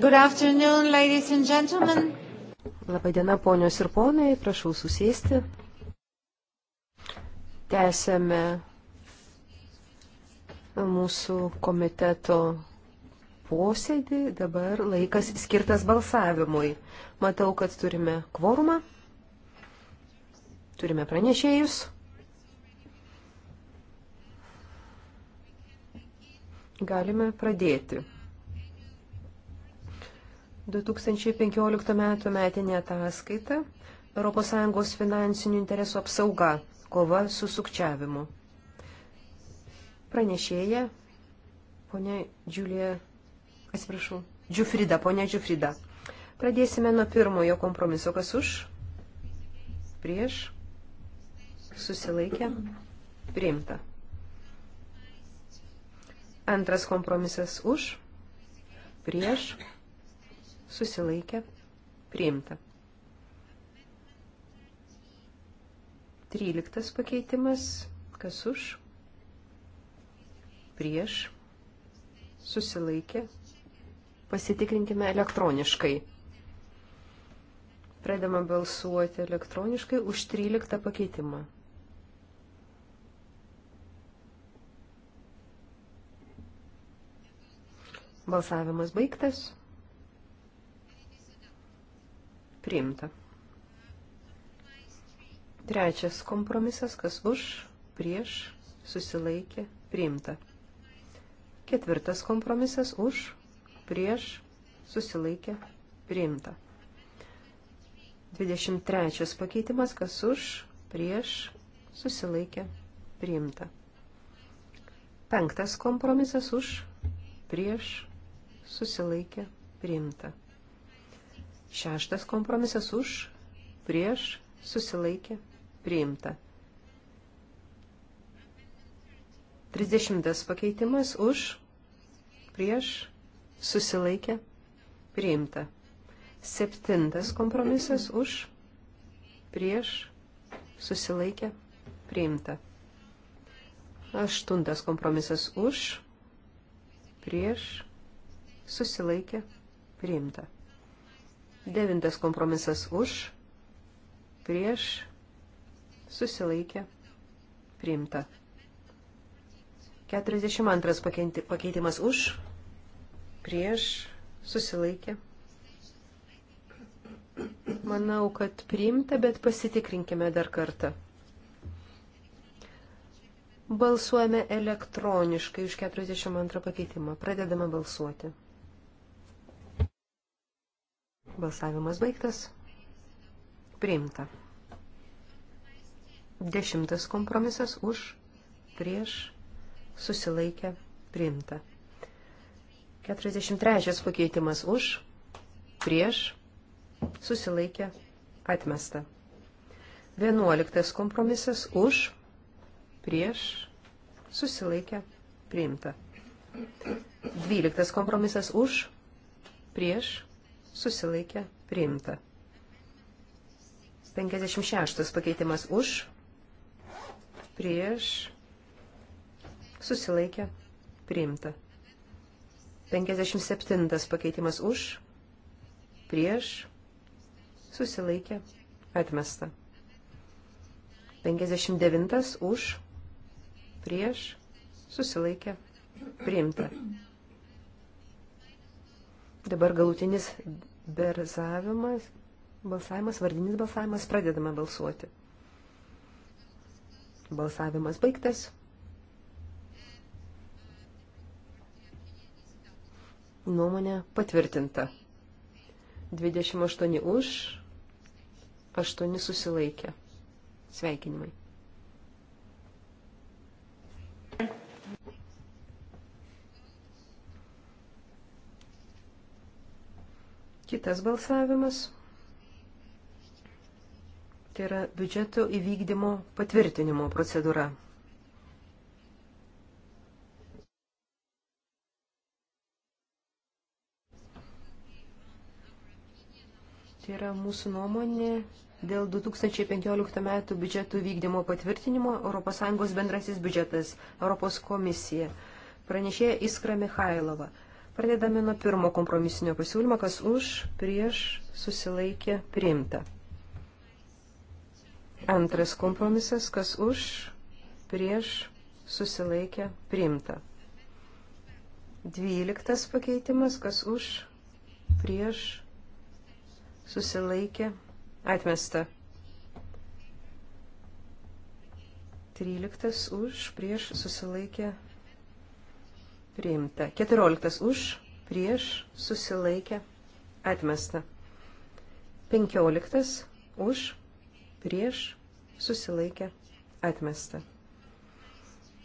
Good afternoon, ladies and gentlemen. Labadiena, ponios ir ponai, prašau susėsti. Tęsėme mūsų komiteto posėdį, dabar laikas skirtas balsavimui. Matau, kad turime kvorumą, turime pranešėjus. Galime pradėti. 2015 m. metinė ataskaita ES finansinių interesų apsauga – kova su sukčiavimu. Pranešėja, ponia Džiulija, atsiprašau, Džiufrida, ponia Džiufrida. Pradėsime nuo pirmojo kompromiso, kas už, prieš, susilaikė, priimta. Antras kompromisas už, prieš, prieš susilaikė, priimta. Tryliktas pakeitimas, kas už, prieš, susilaikė, pasitikrinkime elektroniškai. Pradama balsuoti elektroniškai už 13 pakeitimą. Balsavimas baigtas priimta. Trečias kompromisas, kas už, prieš, susilaikė, priimta. Ketvirtas kompromisas, už, prieš, susilaikė, priimta. 23 pakeitimas, kas už, prieš, susilaikė, priimta. Penktas kompromisas už, prieš, susilaikė, priimta. Šeštas kompromisas už, prieš, susilaikė, priimta. Trisdešimtas pakeitimas už, prieš, susilaikė, priimta. Septintas kompromisas už, prieš, susilaikė, priimta. Aštuntas kompromisas už, prieš, susilaikė, priimta. Devintas kompromisas už, prieš, susilaikė, priimta. 42 pakeitimas už, prieš, susilaikė. Manau, kad priimta, bet pasitikrinkime dar kartą. Balsuojame elektroniškai už 42 pakeitimą. Pradedame balsuoti. Balsavimas baigtas. Priimta. Dešimtas kompromisas už, prieš, susilaikę, priimta. 43 pakeitimas už, prieš, susilaikę, atmesta. 11 kompromisas už, prieš, susilaikę, priimta. 12 kompromisas už, prieš, susilaikė priimta. 56 pakeitimas už, prieš, susilaikė priimta. 57 pakeitimas už, prieš, susilaikė atmesta. 59 už, prieš, susilaikė priimta. Dabar galutinis berzavimas, balsavimas, vardinis balsavimas, pradedame balsuoti. Balsavimas baigtas. Nuomonė patvirtinta. 28 už, 8 susilaikė. Sveikinimai. Kitas balsavimas. Tai yra biudžeto įvykdymo patvirtinimo procedūra. Tai yra mūsų nuomonė dėl 2015 metų biudžetų vykdymo patvirtinimo ES bendrasis biudžetas, ES komisija. Pranešė Iskra Mikhailova. Pradedame nuo pirmo kompromisinio pasiūlymo, kas už, prieš, susilaikė, priimta. Antras kompromisas, kas už, prieš, susilaikė, priimta. Dvyliktas pakeitimas, kas už, prieš, susilaikė, atmesta. Tryliktas už, prieš, susilaikė, priimta priimta. 14 už, prieš, susilaikė, atmesta. 15 už, prieš, susilaikė, atmesta.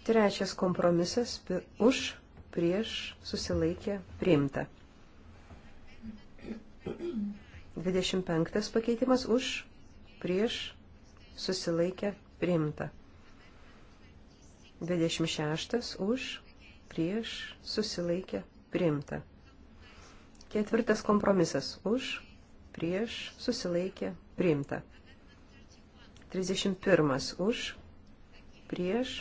Trečias kompromisas už, prieš, susilaikė, priimta. 25 pakeitimas už, prieš, susilaikė, priimta. 26 už, prieš, susilaikė, priimta. Ketvirtas kompromisas už, prieš, susilaikė, priimta. 31 už, prieš,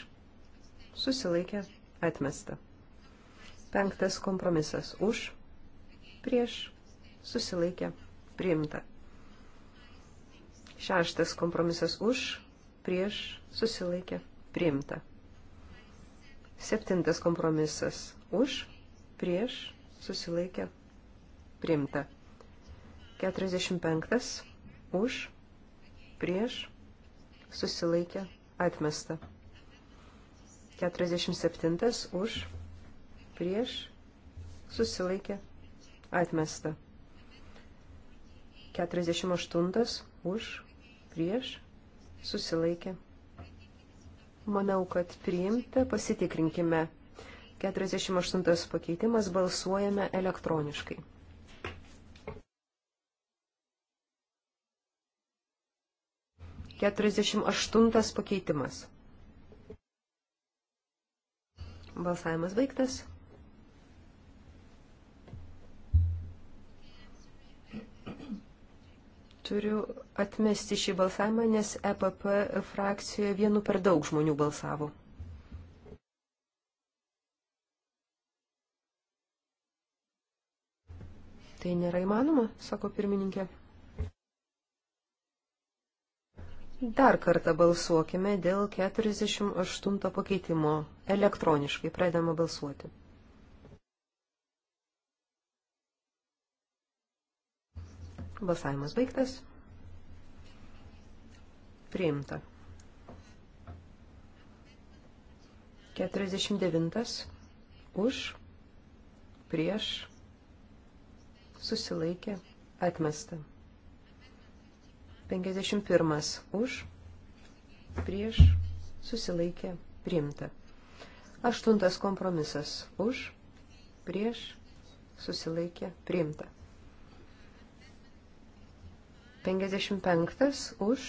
susilaikė, atmesta. Penktas kompromisas už, prieš, susilaikė, priimta. Šeštas kompromisas už, prieš, susilaikė, priimta. Septintas kompromisas. Už, prieš, susilaikė, priimta. 45. Už, prieš, susilaikė, atmesta. 47. Už, prieš, susilaikė, atmesta. 48. Už, prieš, susilaikė, Manau, kad priimta, pasitikrinkime. 48 pakeitimas balsuojame elektroniškai. Keturiasdešimt aštuntas pakeitimas. Balsavimas baigtas. turiu atmesti šį balsavimą, nes EPP frakcijoje vienu per daug žmonių balsavo. Tai nėra įmanoma, sako pirmininkė. Dar kartą balsuokime dėl 48 pakeitimo. Elektroniškai pradedama balsuoti. Balsavimas baigtas. Priimta. 49 už, prieš, susilaikė, atmesta. 51 už, prieš, susilaikė, priimta. Aštuntas kompromisas už, prieš, susilaikė, priimta. 55 už,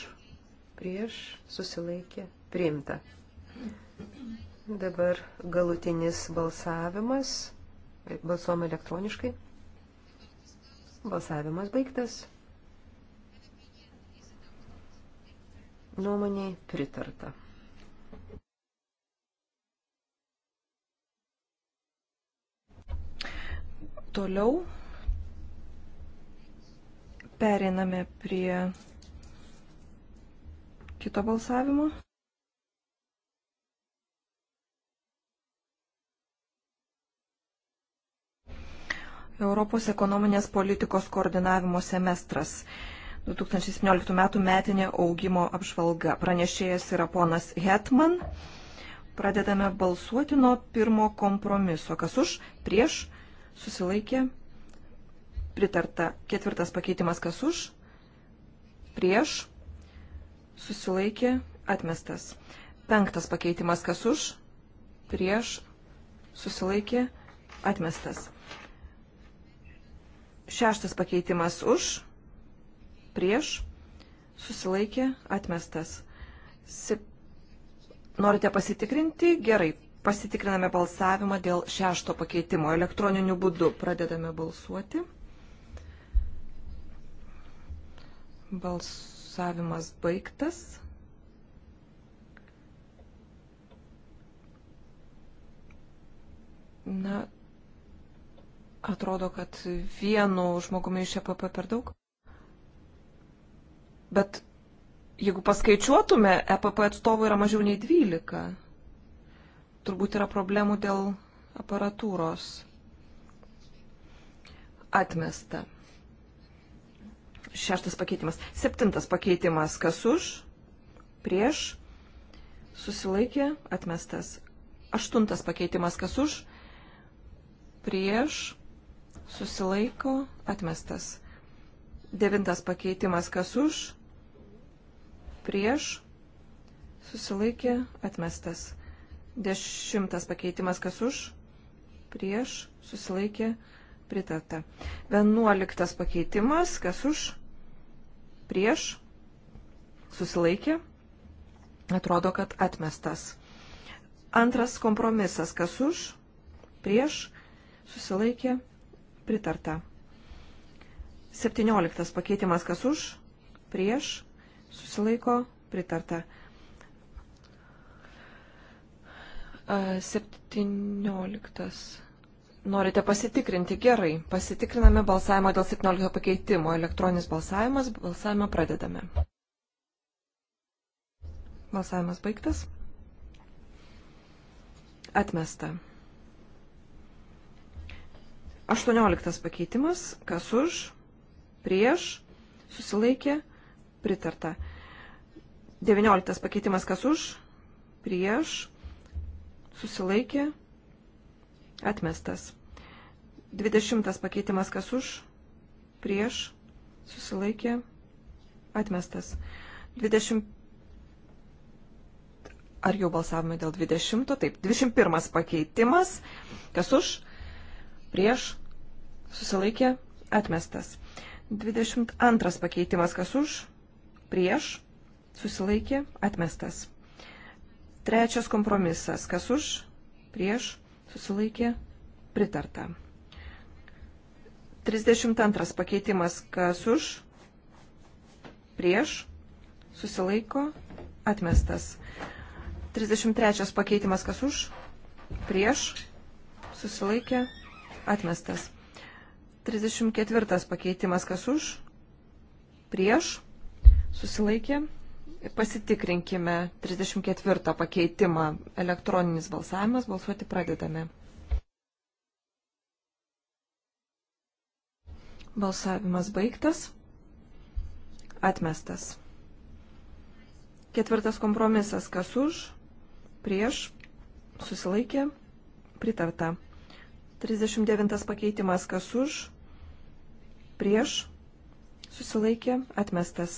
prieš, susilaikė, priimta. Dabar galutinis balsavimas. Balsuom elektroniškai. Balsavimas baigtas. Nuomoniai pritarta. Toliau Pereiname prie kito balsavimo. Europos ekonominės politikos koordinavimo semestras. 2017 m. metinė augimo apžvalga. Pranešėjas yra ponas Hetman. Pradedame balsuoti nuo pirmo kompromiso. Kas už, prieš, susilaikė, pritarta. Ketvirtas pakeitimas kas už, prieš, susilaikė, atmestas. Penktas pakeitimas kas už, prieš, susilaikė, atmestas. Šeštas pakeitimas už, prieš, susilaikė, atmestas. Sip... Norite pasitikrinti? Gerai, pasitikriname balsavimą dėl šešto pakeitimo. Elektroniniu būdu pradedame balsuoti. Balsavimas baigtas. Na, atrodo, kad vienu žmogumi iš EPP per daug. Bet jeigu paskaičiuotume, EPP atstovų yra mažiau nei 12. Turbūt yra problemų dėl aparatūros. Atmesta. Šeštas pakeitimas. Septintas pakeitimas. Kas už? Prieš. Susilaikė. Atmestas. Aštuntas pakeitimas. Kas už? Prieš. Susilaiko. Atmestas. Devintas pakeitimas. Kas už? Prieš. Susilaikė. Atmestas. Dešimtas pakeitimas. Kas už? Prieš. Susilaikė. Atmestas pritarta. 11 pakeitimas, kas už, prieš, susilaikė, atrodo, kad atmestas. Antras kompromisas, kas už, prieš, susilaikė, pritarta. 17 pakeitimas, kas už, prieš, susilaiko, pritarta. 17. Norite pasitikrinti gerai. Pasitikriname balsavimą dėl 17 pakeitimo. Elektroninis balsavimas. Balsavimą pradedame. Balsavimas baigtas. Atmesta. 18 pakeitimas. Kas už? Prieš? Susilaikė? Pritarta. 19 pakeitimas. Kas už? Prieš? Susilaikė? Atmestas. 20 pakeitimas kas už, prieš, susilaikė, atmestas. 20. Ar jau balsavome dėl 20? Taip, 21 pakeitimas. Kas už, prieš, susilaikė, atmestas. 22 pakeitimas kas už, prieš, susilaikė, atmestas. Trečias kompromisas kas už, prieš, susilaikė, pritarta. 32 pakeitimas, kas už, prieš, susilaiko, atmestas. 33 pakeitimas, kas už, prieš, susilaikė, atmestas. 34 pakeitimas, kas už, prieš, susilaikė, pasitikrinkime 34 pakeitimą, elektroninis balsavimas, balsuoti pradedame. Balsavimas baigtas. Atmestas. Ketvirtas kompromisas. Kas už? Prieš. Susilaikė. Pritarta. 39 pakeitimas. Kas už? Prieš. Susilaikė. Atmestas.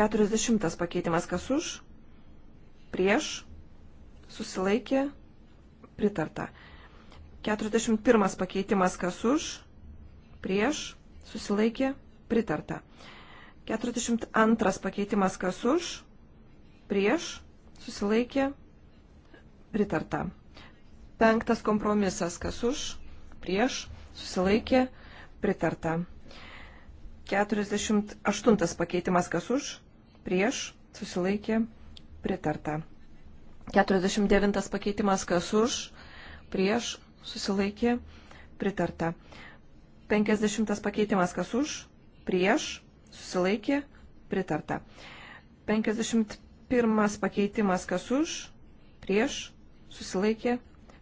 40 pakeitimas. Kas už? Prieš. Susilaikė. Pritarta. 41 pakeitimas. Kas už? Prieš prieš, susilaikė, pritarta. 42 pakeitimas kas už, prieš, susilaikė, pritarta. Penktas kompromisas kas už, prieš, susilaikė, pritarta. 48 pakeitimas kas už, prieš, susilaikė, pritarta. 49 pakeitimas kas už, prieš, susilaikė, pritarta. 50 pakeitimas kas už, prieš, susilaikė, pritarta. 51 pakeitimas kas už, prieš, susilaikė,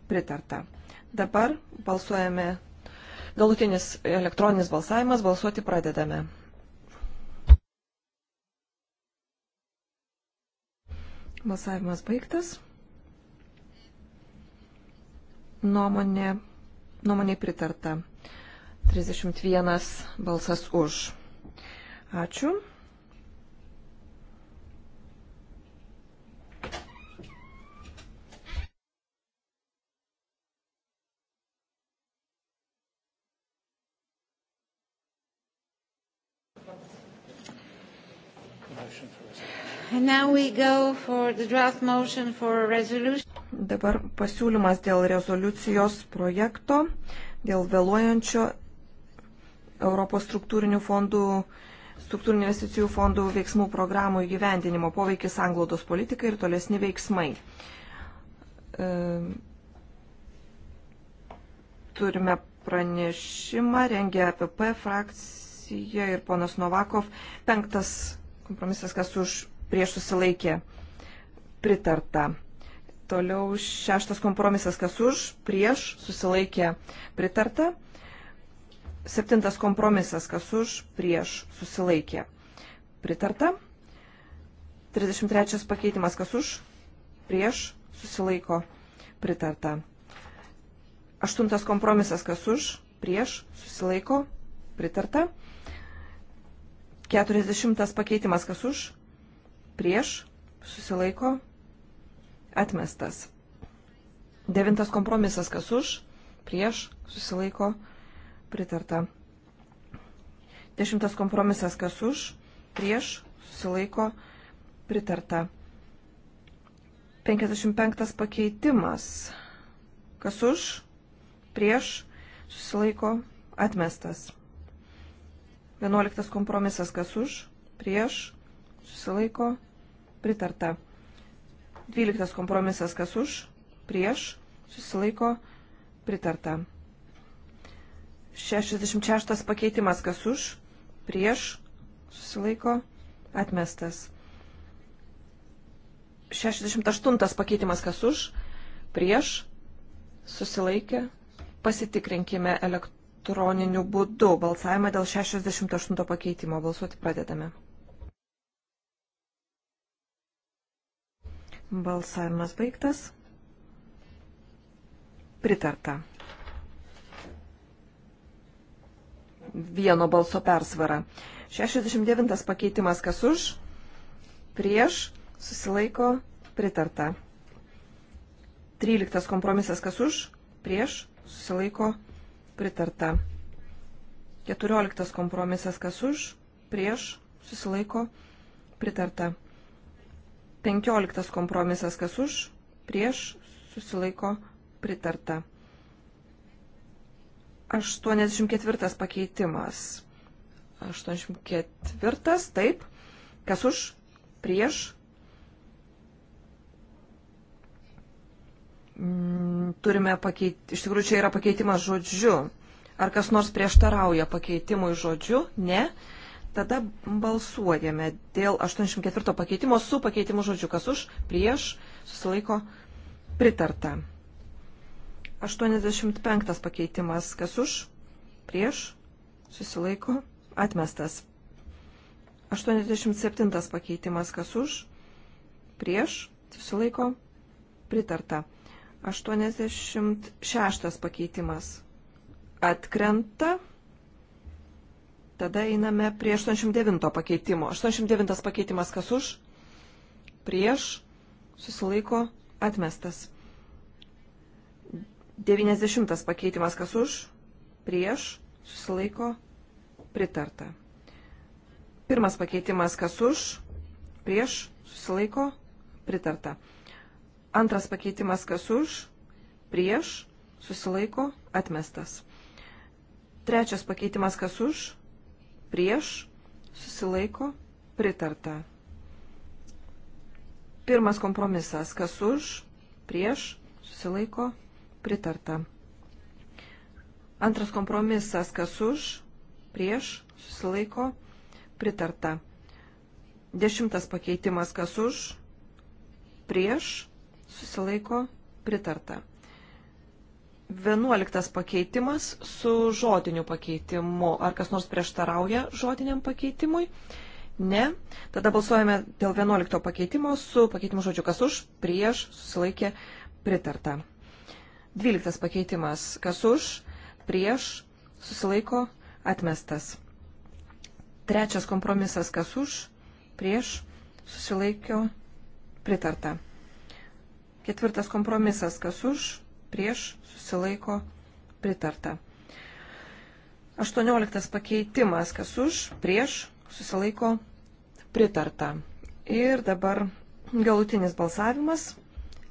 pritarta. Dabar balsuojame galutinis elektroninis balsavimas, balsuoti pradedame. Balsavimas baigtas. Nuomonė, nuomonė pritarta. 31 balsas už. Ačiū. Dabar pasiūlymas dėl rezoliucijos projekto, dėl vėluojančio Europos struktūrinių fondų struktūrinių investicijų fondų veiksmų programų įgyvendinimo poveikis anglaudos politikai ir tolesni veiksmai. E, turime pranešimą, rengia APP frakcija ir ponas Novakov. Penktas kompromisas, kas už prieš susilaikė, pritarta. Toliau šeštas kompromisas, kas už prieš susilaikė, pritarta. Septintas kompromisas, kas už, prieš, susilaikė. Pritarta. 33 pakeitimas, kas už, prieš, susilaiko. Pritarta. Aštuntas kompromisas, kas už, prieš, susilaiko. Pritarta. 40 pakeitimas, kas už, prieš, susilaiko. Atmestas. Devintas kompromisas, kas už, prieš, susilaiko. Pritarta pritarta. Dešimtas kompromisas, kas už, prieš, susilaiko, pritarta. 55 pakeitimas, kas už, prieš, susilaiko, atmestas. 11 kompromisas, kas už, prieš, susilaiko, pritarta. 12 kompromisas, kas už, prieš, susilaiko, pritarta. 66 pakeitimas kas už, prieš, susilaiko, atmestas. 68 pakeitimas kas už, prieš, susilaikė, pasitikrinkime elektroniniu būdu balsavimą dėl 68 pakeitimo. Balsuoti pradedame. Balsavimas baigtas. Pritarta. vieno balso persvarą. 69 pakeitimas kas už, prieš, susilaiko, pritarta. 13 kompromisas kas už, prieš, susilaiko, pritarta. 14 kompromisas kas už, prieš, susilaiko, pritarta. 15 kompromisas kas už, prieš, susilaiko, pritarta. 84 pakeitimas. 84, taip. Kas už? Prieš? Mm, turime pakeitimą. Iš tikrųjų, čia yra pakeitimas žodžiu. Ar kas nors prieštarauja pakeitimui žodžiu? Ne. Tada balsuojame dėl 84 pakeitimo su pakeitimu žodžiu. Kas už? Prieš? Susilaiko? Pritarta. 85 pakeitimas. Kas už? Prieš? Susilaiko? Atmestas. 87 pakeitimas. Kas už? Prieš? Susilaiko? Pritarta. 86 pakeitimas. Atkrenta. Tada einame prie 89 pakeitimo. 89 pakeitimas kas už? Prieš. Susilaiko. Atmestas. 90 pakeitimas kas už, prieš, susilaiko, pritarta. Pirmas pakeitimas kas už, prieš, susilaiko, pritarta. Antras pakeitimas kas už, prieš, susilaiko, atmestas. Trečias pakeitimas kas už, prieš, susilaiko, pritarta. Pirmas kompromisas kas už, prieš, susilaiko, pritarta pritarta. Antras kompromisas, kas už, prieš, susilaiko, pritarta. Dešimtas pakeitimas, kas už, prieš, susilaiko, pritarta. Vienuoliktas pakeitimas su žodiniu pakeitimu. Ar kas nors prieštarauja žodiniam pakeitimui? Ne. Tada balsuojame dėl vienuolikto pakeitimo su pakeitimu žodžiu kas už, prieš, susilaikė, pritarta. 12 pakeitimas. Kas už, prieš, susilaiko, atmestas. Trečias kompromisas. Kas už, prieš, susilaikio, pritarta. Ketvirtas kompromisas. Kas už, prieš, susilaiko, pritarta. Aštuonioliktas pakeitimas. Kas už, prieš, susilaiko, pritarta. Ir dabar galutinis balsavimas.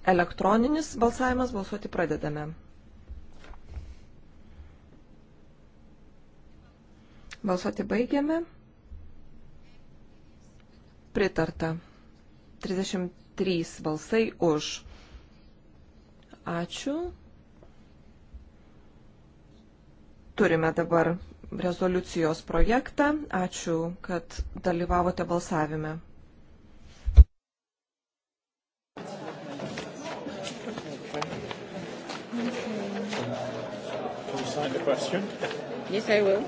Elektroninis balsavimas, balsuoti pradedame. Balsuoti baigiame. Pritarta. 33 balsai už. Ačiū. Turime dabar rezoliucijos projektą. Ačiū, kad dalyvavote balsavime. question? Yes, I will.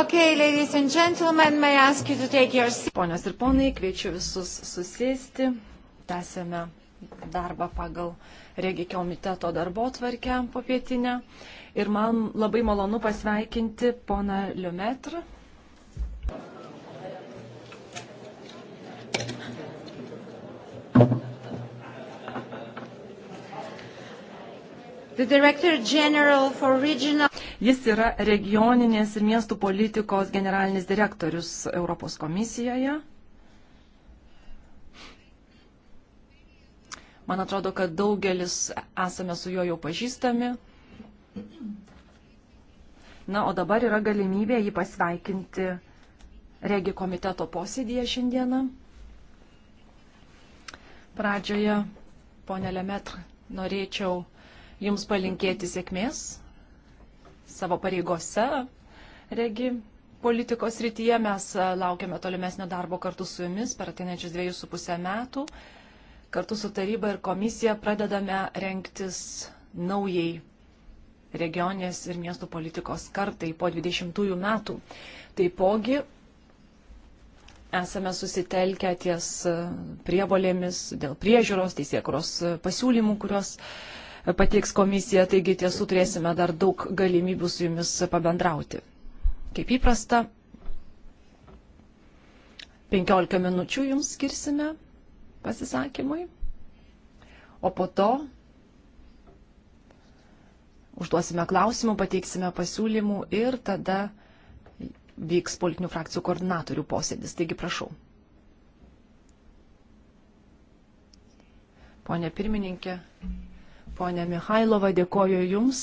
Okay, ladies and gentlemen, may I ask you to take your seat. Ponios ir ponai, kviečiu visus susėsti. Tęsėme darbą pagal Regi komiteto darbo tvarkę popietinę. Ir man labai malonu pasveikinti poną Liumetrą. The Director General for Regional Jis yra regioninės ir miestų politikos generalinis direktorius Europos komisijoje. Man atrodo, kad daugelis esame su juo jau pažįstami. Na, o dabar yra galimybė jį pasveikinti Regi komiteto posėdėje šiandieną. Pradžioje, ponė Lemetr, norėčiau Jums palinkėti sėkmės savo pareigose regi politikos rytyje. Mes e, laukiame tolimesnio darbo kartu su jumis per ateinančius dviejus su pusę metų. Kartu su taryba ir komisija pradedame renktis naujai regionės ir miestų politikos kartai po 20 metų. Taipogi esame susitelkę ties e, prievolėmis dėl priežiūros, teisėkuros e, pasiūlymų, kuriuos uh, pateiks komisija, taigi tiesų turėsime dar daug galimybių su jumis pabendrauti. Kaip įprasta, 15 minučių jums skirsime pasisakymui, o po to užduosime klausimų, pateiksime pasiūlymų ir tada vyks politinių frakcijų koordinatorių posėdis. Taigi prašau. Pone pirmininkė. Pone Mihailova, dėkoju Jums.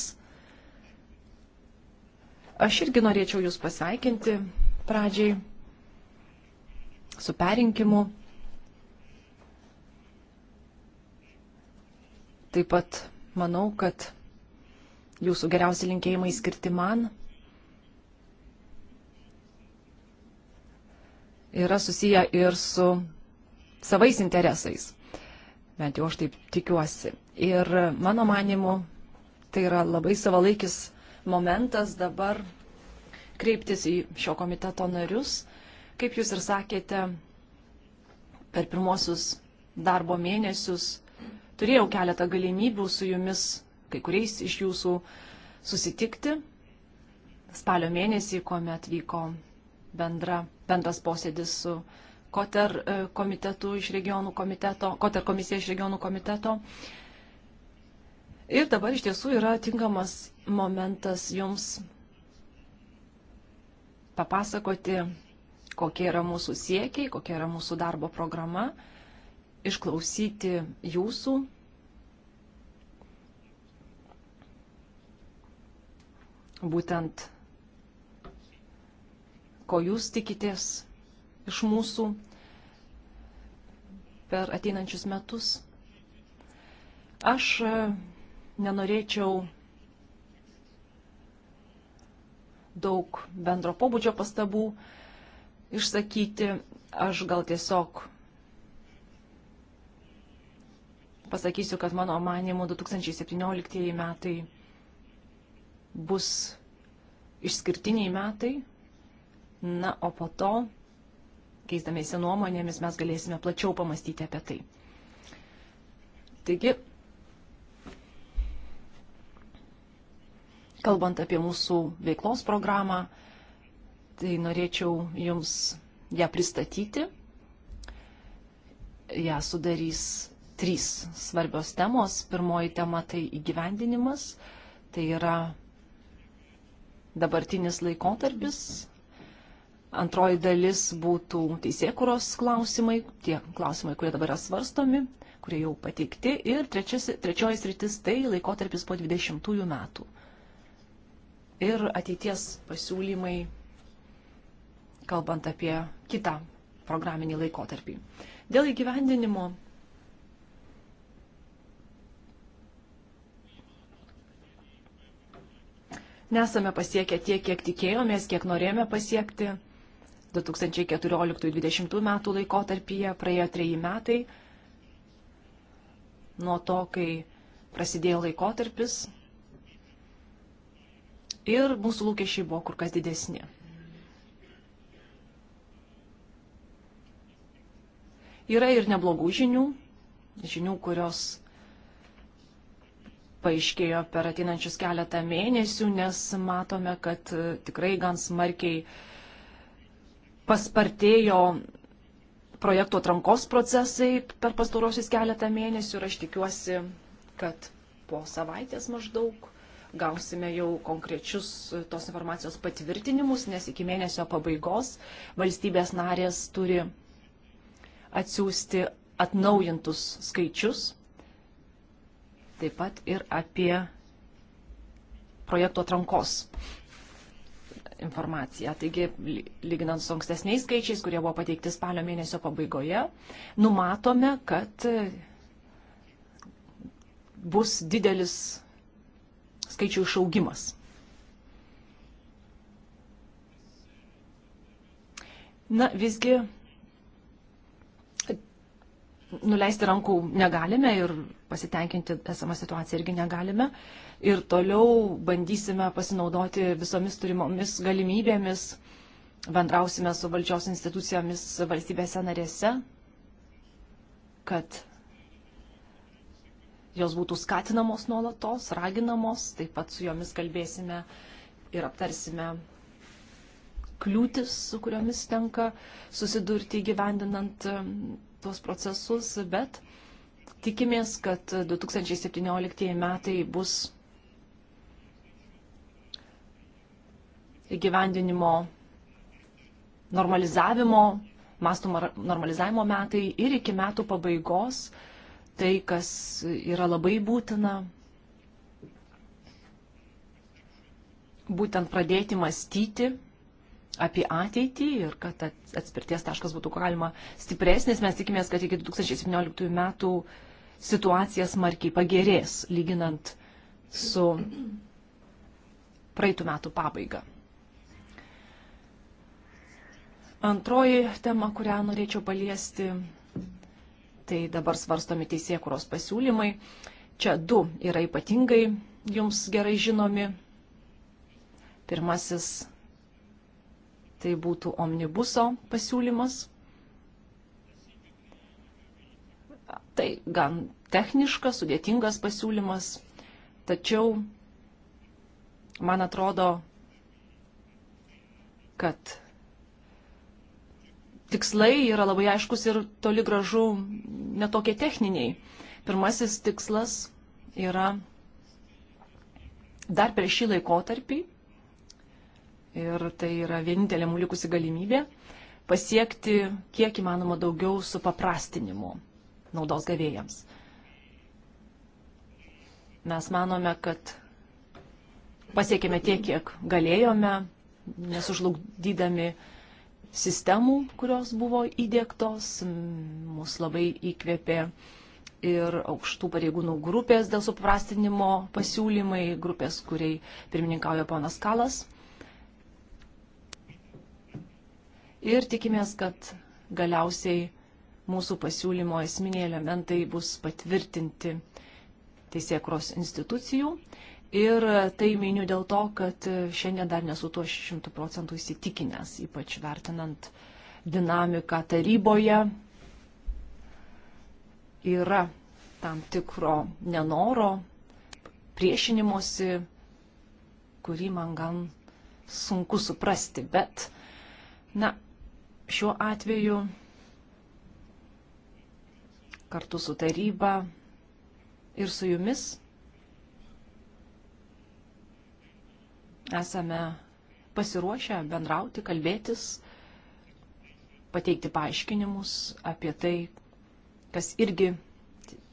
Aš irgi norėčiau Jūs pasveikinti pradžiai su perinkimu. Taip pat manau, kad Jūsų geriausi linkėjimai skirti man yra susiję ir su savais interesais bent jau aš taip tikiuosi. Ir mano manimu, tai yra labai savalaikis momentas dabar kreiptis į šio komiteto narius. Kaip jūs ir sakėte, per pirmosius darbo mėnesius turėjau keletą galimybių su jumis, kai kuriais iš jūsų, susitikti. Spalio mėnesį, kuomet vyko bendra, bendras posėdis su Koter e, komitetų iš regionų komiteto, Koter komisija iš regionų komiteto. Ir dabar iš tiesų yra tinkamas momentas jums papasakoti, kokie yra mūsų siekiai, kokia yra mūsų darbo programa, išklausyti jūsų būtent ko jūs tikitės iš mūsų per ateinančius metus. Aš e, nenorėčiau daug bendro pobūdžio pastabų išsakyti, aš gal tiesiog pasakysiu, kad mano manimu 2017 metai bus išskirtiniai metai, na, o po to keisdamėsi nuomonėmis mes galėsime plačiau pamastyti apie tai. Taigi, kalbant apie mūsų veiklos programą, tai norėčiau Jums ją pristatyti. Ja sudarys trys svarbios temos. Pirmoji tema tai įgyvendinimas, tai yra dabartinis laikotarpis, Antroji dalis būtų teisėkuros klausimai, tie klausimai, kurie dabar yra svarstomi, kurie jau pateikti. Ir trečias, trečioji sritis tai laikotarpis po 20 metų. Ir ateities pasiūlymai, kalbant apie kitą programinį laikotarpį. Dėl įgyvendinimo nesame pasiekę tiek, kiek tikėjomės, kiek norėjome pasiekti. 2014-2020 metų laikotarpyje praėjo treji metai nuo to, kai prasidėjo laikotarpis ir mūsų lūkesčiai buvo kur kas didesni. Yra ir neblogų žinių, žinių, kurios paaiškėjo per ateinančius keletą mėnesių, nes matome, kad tikrai gan smarkiai uh, paspartėjo projektų atrankos procesai per pastarosius keletą mėnesių ir aš tikiuosi, kad po savaitės maždaug gausime jau konkrečius tos informacijos patvirtinimus, nes iki mėnesio pabaigos valstybės narės turi atsiųsti atnaujintus skaičius, taip pat ir apie projektų atrankos informaciją. Taigi, lyginant su ankstesniais skaičiais, kurie buvo pateikti spalio mėnesio pabaigoje, numatome, kad e, bus didelis skaičių išaugimas. Na, visgi nuleisti rankų negalime ir pasitenkinti esamą situaciją irgi negalime. Uh, ir toliau bandysime pasinaudoti visomis turimomis galimybėmis, bendrausime su valdžios institucijomis valstybėse narėse, kad jos būtų skatinamos nuolatos, raginamos, taip pat su jomis kalbėsime ir aptarsime kliūtis, su kuriomis tenka susidurti gyvendinant um, tuos procesus, bet tikimės, kad 2017 metai bus įgyvendinimo normalizavimo, mastų normalizavimo metai ir iki metų pabaigos tai, kas yra labai būtina, būtent pradėti mąstyti apie ateitį ir kad atspirties taškas būtų galima stipresnis. Mes tikimės, kad iki 2017 metų situacija smarkiai pagerės, lyginant su praeitų metų pabaiga. Antroji tema, kurią norėčiau paliesti, tai dabar svarstomi teisėkuros pasiūlymai. Čia du yra ypatingai jums gerai žinomi. Pirmasis tai būtų omnibuso pasiūlymas. Tai gan techniškas, sudėtingas pasiūlymas, tačiau man atrodo, kad tikslai yra labai aiškus ir toli gražu netokie techniniai. Pirmasis tikslas yra dar per šį laikotarpį, ir tai yra vienintelė mūsų likusi galimybė, pasiekti kiek įmanoma daugiau su paprastinimu naudos gavėjams. Mes manome, kad pasiekėme tiek, kiek galėjome, nesužlugdydami uh, sistemų, kurios buvo įdėktos, mus labai įkvėpė ir aukštų pareigūnų grupės dėl suprastinimo pasiūlymai, grupės, kuriai pirmininkauja ponas Kalas. Ir tikimės, kad galiausiai mūsų pasiūlymo esminiai elementai bus patvirtinti teisėkros institucijų. Ir tai miniu dėl to, kad šiandien dar nesu tuo šimtų procentų įsitikinęs, ypač vertinant dinamiką taryboje. Yra tam tikro nenoro, priešinimosi, kurį man gan sunku suprasti, bet, na, šiuo atveju kartu su taryba ir su jumis esame pasiruošę bendrauti, kalbėtis, pateikti paaiškinimus apie tai, kas irgi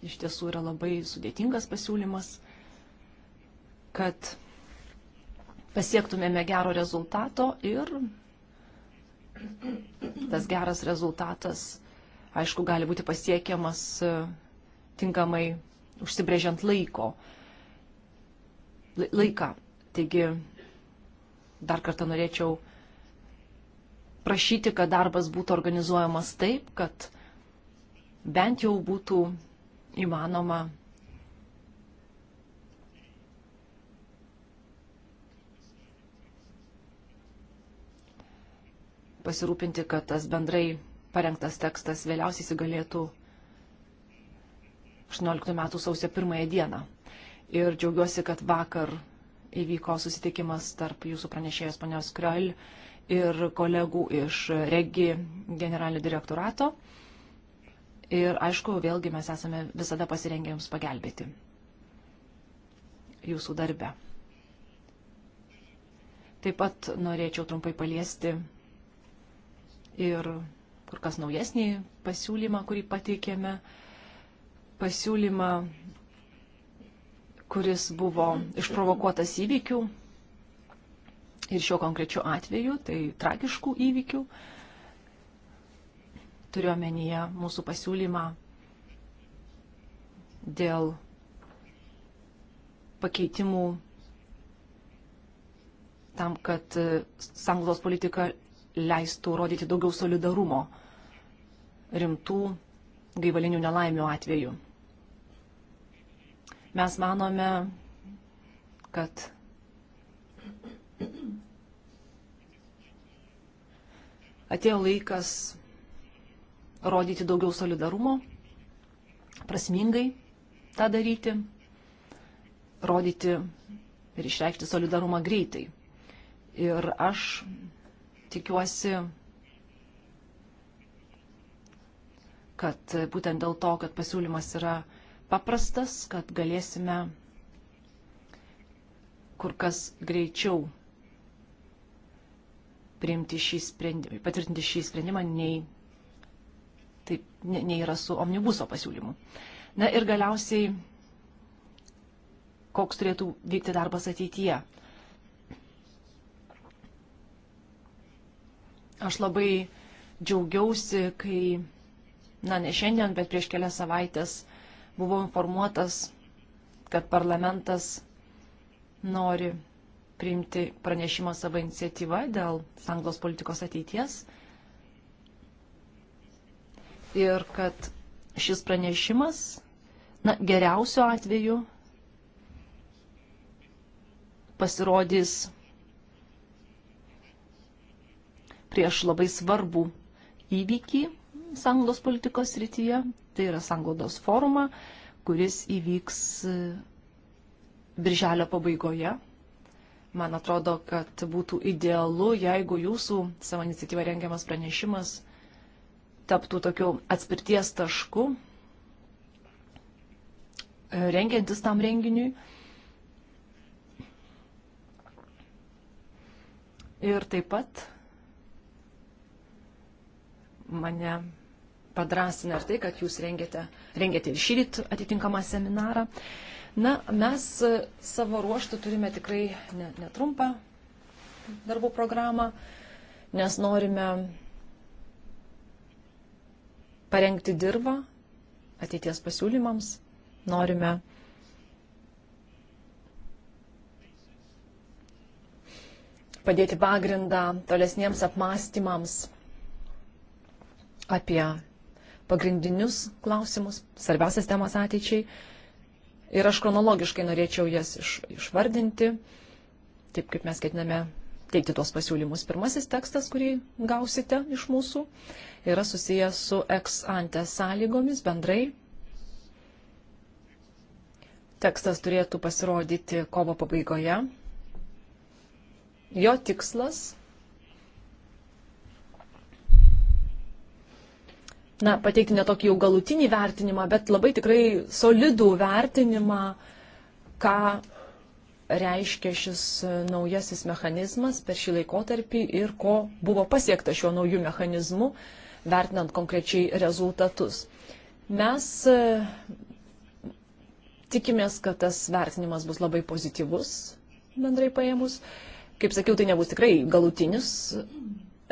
iš tiesų yra labai sudėtingas pasiūlymas, kad pasiektumėme gero rezultato ir tas geras rezultatas, aišku, gali būti pasiekiamas e, tinkamai užsibrėžiant laiko, laiką. Taigi dar kartą norėčiau prašyti, kad darbas būtų organizuojamas taip, kad bent jau būtų įmanoma pasirūpinti, kad tas bendrai parengtas tekstas vėliausiai įsigalėtų 18 metų sausio 1 dieną. Ir džiaugiuosi, kad vakar įvyko susitikimas tarp jūsų pranešėjos panios Kriol ir kolegų iš Regi generalinio direktorato. Ir aišku, vėlgi mes esame visada pasirengę jums pagelbėti jūsų darbe. Taip pat norėčiau trumpai paliesti ir kur kas naujesnį pasiūlymą, kurį pateikėme, pasiūlymą kuris buvo išprovokuotas įvykių ir šiuo konkrečiu atveju, tai tragiškų įvykių. Turiuomenyje mūsų pasiūlymą dėl pakeitimų tam, kad sanglos politika leistų rodyti daugiau solidarumo rimtų gaivalinių nelaimių atveju. Mes manome, kad atėjo laikas rodyti daugiau solidarumo, prasmingai tą daryti, rodyti ir išreikšti solidarumą greitai. Ir aš tikiuosi, kad būtent dėl to, kad pasiūlymas yra paprastas, kad galėsime kur kas greičiau priimti šį sprendimą, patvirtinti šį sprendimą, nei, taip, nei yra su omnibuso pasiūlymu. Na ir galiausiai, koks turėtų vykti darbas ateityje. Aš labai džiaugiausi, kai, na ne šiandien, bet prieš kelias savaitės buvau informuotas, kad parlamentas nori priimti pranešimą savo iniciatyvą dėl sanglos politikos ateities ir kad šis pranešimas, na, geriausiu atveju pasirodys prieš labai svarbų įvykį sanglos politikos rytyje, tai yra sanglaudos forumą, kuris įvyks e, birželio pabaigoje. Man atrodo, kad būtų idealu, jeigu jūsų savo iniciatyvą rengiamas pranešimas taptų tokiu atspirties tašku, e, rengiantis tam renginiui. Ir taip pat mane padrasina ir tai, kad jūs rengiate, rengiate ir šyrit atitinkamą seminarą. Na, mes e, savo ruoštų turime tikrai netrumpą darbų programą, nes norime parengti dirbą ateities pasiūlymams, norime padėti pagrindą tolesniems apmąstymams apie pagrindinius klausimus, svarbiausias temas ateičiai. Ir aš chronologiškai norėčiau jas iš, išvardinti, taip kaip mes ketiname teikti tuos pasiūlymus. Pirmasis tekstas, kurį gausite iš mūsų, yra susijęs su ex ante sąlygomis bendrai. Tekstas turėtų pasirodyti kovo pabaigoje. Jo tikslas na, pateikti netokį jau galutinį vertinimą, bet labai tikrai solidų vertinimą, ką reiškia šis naujasis mechanizmas per šį laikotarpį ir ko buvo pasiekta šiuo nauju mechanizmu, vertinant konkrečiai rezultatus. Mes e, tikimės, kad tas vertinimas bus labai pozityvus, bendrai paėmus. Kaip sakiau, tai nebus tikrai galutinis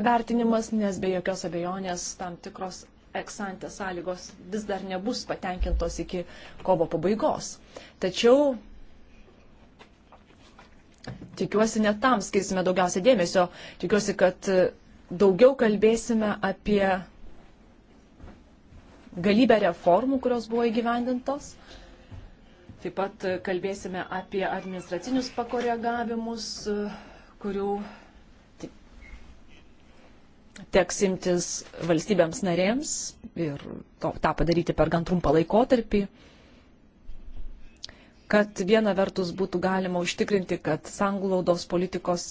vertinimas, nes be jokios abejonės tam tikros eksantės sąlygos vis dar nebus patenkintos iki kovo pabaigos. Tačiau tikiuosi net tam skirsime daugiausia dėmesio, tikiuosi, kad daugiau kalbėsime apie galybę reformų, kurios buvo įgyvendintos. Taip pat kalbėsime apie administracinius pakoregavimus, kurių teks imtis valstybėms narėms ir to, tą padaryti per gan trumpą laikotarpį, kad viena vertus būtų galima užtikrinti, kad sanglaudos politikos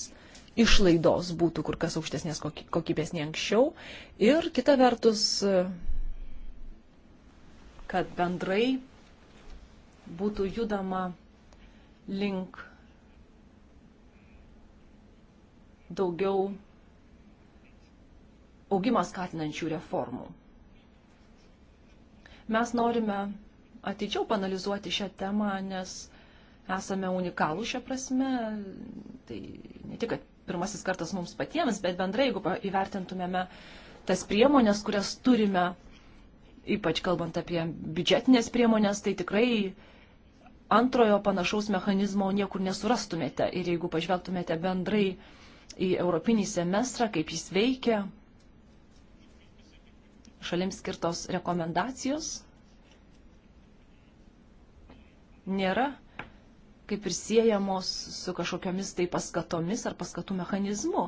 išlaidos būtų kur kas aukštesnės kokybės nei anksčiau ir kita vertus, kad bendrai būtų judama link daugiau augimą skatinančių reformų. Mes norime ateičiau panalizuoti šią temą, nes esame unikalų šią prasme. Tai ne tik, kad pirmasis kartas mums patiems, bet bendrai, jeigu įvertintumėme tas priemonės, kurias turime, ypač kalbant apie biudžetinės priemonės, tai tikrai antrojo panašaus mechanizmo niekur nesurastumėte. Ir jeigu pažvelgtumėte bendrai į europinį semestrą, kaip jis veikia, šalims skirtos rekomendacijos nėra kaip ir siejamos su kažkokiamis tai paskatomis ar paskatų mechanizmu,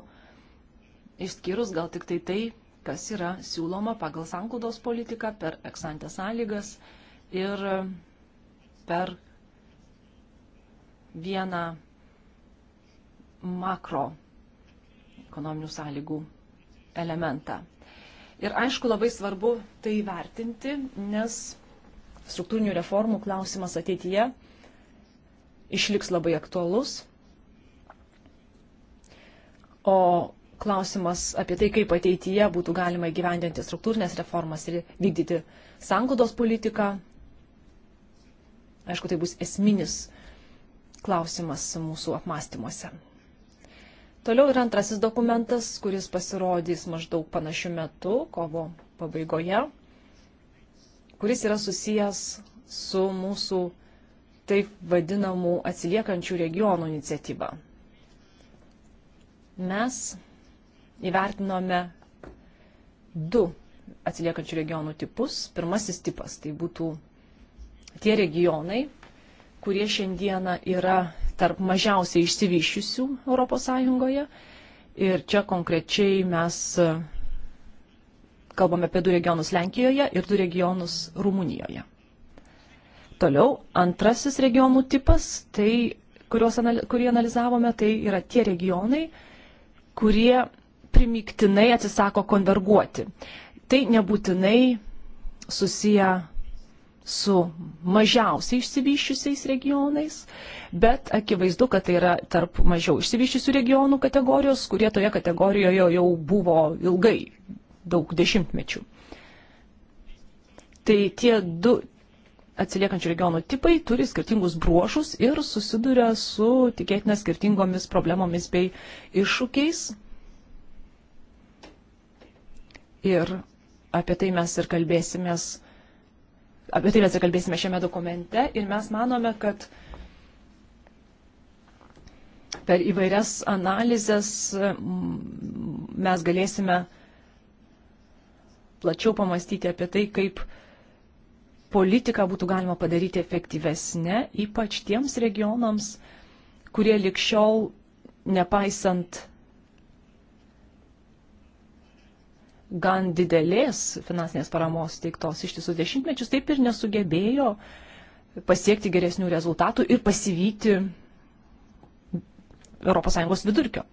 išskyrus gal tik tai tai, kas yra siūloma pagal sanklaudos politiką per eksantę sąlygas ir per vieną makro ekonominių sąlygų elementą. Ir aišku, labai svarbu tai vertinti, nes struktūrinių reformų klausimas ateityje išliks labai aktualus. O klausimas apie tai, kaip ateityje būtų galima įgyvendinti struktūrinės reformas ir vykdyti sankodos politiką, aišku, tai bus esminis klausimas mūsų apmąstymuose. Toliau yra antrasis dokumentas, kuris pasirodys maždaug panašiu metu, kovo pabaigoje, kuris yra susijęs su mūsų taip vadinamų atsiliekančių regionų iniciatyva. Mes įvertinome du atsiliekančių regionų tipus. Pirmasis tipas tai būtų tie regionai, kurie šiandieną yra tarp mažiausiai išsivyščiusių ES. Ir čia konkrečiai mes e, kalbame apie du regionus Lenkijoje ir du regionus Rumunijoje. Toliau, antrasis regionų tipas, tai, kurios, kurį analizavome, tai yra tie regionai, kurie primiktinai atsisako konverguoti. Tai nebūtinai susiję su mažiausiai išsivyščiusiais regionais, bet akivaizdu, kad tai yra tarp mažiau išsivyščiusių regionų kategorijos, kurie toje kategorijoje jau buvo ilgai, daug dešimtmečių. Tai tie du atsiliekančių regionų tipai turi skirtingus bruožus ir susiduria su tikėtina skirtingomis problemomis bei iššūkiais. Ir apie tai mes ir kalbėsimės apie tai mes ir kalbėsime šiame dokumente ir mes manome, kad per įvairias analizės mm, mes galėsime plačiau pamastyti apie tai, kaip politiką būtų galima padaryti efektyvesnė, ypač tiems regionams, kurie likščiau, nepaisant gan didelės finansinės paramos teiktos ištisus dešimtmečius, taip ir nesugebėjo pasiekti geresnių rezultatų ir pasivyti ES vidurkio.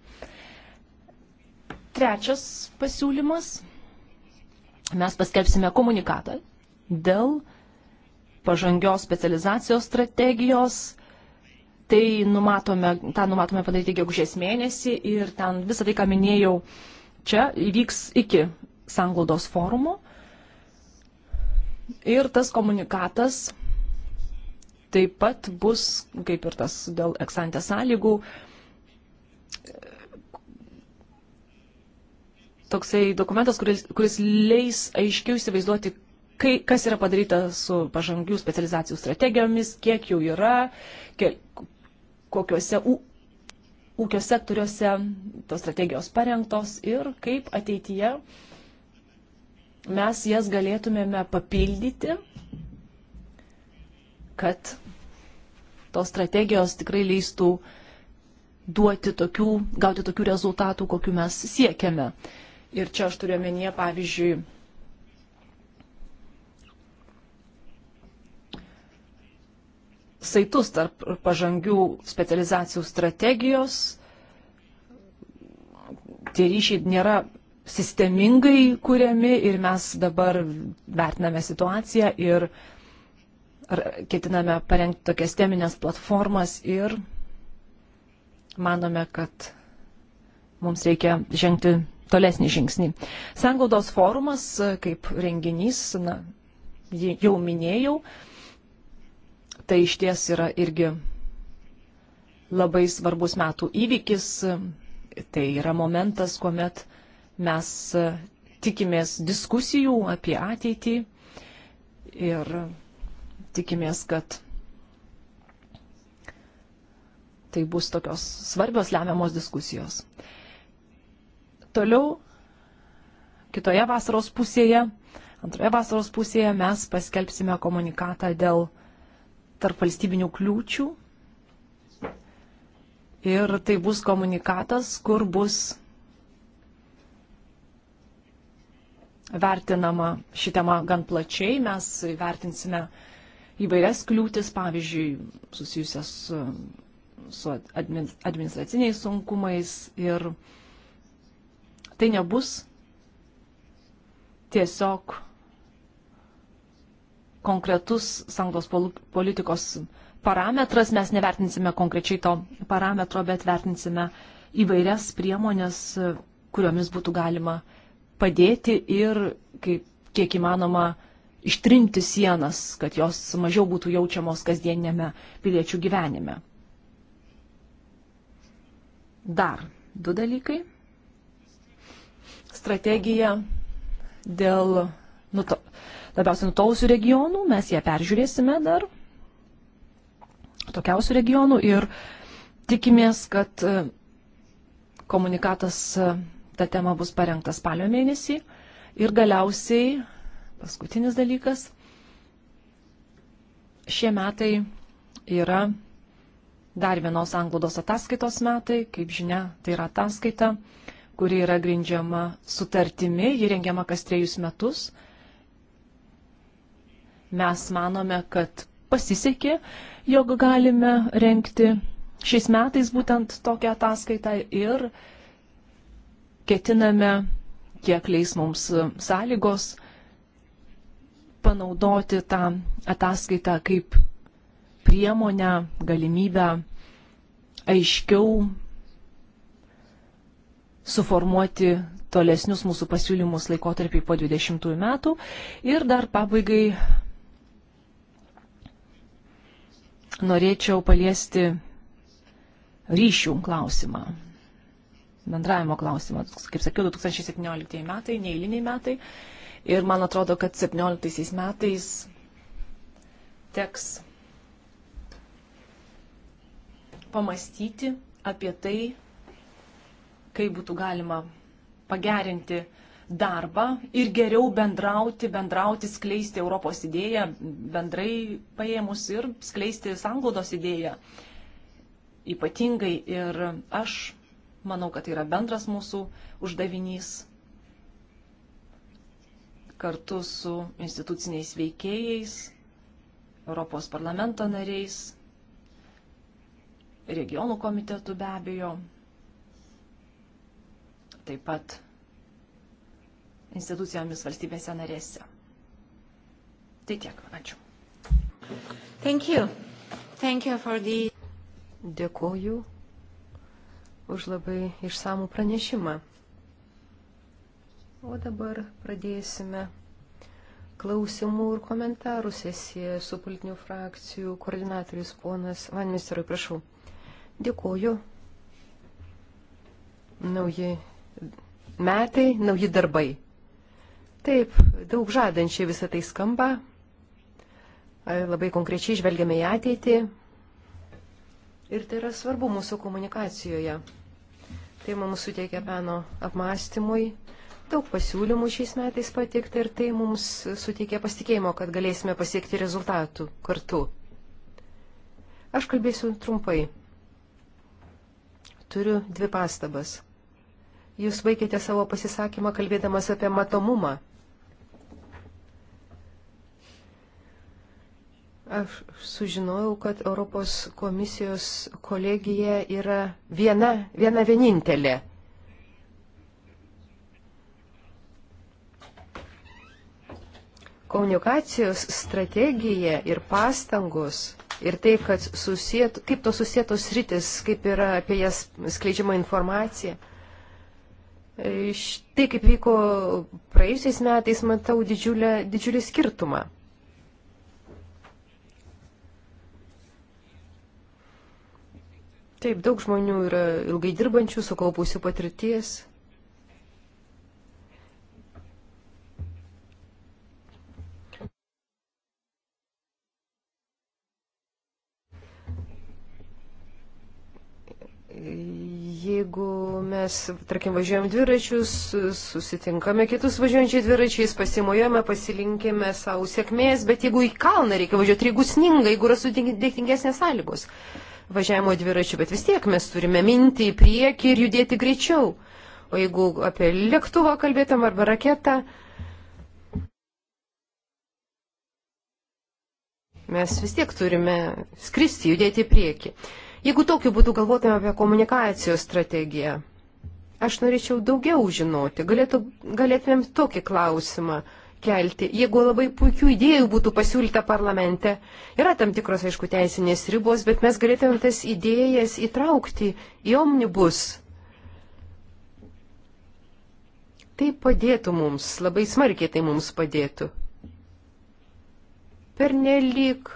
Trečias pasiūlymas. Mes paskelbsime komunikatą dėl pažangios specializacijos strategijos tai numatome, tą numatome padaryti gegužės mėnesį ir ten visą tai, ką minėjau, čia įvyks iki sanglaudos forumo. Ir tas komunikatas taip pat bus, kaip ir tas dėl eksantės sąlygų, toksai dokumentas, kuris, kuris leis aiškiau įsivaizduoti, kai, kas yra padaryta su pažangių specializacijų strategijomis, kiek jų yra, kiek, kokiuose ūkio sektoriuose tos strategijos parengtos ir kaip ateityje uh, mes jas galėtumėme papildyti, kad tos strategijos tikrai leistų duoti tokių, gauti tokių rezultatų, kokiu mes siekiame. Ir čia aš turiu omenyje, pavyzdžiui, saitus tarp pažangių specializacijų strategijos. Tie ryšiai nėra sistemingai kuriami ir mes dabar vertiname situaciją ir ketiname parengti tokias teminės platformas ir manome, kad mums reikia žengti tolesnį žingsnį. Sengaudos forumas e, kaip renginys, na, jau minėjau, tai iš ties yra irgi labai svarbus metų įvykis, tai yra momentas, kuomet uh, Mes e, tikimės diskusijų apie ateitį ir tikimės, kad tai bus tokios svarbios lemiamos diskusijos. Toliau kitoje vasaros pusėje, antroje vasaros pusėje mes paskelbsime komunikatą dėl tarp valstybinių kliūčių. Ir tai bus komunikatas, kur bus vertinama ši tema gan plačiai. Mes vertinsime įvairias kliūtis, pavyzdžiui, susijusias su administraciniais sunkumais ir tai nebus tiesiog konkretus sanglos politikos parametras, mes nevertinsime konkrečiai to parametro, bet vertinsime įvairias priemonės, kuriomis būtų galima uh, padėti ir kaip kiek įmanoma ištrinti sienas, kad jos mažiau būtų jaučiamos kasdienėme piliečių gyvenime. Dar du dalykai. Strategija dėl nuto, labiausiai nutolusių regionų, mes ją peržiūrėsime dar, tokiausių regionų ir tikimės, kad e, komunikatas e, ta tema bus parengta spalio mėnesį. Ir galiausiai, paskutinis dalykas, šie metai yra dar vienos anglodos ataskaitos metai, kaip žinia, tai yra ataskaita, kuri yra grindžiama sutartimi, ji rengiama kas trejus metus. Mes manome, kad pasisekė, jog galime renkti šiais metais būtent tokią ataskaitą ir ketiname, kiek leis mums e, sąlygos, panaudoti tą ataskaitą kaip priemonę, galimybę aiškiau suformuoti tolesnius mūsų pasiūlymus laikotarpį po 20 metų. Ir dar pabaigai norėčiau paliesti ryšių klausimą bendravimo klausimą. Kaip sakiau, 2017 metai, neįliniai metai. Ir man atrodo, kad 2017 metais teks pamastyti apie tai, kaip būtų galima pagerinti darbą ir geriau bendrauti, bendrauti, skleisti Europos idėją, bendrai paėmus ir skleisti sanglaudos idėją. Ypatingai ir aš Manau, kad tai yra bendras mūsų uždavinys kartu su instituciniais veikėjais, Europos parlamento nariais, regionų komitetų be abejo, taip pat institucijomis valstybėse narėse. Tai tiek, ačiū. Thank you. Thank you for the... Dėkuoju už labai išsamų pranešimą. O dabar pradėsime klausimų ir komentarų sesiją su politinių frakcijų koordinatorius ponas Vanministerui, prašau. Dėkuoju. Nauji metai, nauji darbai. Taip, daug žadančiai visą tai skamba. Labai konkrečiai žvelgiame į ateitį. Ir tai yra svarbu mūsų komunikacijoje. Tai mums suteikia peno apmąstymui. Daug pasiūlymų šiais metais patikta ir tai mums suteikia pasitikėjimo, kad galėsime pasiekti rezultatų kartu. Aš kalbėsiu trumpai. Turiu dvi pastabas. Jūs baigėte savo pasisakymą kalbėdamas apie matomumą Aš sužinojau, kad Europos komisijos kolegija yra viena, viena vienintelė. Komunikacijos strategija ir pastangos ir tai, kad susiet, kaip tos susietos rytis, kaip yra apie jas skleidžiama informacija. Štai kaip vyko praėjusiais metais, matau didžiulę, didžiulį skirtumą. Taip, daug žmonių yra ilgai dirbančių, sukaupusių patirties. Jeigu mes, tarkim, važiuojam dviračius, susitinkame kitus važiuojančiai dviračiais, pasimojame, pasilinkime savo sėkmės, bet jeigu į kalną reikia važiuoti, tai jeigu sninga, jeigu yra sudėtingesnės sąlygos, važiavimo dviračiu, bet vis tiek mes turime minti į priekį ir judėti greičiau. O jeigu apie lėktuvą kalbėtum arba raketą, mes vis tiek turime skristi, judėti į priekį. Jeigu tokiu būdu galvotume apie komunikacijos strategiją, aš norėčiau daugiau žinoti. Galėtų, galėtumėm tokį klausimą kelti. Jeigu labai puikių idėjų būtų pasiūlyta parlamente, yra tam tikros, aišku, teisinės ribos, bet mes galėtume tas idėjas įtraukti į omnibus. Tai padėtų mums, labai smarkiai tai mums padėtų. Pernelyg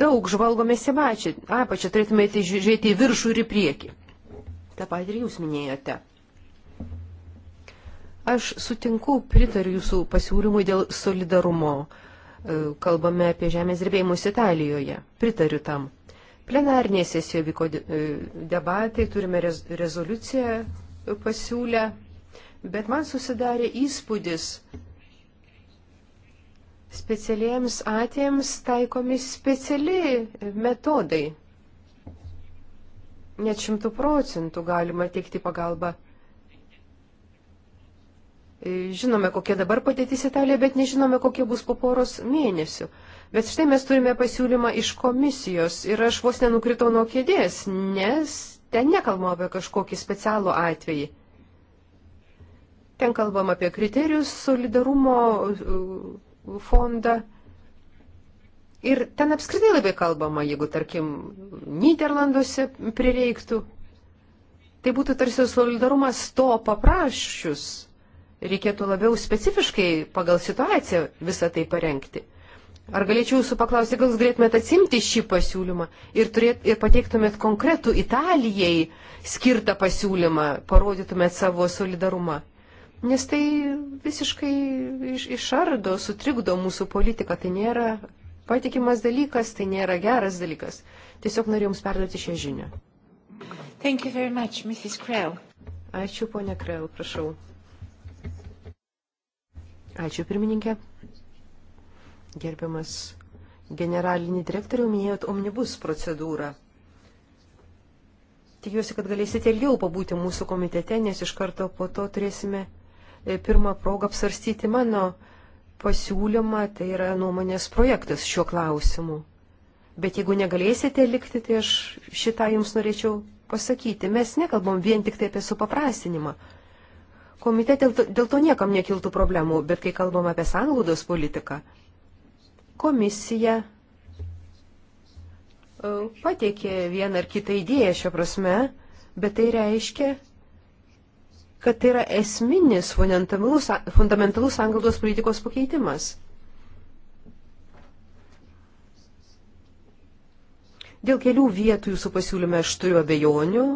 daug žvalgomės į apačią, turėtumėte tai žiūrėti į viršų ir į priekį. Ta pat ir jūs minėjote. Aš sutinku, pritariu jūsų pasiūlymui dėl solidarumo. E, kalbame apie žemės drebėjimus Italijoje. Pritariu tam. Plenarnėje sesijoje vyko e, debatai, turime rezoliuciją pasiūlę, bet man susidarė įspūdis, specialiems atvejams taikomi speciali metodai. Net šimtų procentų galima teikti pagalbą E, žinome, kokia dabar padėtis Italija, bet nežinome, kokie bus po poros mėnesių. Bet štai mes turime pasiūlymą iš komisijos ir aš vos nenukritau nuo kėdės, nes ten nekalbama apie kažkokį specialų atvejį. Ten kalbam apie kriterijus solidarumo e, fondą. Ir ten apskritai labai kalbama, jeigu, tarkim, Niderlanduose prireiktų, tai būtų tarsi solidarumas to paprašius reikėtų labiau specifiškai pagal situaciją visą tai parengti. Ar galėčiau jūsų paklausti, gal galėtumėt atsimti šį pasiūlymą ir, turėt, ir pateiktumėt konkretų Italijai skirtą pasiūlymą, parodytumėt savo solidarumą? Nes tai visiškai iš, išardo, sutrikdo mūsų politiką, tai nėra patikimas dalykas, tai nėra geras dalykas. Tiesiog noriu Jums perduoti šią žinią. Much, Ačiū, ponia Krell, prašau. Ačiū pirmininkė. Gerbiamas generalinį direktorių minėjot omnibus procedūrą. Tikiuosi, kad galėsite ilgiau pabūti mūsų komitete, nes iš karto po to turėsime e, pirmą progą apsarstyti mano pasiūlymą, tai yra nuomonės projektas šiuo klausimu. Bet jeigu negalėsite likti, tai aš šitą jums norėčiau pasakyti. Mes nekalbam vien tik tai apie supaprastinimą komitete dėl to niekam nekiltų problemų, bet kai kalbam apie sanglaudos politiką, komisija e, pateikė vieną ar kitą idėją šią prasme, bet tai reiškia, kad tai yra esminis fundamentalus, fundamentalus anglos politikos pakeitimas. Dėl kelių vietų jūsų pasiūlyme aš turiu abejonių,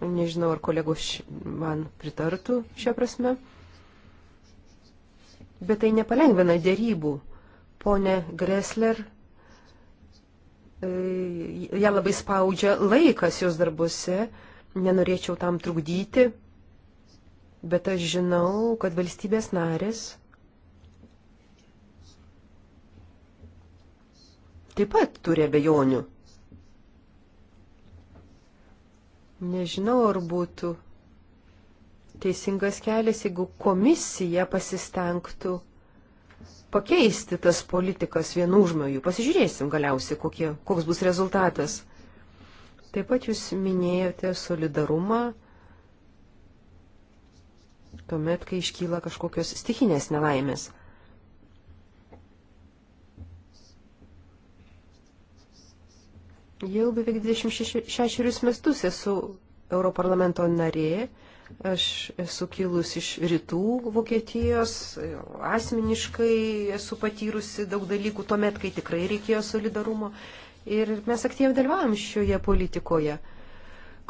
Nežinau, ar kolegos man pritartų šią prasme. Bet tai nepalengvina dėrybų. Pone Gressler, e, ją labai spaudžia laikas jos darbuose, nenorėčiau tam trukdyti, bet aš žinau, kad valstybės narės taip pat turi abejonių Nežinau, ar būtų teisingas kelias, jeigu komisija pasistengtų pakeisti tas politikas vienu užmojų. Pasižiūrėsim galiausiai, kokie, koks bus rezultatas. Taip pat jūs minėjote solidarumą, tuomet, kai iškyla kažkokios stikinės nelaimės. Jau beveik 26 metus esu Europarlamento narė. Aš esu kilus iš rytų Vokietijos, asmeniškai esu patyrusi daug dalykų tuomet, kai tikrai reikėjo solidarumo. Ir mes aktyviai dalyvavom šioje politikoje.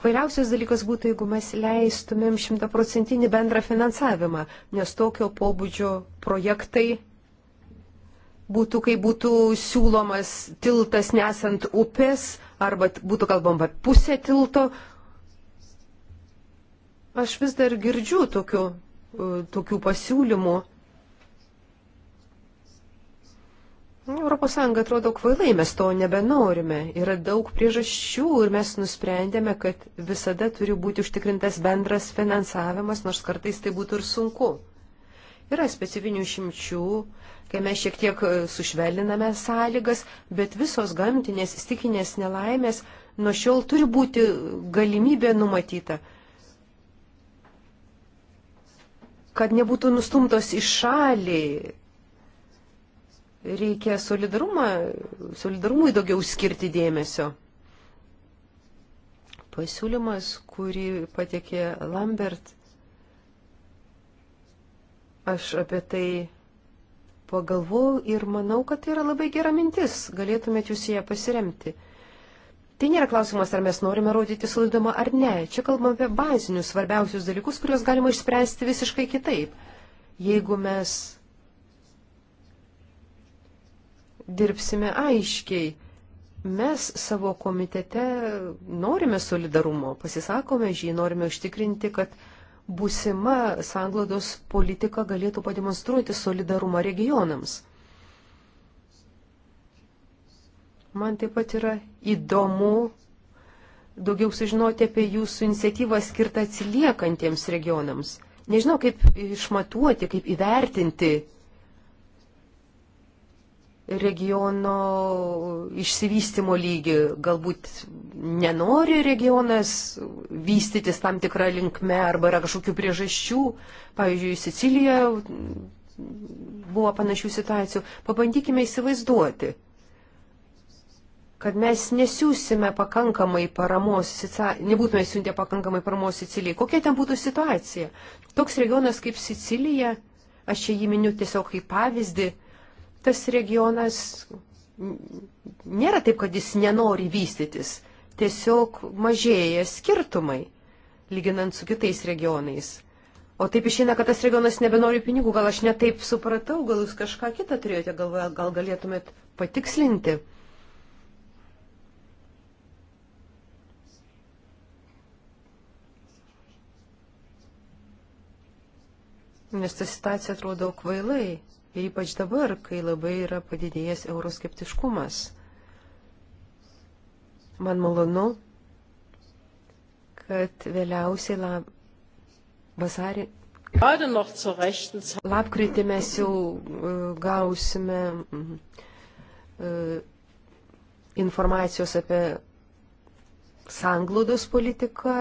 Kvailiausias dalykas būtų, jeigu mes leistumėm šimtaprocentinį bendrą finansavimą, nes tokio pobūdžio projektai būtų, kai būtų siūlomas tiltas nesant upės, arba būtų kalbama pusė tilto. Aš vis dar girdžiu tokių, e, tokių pasiūlymų. ES atrodo kvailai, mes to nebenorime. Yra daug priežasčių ir mes nusprendėme, kad visada turi būti užtikrintas bendras finansavimas, nors kartais tai būtų ir sunku. Yra specifinių šimčių, kai mes šiek tiek e, sušvelniname sąlygas, bet visos gamtinės stikinės nelaimės nuo šiol turi būti galimybė numatyta, kad nebūtų nustumtos į šalį. Reikia solidarumą, solidarumui daugiau skirti dėmesio. Pasiūlymas, kurį patikė Lambert, Aš apie tai pagalvojau ir manau, kad tai yra labai gera mintis, galėtumėt jūs ją pasiremti. Tai nėra klausimas, ar mes norime rodyti slaidumą ar ne. Čia kalbame apie bazinius svarbiausius dalykus, kuriuos galima išspręsti visiškai kitaip. Jeigu mes dirbsime aiškiai, mes savo komitete norime solidarumo, pasisakome žį, norime užtikrinti, kad uh, būsima sanglados politika galėtų pademonstruoti solidarumą regionams. Man taip pat yra įdomu daugiau sužinoti apie jūsų iniciatyvą skirtą atsiliekantiems regionams. Nežinau, kaip išmatuoti, kaip įvertinti regiono išsivystimo lygį. Galbūt nenori regionas vystytis tam tikrą linkmę arba yra kažkokių priežasčių. Pavyzdžiui, Sicilija buvo panašių situacijų. Pabandykime įsivaizduoti, kad mes nesiūsime pakankamai paramos, nebūtume siuntę pakankamai paramos Sicilijai. Kokia ten būtų situacija? Toks regionas kaip Sicilija, aš čia jį miniu tiesiog kaip pavyzdį, tas regionas nėra taip, kad jis nenori vystytis, tiesiog mažėja skirtumai, lyginant su kitais regionais. O taip išeina, kad tas regionas nebenori pinigų, gal aš netaip supratau, gal jūs kažką kitą turėjote galvoje, gal galėtumėt patikslinti. Nes ta situacija atrodo kvailai ypač dabar, kai labai yra padidėjęs euroskeptiškumas. Man malonu, kad vėliausiai lab... vasarį. Lapkritį mes jau uh, gausime uh, informacijos apie sanglaudos politika,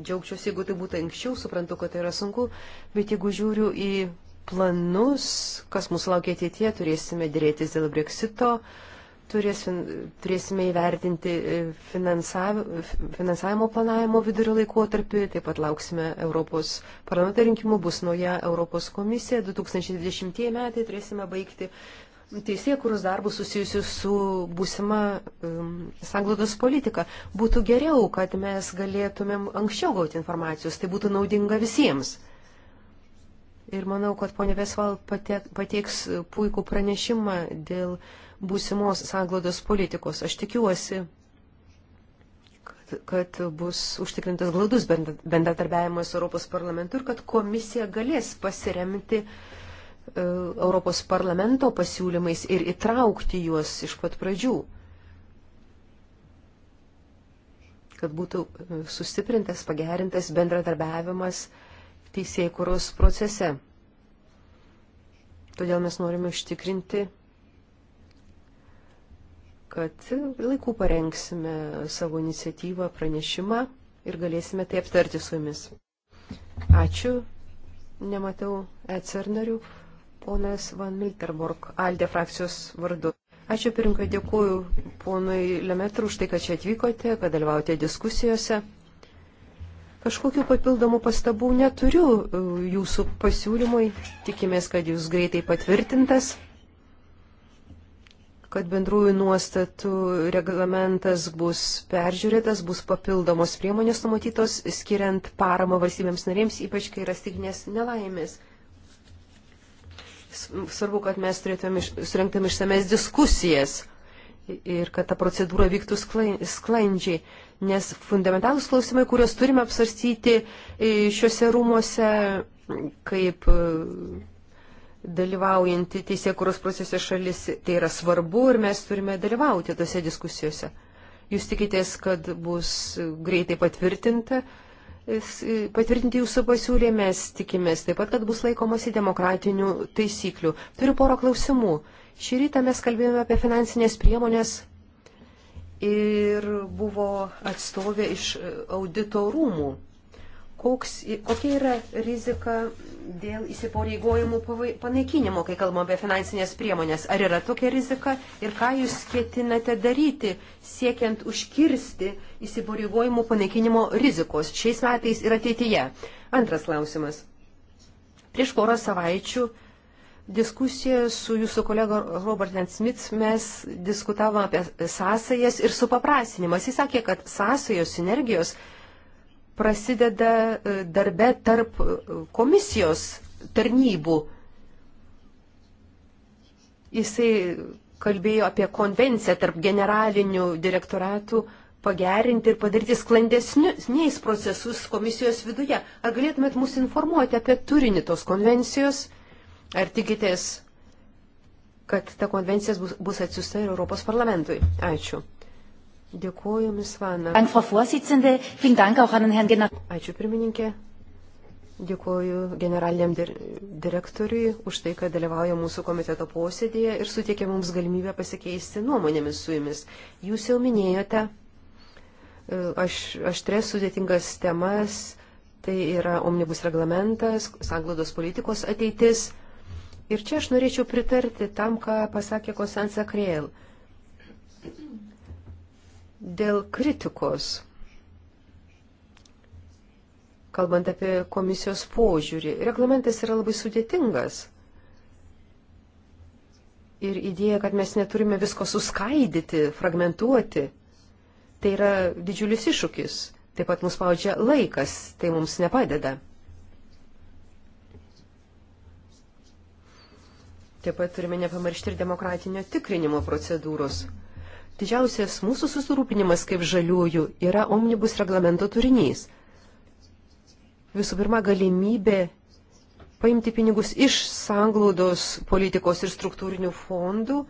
džiaugčiausi, jeigu tai būtų anksčiau, suprantu, kad tai yra sunku, bet jeigu žiūriu į planus, kas mūsų laukia ateitie, turėsime dėrėtis dėl breksito, turės, turėsime įvertinti e, finansavimo planavimo vidurio laikotarpį, taip pat lauksime Europos parlamento rinkimų, bus nauja Europos komisija, 2020 metai turėsime baigti teisė, kurus darbus susijusius su būsima um, sanglaudos politika. Būtų geriau, kad mes galėtumėm anksčiau gauti informacijos, tai būtų naudinga visiems. Ir manau, kad ponė Vesval pateiks puikų pranešimą dėl būsimos sanglados politikos. Aš tikiuosi, kad, kad bus užtikrintas glaudus bendradarbiavimas Europos parlamentu ir kad komisija galės pasiremti e, Europos parlamento pasiūlymais ir įtraukti juos iš pat pradžių, kad būtų e, sustiprintas, pagerintas bendradarbiavimas teisėjai kuros procese. Todėl mes norime užtikrinti, kad laikų parengsime savo iniciatyvą, pranešimą ir galėsime tai aptarti su jumis. Ačiū, nematau ECR narių, ponas Van Milterborg, Aldė frakcijos vardu. Ačiū pirinkai, dėkuoju ponui Lemetru už tai, kad čia atvykote, kad dalyvaujate diskusijose. Kažkokių papildomų pastabų neturiu e, jūsų pasiūlymui. Tikimės, kad jūs greitai patvirtintas, kad bendrųjų nuostatų reglamentas bus peržiūrėtas, bus papildomos priemonės numatytos, skiriant paramą valstybėms narėms, ypač kai yra stiknės nelaimės. Svarbu, kad mes turėtume iš, surinktam išsames diskusijas ir kad ta procedūra vyktų sklandžiai nes fundamentalus klausimai, kuriuos turime apsarstyti e, šiuose rūmuose, kaip e, dalyvaujanti teisėkuros procese šalis, tai yra svarbu ir mes turime dalyvauti tose diskusijose. Jūs tikitės, kad bus greitai patvirtinta, e, patvirtinti jūsų pasiūlymą, mes tikimės taip pat, kad bus laikomasi demokratinių taisyklių. Turiu porą klausimų. Šį rytą mes kalbėjome apie finansinės priemonės ir buvo atstovė iš audito rūmų. Koks, kokia yra rizika dėl įsipareigojimų panaikinimo, kai kalbame apie finansinės priemonės? Ar yra tokia rizika ir ką jūs ketinate daryti, siekiant užkirsti įsipareigojimų panaikinimo rizikos šiais metais ir ateityje? Antras klausimas. Prieš porą savaičių uh, diskusiją su jūsų kolega Robert Nensmith mes diskutavome apie sąsajas ir supaprastinimas. Jis sakė, kad sąsajos, sinergijos prasideda e, darbe tarp e, komisijos tarnybų. Jisai kalbėjo apie konvenciją tarp generalinių direktoratų pagerinti ir padaryti sklandesniais procesus komisijos viduje. Ar galėtumėt mus informuoti apie turinį tos konvencijos? Ar tikitės, kad ta konvencija bus, bus atsiusta ir Europos parlamentui? Ačiū. Dėkuoju, Mis Vana. Ačiū, pirmininkė. Dėkuoju generaliniam direktoriui už tai, kad dalyvauja mūsų komiteto posėdėje ir suteikia mums galimybę pasikeisti nuomonėmis su jumis. Jūs jau minėjote e, aš, aštres sudėtingas temas, tai yra omnibus reglamentas, sanglaudos politikos ateitis. Ir čia aš norėčiau pritarti tam, ką pasakė Kosansa Kreil. Dėl kritikos, kalbant apie komisijos požiūrį, reglamentas yra labai sudėtingas. Ir idėja, kad mes neturime visko suskaidyti, fragmentuoti, tai yra didžiulis iššūkis. Taip pat mus spaudžia laikas, tai mums nepadeda. Taip pat turime nepamiršti ir demokratinio tikrinimo procedūros. Didžiausias mūsų susirūpinimas kaip žaliųjų yra omnibus reglamento turinys. Visų pirma, galimybė paimti pinigus iš sanglaudos politikos ir struktūrinių fondų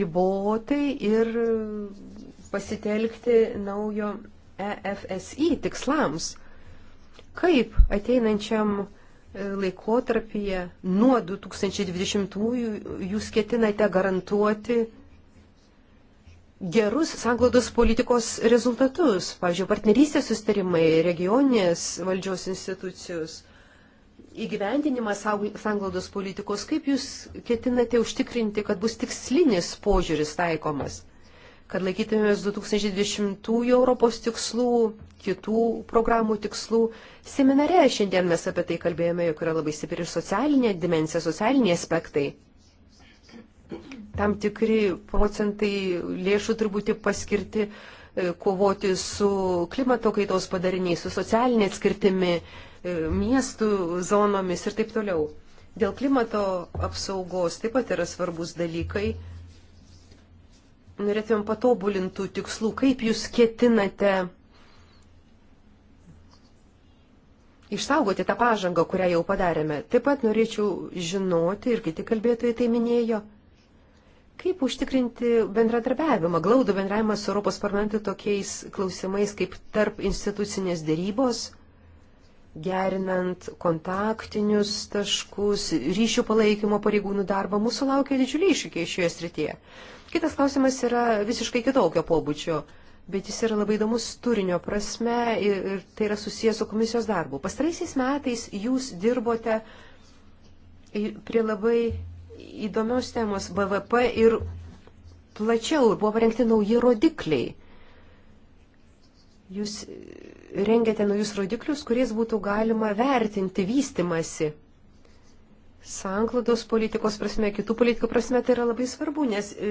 ribotai ir pasitelkti naujo EFSI tikslams. Kaip ateinančiam laikotarpyje nuo 2020-ųjų jūs ketinate garantuoti gerus sanglaudos politikos rezultatus, pavyzdžiui, partnerystės sustarimai, regioninės valdžios institucijos, įgyvendinimas sanglaudos politikos, kaip jūs ketinate užtikrinti, kad bus tikslinis požiūris taikomas? kad laikytumės 2020 Europos tikslų, kitų programų tikslų. Seminare šiandien mes apie tai kalbėjome, jog yra labai stipri socialinė dimensija, socialiniai aspektai. Tam tikri procentai lėšų turbūt paskirti e, kovoti su klimato kaitos padariniais, su socialinė atskirtimi, e, miestų zonomis ir taip toliau. Dėl klimato apsaugos taip pat yra svarbus dalykai norėtumėm patobulintų tikslų. Kaip jūs ketinate išsaugoti tą pažangą, kurią jau padarėme? Taip pat norėčiau žinoti, ir kiti kalbėtojai tai minėjo, kaip užtikrinti bendradarbiavimą, glaudų bendravimą su Europos parlamentu tokiais klausimais kaip tarp institucinės dėrybos gerinant kontaktinius taškus, ryšių palaikymo pareigūnų darbą, mūsų laukia didžiuliai iššūkiai šioje srityje. Kitas klausimas yra visiškai kitokio pobūdžio, bet jis yra labai įdomus turinio prasme ir, ir tai yra susijęs su komisijos darbu. Pastaraisiais metais jūs dirbote prie labai įdomios temos BVP ir plačiau ir buvo parengti nauji rodikliai. Jūs rengiate naujus rodiklius, kuriais būtų galima vertinti vystimasi Sanklados politikos prasme, kitų politikų prasme tai yra labai svarbu, nes e,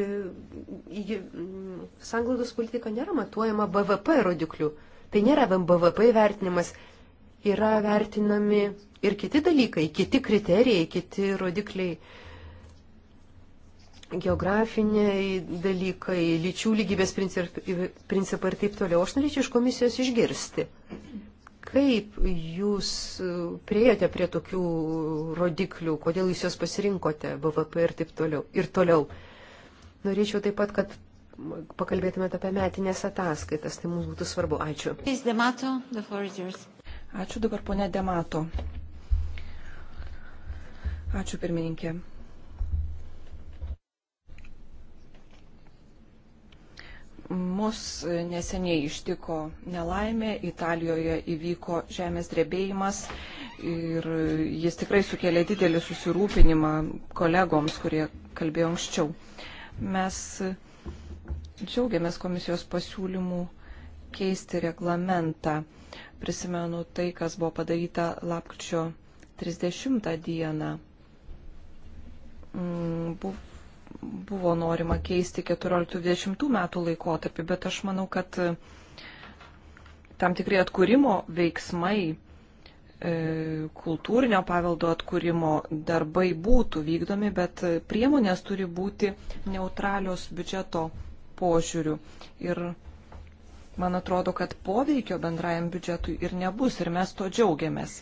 mm, sanklados politika nėra matuojama BVP rodiklių. Tai nėra vien BVP vertinimas, yra vertinami ir kiti dalykai, kiti kriterijai, kiti rodikliai, geografiniai dalykai, lyčių lygybės principai ir taip toliau. Aš norėčiau iš komisijos išgirsti, Kaip jūs priejote prie tokių rodiklių, kodėl jūs juos pasirinkote, BVP ir taip toliau. Ir toliau. Norėčiau taip pat, kad pakalbėtumėte apie metinės ataskaitas, tai mums būtų svarbu. Ačiū. Ačiū dabar ponė Demato. Ačiū pirmininkė. Mus neseniai ištiko nelaimė, Italijoje įvyko žemės drebėjimas ir jis tikrai sukėlė didelį susirūpinimą kolegoms, kurie kalbėjo anksčiau. Mes džiaugiamės komisijos pasiūlymų keisti reglamentą. Prisimenu tai, kas buvo padaryta lapkričio 30 dieną. Mm, buvo buvo norima keisti 14-20 metų laikotarpį, bet aš manau, kad e, tam tikrai atkūrimo veiksmai, e, kultūrinio paveldo atkūrimo darbai būtų vykdomi, bet e, priemonės turi būti neutralios biudžeto požiūrių. Ir man atrodo, kad poveikio bendrajam biudžetui ir nebus, ir mes to džiaugiamės.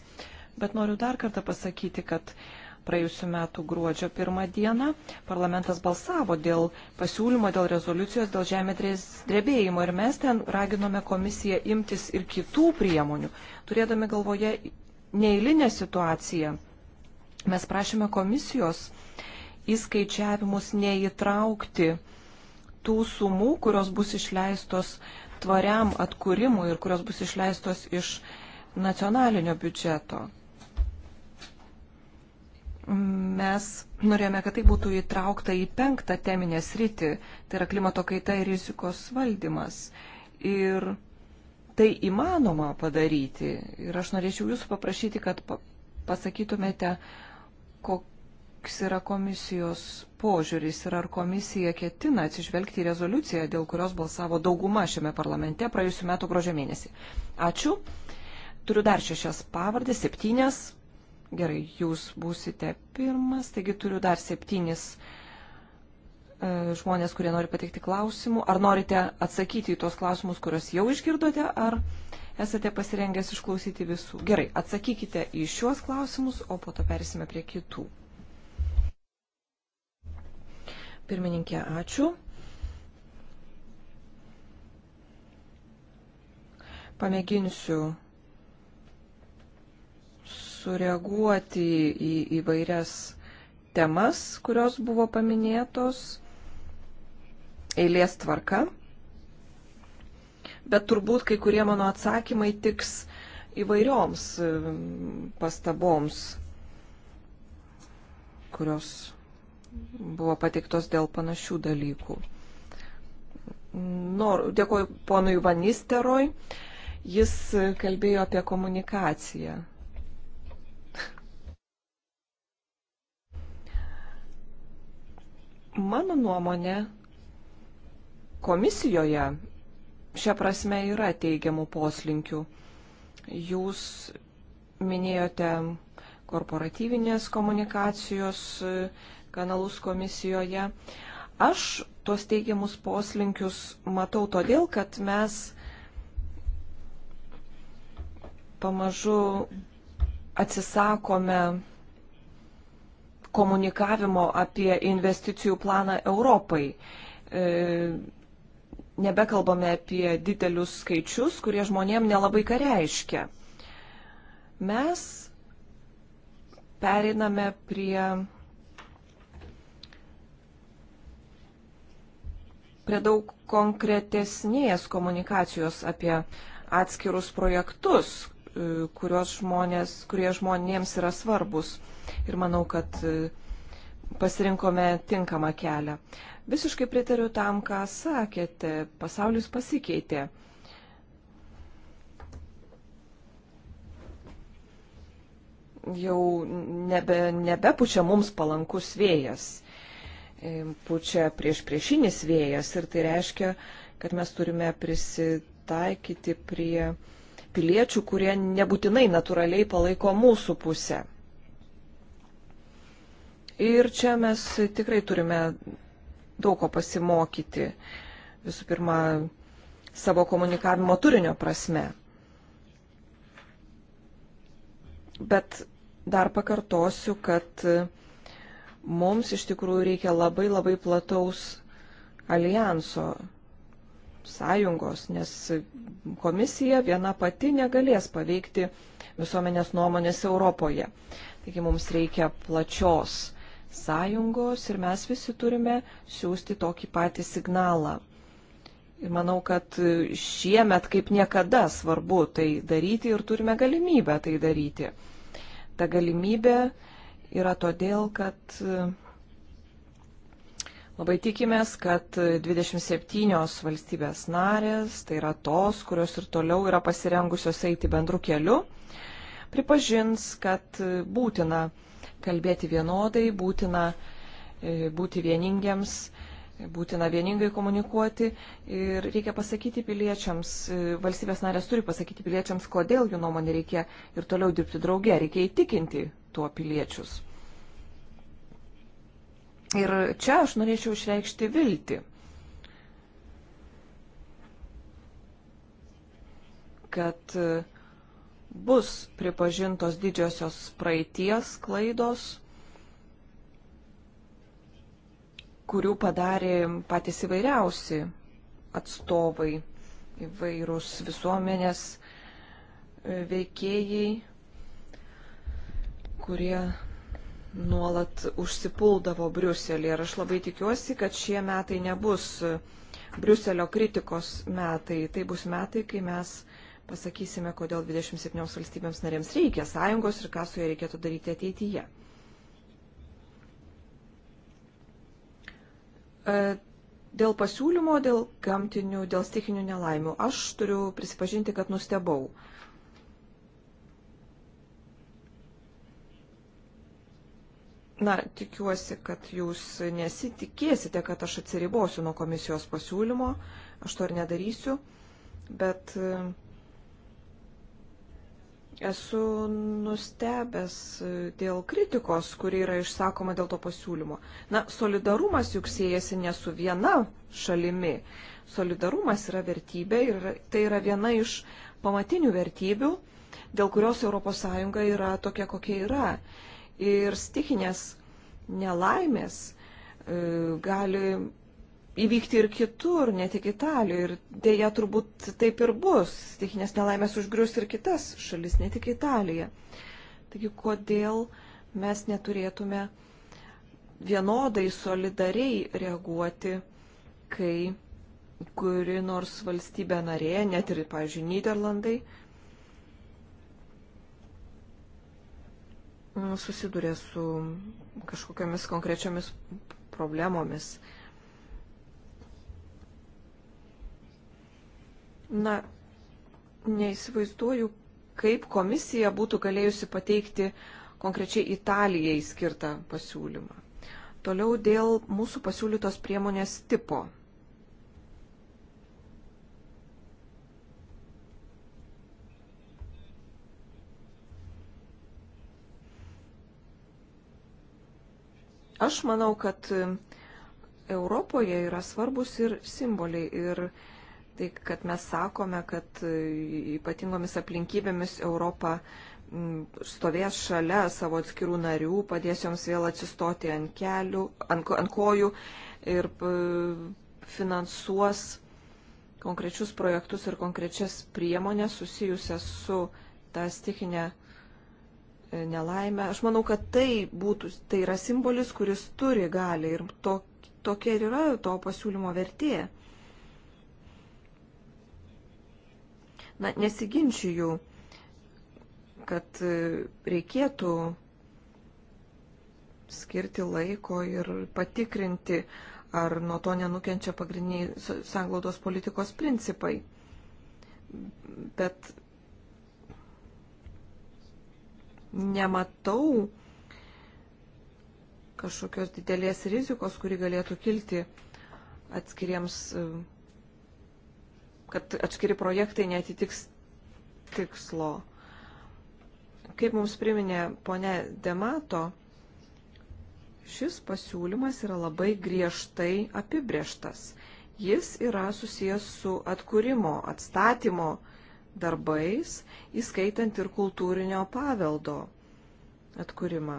Bet noriu dar kartą pasakyti, kad uh, praėjusiu metu gruodžio pirmą dieną parlamentas balsavo dėl pasiūlymo, dėl rezoliucijos, dėl žemėdrės drebėjimo ir mes ten raginome komisiją imtis ir kitų priemonių, turėdami galvoje neįlinę situaciją. Mes prašėme komisijos įskaičiavimus neįtraukti tų sumų, kurios bus išleistos tvariam atkūrimui ir kurios bus išleistos iš nacionalinio biudžeto mes norėjome, kad tai būtų įtraukta į penktą teminę sritį, tai yra klimato kaita ir rizikos valdymas. Ir tai įmanoma padaryti. Ir aš norėčiau jūsų paprašyti, kad pasakytumėte, koks yra komisijos požiūris ir ar komisija ketina atsižvelgti į rezoliuciją, dėl kurios balsavo dauguma šiame parlamente praėjusiu metu gruodžio mėnesį. Ačiū. Turiu dar šešias pavardės, septynias Gerai, jūs būsite pirmas, taigi turiu dar septynis e, žmonės, kurie nori pateikti klausimų. Ar norite atsakyti į tuos klausimus, kuriuos jau išgirdote, ar esate pasirengęs išklausyti visų? Gerai, atsakykite į šiuos klausimus, o po to persime prie kitų. Pirmininkė, ačiū. Pamėginsiu sureaguoti į įvairias temas, kurios buvo paminėtos eilės tvarka. Bet turbūt kai kurie mano atsakymai tiks įvairioms um, pastaboms, kurios buvo pateiktos dėl panašių dalykų. Nor, dėkoju ponui Vanisteroj, jis kalbėjo apie komunikaciją. Mano nuomonė, komisijoje šią prasme yra teigiamų poslinkių. Jūs minėjote korporatyvinės komunikacijos e, kanalus komisijoje. Aš tuos teigiamus poslinkius matau todėl, kad mes pamažu atsisakome komunikavimo apie investicijų planą Europai. E, nebekalbame apie didelius skaičius, kurie žmonėm nelabai ką reiškia. Mes periname prie prie daug konkretesnės komunikacijos apie atskirus projektus, e, žmonės, kurie žmonėms yra svarbus ir manau, kad e, pasirinkome tinkamą kelią. Visiškai pritariu tam, ką sakėte. Pasaulis pasikeitė. Jau nebe, nebepučia mums palankus vėjas. E, pučia prieš priešinis vėjas ir tai reiškia, kad mes turime prisitaikyti prie piliečių, kurie nebūtinai natūraliai palaiko mūsų pusę. Ir čia mes tikrai turime daug ko pasimokyti. Visų pirma, savo komunikavimo turinio prasme. Bet dar pakartosiu, kad mums iš tikrųjų reikia labai labai plataus alijanso sąjungos, nes komisija viena pati negalės paveikti visuomenės nuomonės Europoje. Taigi mums reikia plačios sąjungos ir mes visi turime siūsti tokį patį signalą. Ir manau, kad šiemet kaip niekada svarbu tai daryti ir turime galimybę tai daryti. Ta galimybė yra todėl, kad e, labai tikimės, kad 27 valstybės narės, tai yra tos, kurios ir toliau yra pasirengusios eiti bendru keliu, pripažins, kad būtina kalbėti vienodai, būtina e, būti vieningiems, būtina vieningai komunikuoti ir reikia pasakyti piliečiams, e, valstybės narės turi pasakyti piliečiams, kodėl jų nuomonė reikia ir toliau dirbti drauge, reikia įtikinti tuo piliečius. Ir čia aš norėčiau išreikšti viltį, kad e, bus pripažintos didžiosios praeities klaidos, kurių padarė patys įvairiausi atstovai, įvairūs visuomenės e, veikėjai, kurie nuolat užsipuldavo Briuselį. Ir aš labai tikiuosi, kad šie metai nebus Briuselio kritikos metai. Tai bus metai, kai mes pasakysime, kodėl 27 valstybėms narėms reikia sąjungos ir ką su ja reikėtų daryti ateityje. E, dėl pasiūlymo, dėl gamtinių, dėl stikinių nelaimių, aš turiu prisipažinti, kad nustebau. Na, tikiuosi, kad jūs nesitikėsite, kad aš atsiribosiu nuo komisijos pasiūlymo, aš to ir nedarysiu, bet e, Esu nustebęs dėl kritikos, kuri yra išsakoma dėl to pasiūlymo. Na, solidarumas juk siejasi ne su viena šalimi. Solidarumas yra vertybė ir tai yra viena iš pamatinių vertybių, dėl kurios ES yra tokia, kokia yra. Ir stikinės nelaimės e, gali įvykti ir kitur, ne tik Italijoje. Ir dėja turbūt taip ir bus. Stichinės nelaimės užgrius ir kitas šalis, ne tik Italiją. Taigi, kodėl mes neturėtume vienodai solidariai reaguoti, kai kuri nors valstybė narė, net ir, pavyzdžiui, Niderlandai, susiduria su kažkokiamis konkrečiomis problemomis. Uh, Na, neįsivaizduoju, kaip komisija būtų galėjusi pateikti konkrečiai Italijai skirtą pasiūlymą. Toliau dėl mūsų pasiūlytos priemonės tipo. Aš manau, kad Europoje yra svarbus ir simboliai, ir tai, kad mes sakome, kad e, ypatingomis aplinkybėmis Europa stovės šalia savo atskirų narių, padės joms vėl atsistoti ant kelių, ant, ant kojų ir finansuos konkrečius projektus ir konkrečias priemonės susijusias su tą stikinę e, nelaimę. Aš manau, kad tai būtų, tai yra simbolis, kuris turi gali ir to, tokia ir yra to pasiūlymo vertė. Na, nesiginčiu, kad e, reikėtų skirti laiko ir patikrinti, ar nuo to nenukenčia pagrindiniai sanglaudos politikos principai. Bet nematau kažkokios didelės rizikos, kuri galėtų kilti atskiriems e, kad atskiri projektai netitiks tikslo. Kaip mums priminė ponė Demato, šis pasiūlymas yra labai griežtai apibrieštas. Jis yra susijęs su atkūrimo, atstatymo darbais, įskaitant ir kultūrinio paveldo atkūrimą.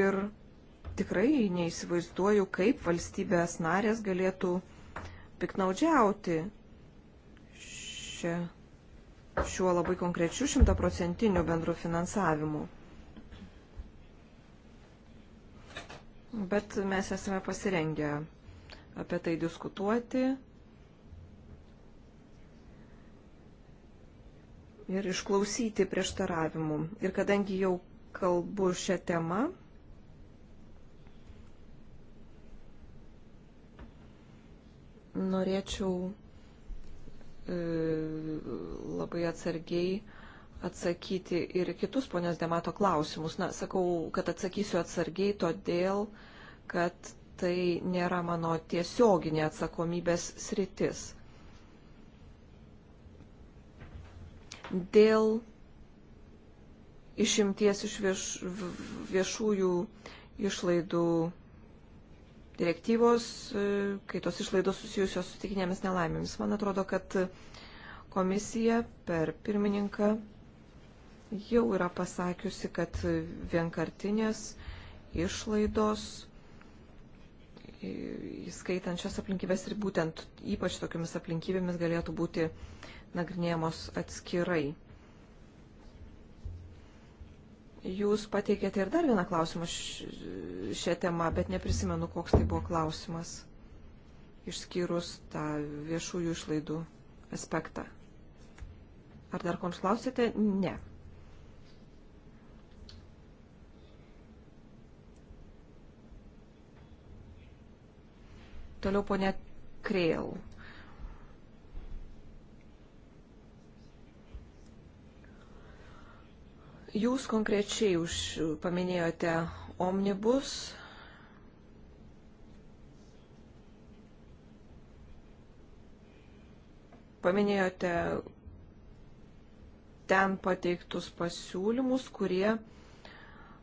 Ir tikrai neįsivaizduoju, kaip valstybės narės galėtų piknaudžiauti šia, šiuo labai konkrečiu šimtaprocentiniu bendru finansavimu. Bet mes esame pasirengę apie tai diskutuoti ir išklausyti prieštaravimų. Ir kadangi jau kalbu šią temą, norėčiau e, labai atsargiai atsakyti ir kitus ponios Demato klausimus. Na, sakau, kad atsakysiu atsargiai, todėl, kad tai nėra mano tiesioginė atsakomybės sritis. Dėl išimties iš vieš, viešųjų išlaidų direktyvos, e, kai tos išlaidos susijusios su tikinėmis nelaimėmis. Man atrodo, kad komisija per pirmininką jau yra pasakiusi, kad vienkartinės išlaidos, įskaitant šias aplinkybės ir būtent ypač tokiamis aplinkybėmis galėtų būti nagrinėjamos atskirai. Jūs pateikėte ir dar vieną klausimą šią temą, bet neprisimenu, koks tai buvo klausimas, išskyrus tą viešųjų išlaidų aspektą. Ar dar ko nors klausėte? Ne. Toliau ponė Kreil. Jūs konkrečiai už, paminėjote omnibus. Paminėjote ten pateiktus pasiūlymus, kurie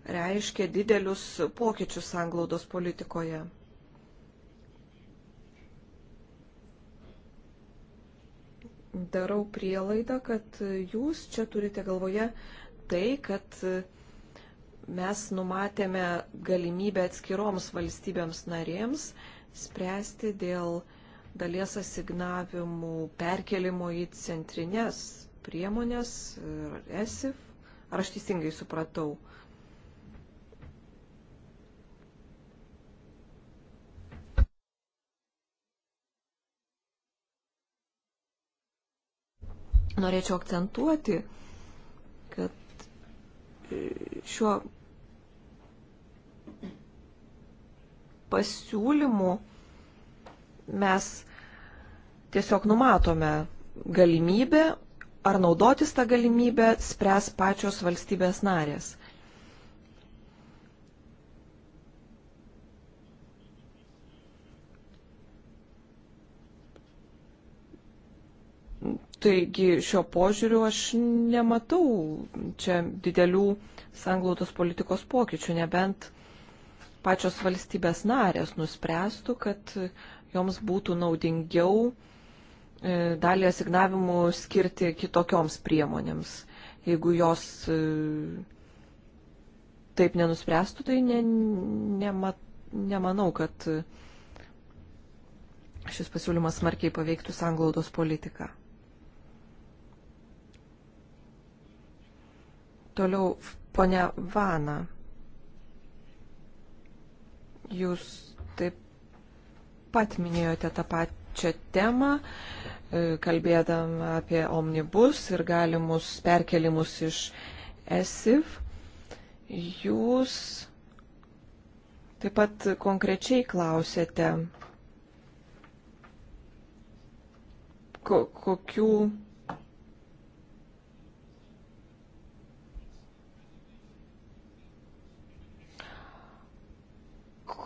reiškia didelius pokyčius anglaudos politikoje. Darau prielaidą, kad jūs čia turite galvoje tai, kad e, mes numatėme galimybę atskiroms valstybėms narėms spręsti dėl dalies asignavimų perkelimo į centrinės priemonės e, ir ESIF. Ar aš teisingai supratau? Norėčiau akcentuoti, kad šiuo pasiūlymu mes tiesiog numatome galimybę, ar naudotis tą galimybę spręs pačios valstybės narės. Taigi šio požiūriu aš nematau čia didelių sanglautos politikos pokyčių, nebent pačios valstybės narės nuspręstų, kad joms būtų naudingiau e, dalį asignavimų skirti kitokioms priemonėms. Jeigu jos e, taip nenuspręstų, tai ne, nema, nemanau, kad šis pasiūlymas smarkiai paveiktų sanglaudos politiką. Toliau, ponia Vana, jūs taip pat minėjote tą pačią temą, e, kalbėdam apie omnibus ir galimus perkelimus iš ESIF. Jūs Taip pat konkrečiai klausėte, ko, kokių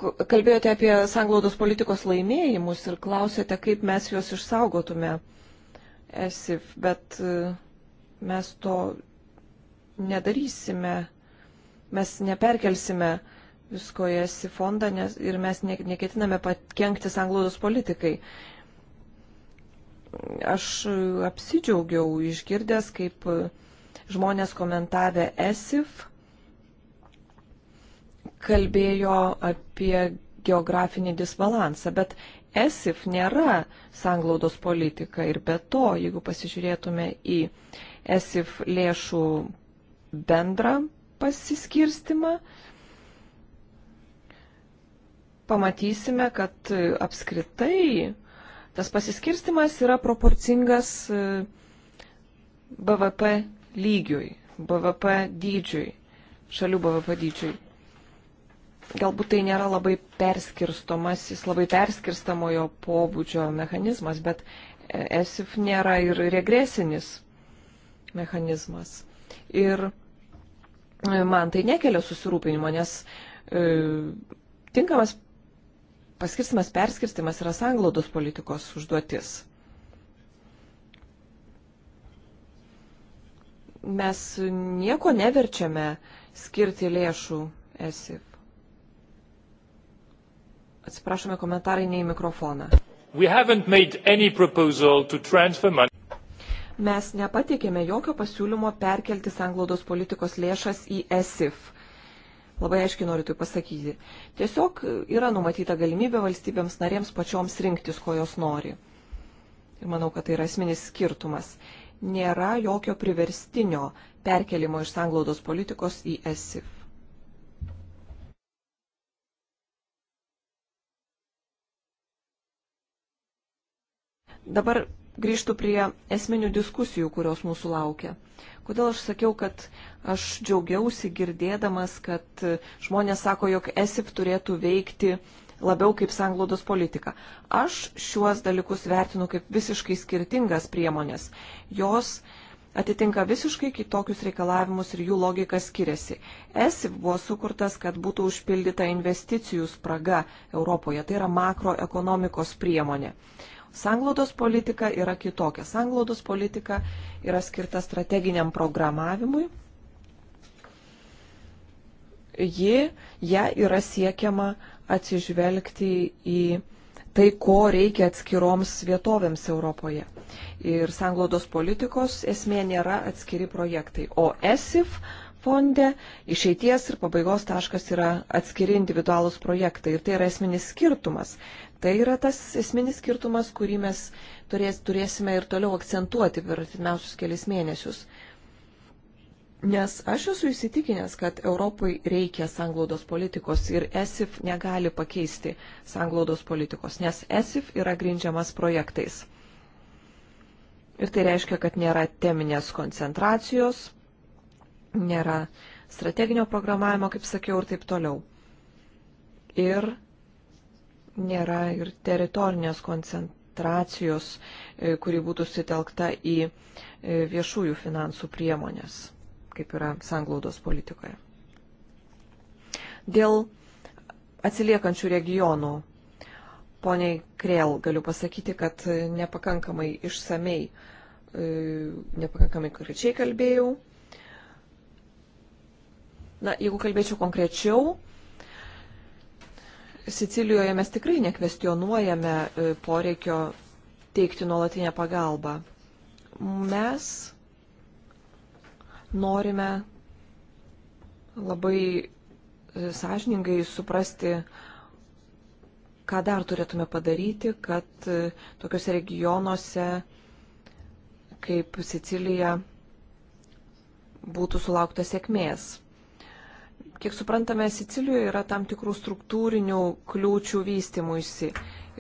kalbėjote apie sanglaudos politikos laimėjimus ir klausėte, kaip mes juos išsaugotume esif, bet e, mes to nedarysime, mes neperkelsime visko į esif fondą nes, ir mes ne, neketiname pakengti sanglaudos politikai. Aš apsidžiaugiau išgirdęs, kaip žmonės komentavę esif kalbėjo apie geografinį disbalansą, bet ESIF nėra sanglaudos politika ir be to, jeigu pasižiūrėtume į ESIF lėšų bendrą pasiskirstimą, pamatysime, kad apskritai tas pasiskirstimas yra proporcingas e, BVP lygiui, BVP dydžiui, šalių BVP dydžiui galbūt tai nėra labai perskirstomas, jis labai perskirstamojo pobūdžio mechanizmas, bet ESIF nėra ir regresinis mechanizmas. Ir e, man tai nekelia susirūpinimo, nes e, tinkamas paskirstimas, perskirstimas yra sanglaudos politikos užduotis. Mes nieko neverčiame skirti lėšų ESIF. Atsiprašome, komentarai ne į mikrofoną. Mes nepateikėme jokio pasiūlymo perkelti sanglaudos politikos lėšas į ESIF. Labai aiškiai noriu tai pasakyti. Tiesiog yra numatyta galimybė valstybėms narėms pačioms rinktis, ko jos nori. Ir manau, kad tai yra esminis skirtumas. Nėra jokio priverstinio perkelimo iš sanglaudos politikos į ESIF. Dabar grįžtų prie esminių diskusijų, kurios mūsų laukia. Kodėl aš sakiau, kad aš džiaugiausi girdėdamas, kad žmonės sako, jog ESIF turėtų veikti labiau kaip sanglaudos politika. Aš šiuos dalykus vertinu kaip visiškai skirtingas priemonės. Jos atitinka visiškai kitokius reikalavimus ir jų logika skiriasi. ESIF buvo sukurtas, kad būtų užpildyta investicijų spraga Europoje, tai yra makroekonomikos priemonė. Sanglaudos politika yra kitokia. Sanglaudos politika yra skirta strateginiam programavimui. Ji, ją yra siekiama atsižvelgti į tai, ko reikia atskiroms vietovėms Europoje. Ir sanglaudos politikos esmė nėra atskiri projektai. O ESIF fonde išeities ir pabaigos taškas yra atskiri individualūs projektai. Ir tai yra esminis skirtumas. Tai yra tas esminis skirtumas, kurį mes turės, turėsime ir toliau akcentuoti per artimiausius kelias mėnesius. Nes aš esu įsitikinęs, kad Europai reikia sanglaudos politikos ir ESIF negali pakeisti sanglaudos politikos, nes ESIF yra grindžiamas projektais. Ir tai reiškia, kad nėra teminės koncentracijos, nėra strateginio programavimo, kaip sakiau, ir taip toliau. Ir nėra ir teritorinės koncentracijos, e, kuri būtų sutelkta į e, viešųjų finansų priemonės, kaip yra sanglaudos politikoje. Dėl atsiliekančių regionų, poniai Krėl, galiu pasakyti, kad nepakankamai išsamei, e, nepakankamai konkrečiai kalbėjau. Na, jeigu kalbėčiau konkrečiau, Sicilijoje mes tikrai nekvestionuojame e, poreikio teikti nuolatinę pagalbą. Mes norime labai e, sąžiningai suprasti, ką dar turėtume padaryti, kad e, tokiuose regionuose kaip Sicilija būtų sulaukta sėkmės. Kiek suprantame, Sicilijoje yra tam tikrų struktūrinių kliūčių vystimuisi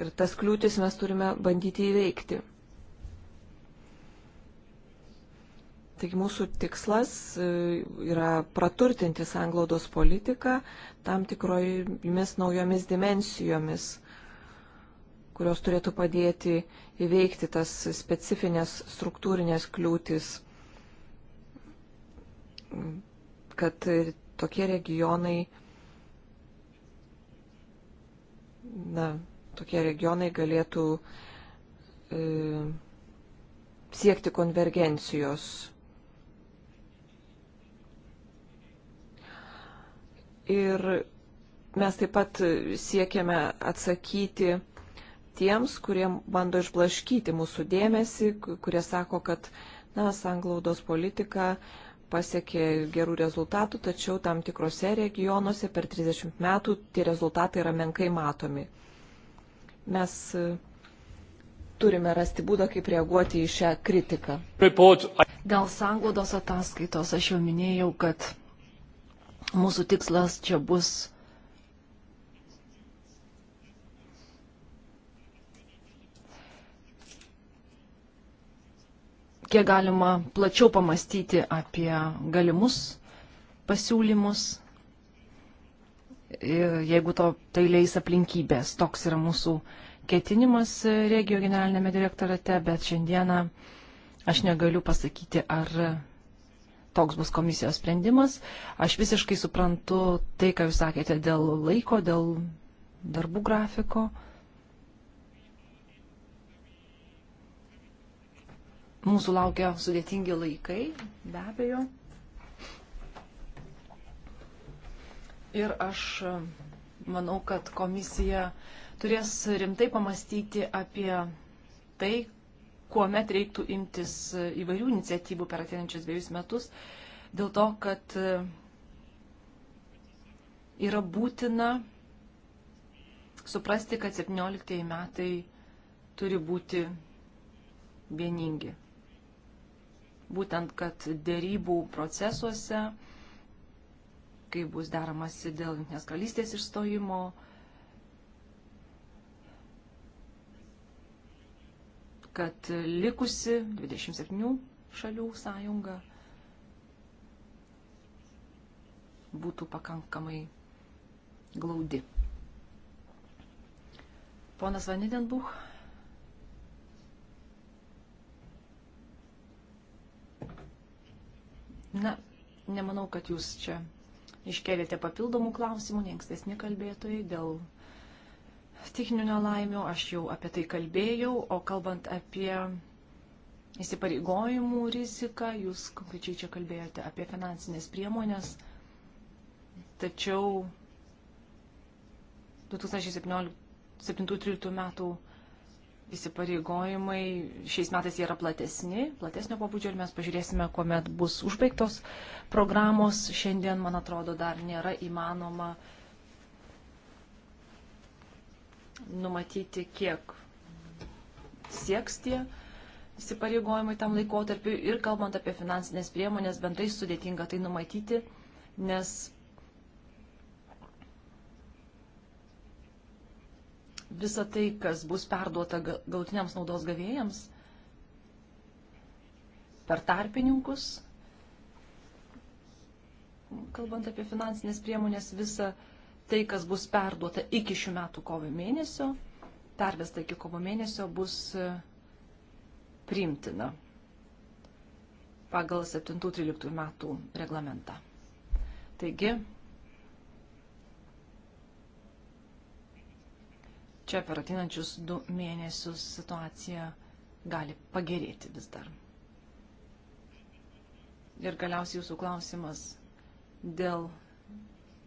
ir tas kliūtis mes turime bandyti įveikti. Taigi mūsų tikslas e, yra praturtinti sanglaudos politiką tam tikrojomis naujomis dimensijomis, kurios turėtų padėti įveikti tas specifines struktūrinės kliūtis, kad tokie regionai, na, tokie regionai galėtų e, siekti konvergencijos. Ir mes taip pat siekiame atsakyti tiems, kurie bando išblaškyti mūsų dėmesį, kurie sako, kad, na, sanglaudos politika e, pasiekė gerų rezultatų, tačiau tam tikrose regionuose per 30 metų tie rezultatai yra menkai matomi. Mes e, turime rasti būdą, kaip reaguoti į šią kritiką. Dėl sanglaudos ataskaitos aš jau minėjau, kad mūsų tikslas čia bus kiek galima plačiau pamastyti apie galimus pasiūlymus, jeigu to tai leis aplinkybės. Toks yra mūsų ketinimas regio generalinėme direktorate, bet šiandieną aš negaliu pasakyti, ar toks bus komisijos sprendimas. Aš visiškai suprantu tai, ką jūs sakėte dėl laiko, dėl darbų grafiko. Mūsų laukia sudėtingi laikai, be abejo. Ir aš e, manau, kad komisija turės rimtai pamastyti apie tai, kuomet reiktų imtis e, įvairių iniciatyvų per ateinančius dviejus metus, dėl to, kad e, yra būtina suprasti, kad 17 metai turi būti vieningi būtent, kad dėrybų procesuose, kai bus deramasi dėl Junktinės karalystės išstojimo, kad likusi 27 šalių sąjunga būtų pakankamai glaudi. Ponas Vanidenbuch Na, nemanau, kad jūs čia iškėlėte papildomų klausimų, nei ankstesni kalbėtojai dėl stichinių nelaimių, aš jau apie tai kalbėjau, o kalbant apie įsipareigojimų riziką, jūs konkrečiai čia kalbėjote apie finansinės priemonės, tačiau 2017-2013 metų įsipareigojimai, šiais metais jie yra platesni, platesnio pabudžio ir mes pažiūrėsime, kuomet bus užbaigtos programos. Šiandien, man atrodo, dar nėra įmanoma numatyti, kiek sieks tie įsipareigojimai tam laikotarpiu ir kalbant apie finansinės priemonės, bendrai sudėtinga tai numatyti, nes visa tai, kas bus perduota galutiniams naudos gavėjams per tarpininkus, kalbant apie finansinės priemonės, visa tai, kas bus perduota iki šių metų kovo mėnesio, pervesta iki kovo mėnesio, bus e, priimtina pagal 7-13 metų reglamentą. Taigi, čia per atinančius du mėnesius situacija gali pagerėti vis dar. Ir galiausiai jūsų klausimas dėl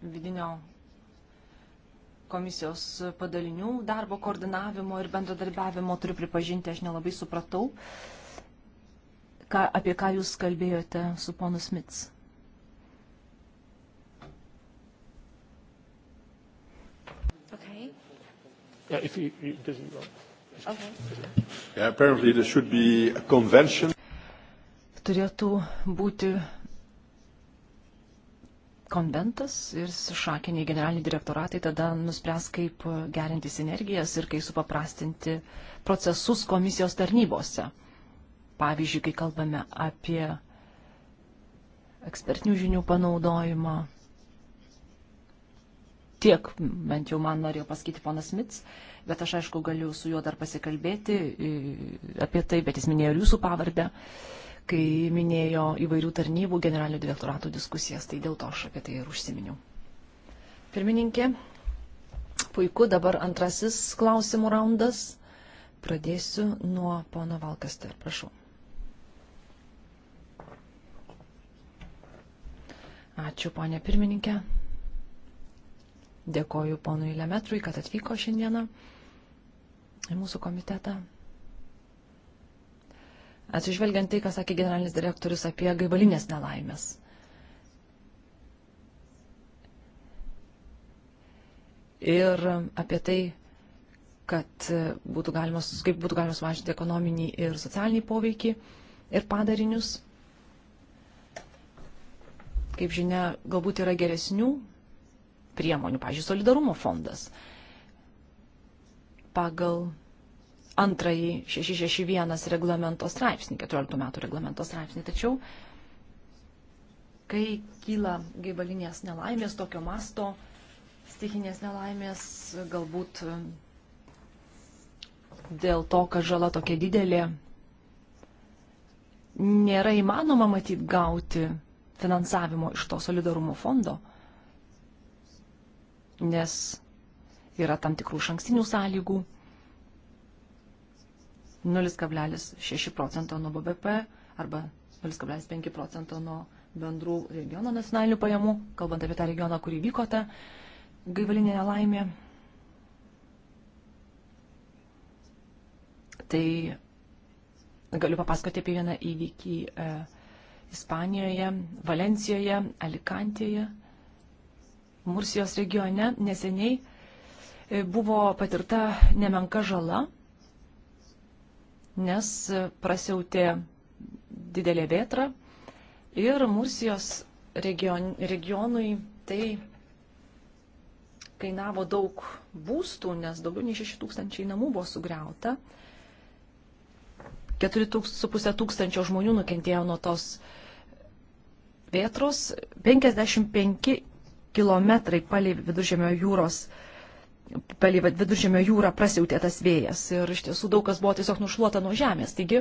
vidinio komisijos padalinių darbo koordinavimo ir bendradarbiavimo turiu pripažinti, aš nelabai supratau, ką, apie ką jūs kalbėjote su ponu Smits. Yeah, if you, you, does you want. Okay. Yeah, apparently there should be a convention. Turėtų būti konventas ir šakiniai generaliniai direktoratai tada nuspręs, kaip gerinti sinergijas ir kaip supaprastinti procesus komisijos tarnybose. Pavyzdžiui, kai kalbame apie ekspertinių žinių panaudojimą, tiek bent jau man norėjo pasakyti ponas Mits, bet aš aišku galiu su juo dar pasikalbėti e, apie tai, bet jis minėjo ir jūsų pavardę, kai minėjo įvairių tarnybų generalinių direktoratų diskusijas, tai dėl to aš apie tai ir užsiminiau. Pirmininkė, puiku, dabar antrasis klausimų raundas. Pradėsiu nuo pono Valkaster, prašau. Ačiū, ponė pirmininkė. Dėkoju ponui Lemetrui, kad atvyko šiandieną į mūsų komitetą. Atsižvelgiant tai, ką sakė generalinis direktorius apie gaivalinės nelaimės. Ir apie tai, kad būtų galima, kaip būtų galima sumažinti ekonominį ir socialinį poveikį ir padarinius. Kaip žinia, galbūt yra geresnių priemonių, pažiūrėjau, solidarumo fondas. Pagal antrąjį 661 reglamento straipsnį, 14 metų reglamento straipsnį. Tačiau, kai kyla gaivalinės nelaimės, tokio masto stikinės nelaimės, galbūt dėl to, kad žala tokia didelė, nėra įmanoma matyt gauti finansavimo iš to solidarumo fondo nes yra tam tikrų šankstinių sąlygų. 0,6 procento nuo BVP arba 0,5 procento nuo bendrų regiono nacionalinių pajamų, kalbant apie tą regioną, kurį vyko ta gaivalinė nelaimė. Tai galiu papasakoti apie vieną įvykį e, Ispanijoje, Valencijoje, Alikantėje. E, Mursijos regione neseniai e, buvo patirta nemenka žala, nes prasiautė didelė vėtra ir Mursijos region, regionui tai kainavo daug būstų, nes daugiau nei 6 tūkstančiai namų buvo sugriauta. 4,5 tūkstančio žmonių nukentėjo nuo tos vėtros, 55 kilometrai palei viduržėmio jūros palei viduržėmio jūrą prasiautė tas vėjas ir iš tiesų daug kas buvo tiesiog nušluota nuo žemės. Taigi,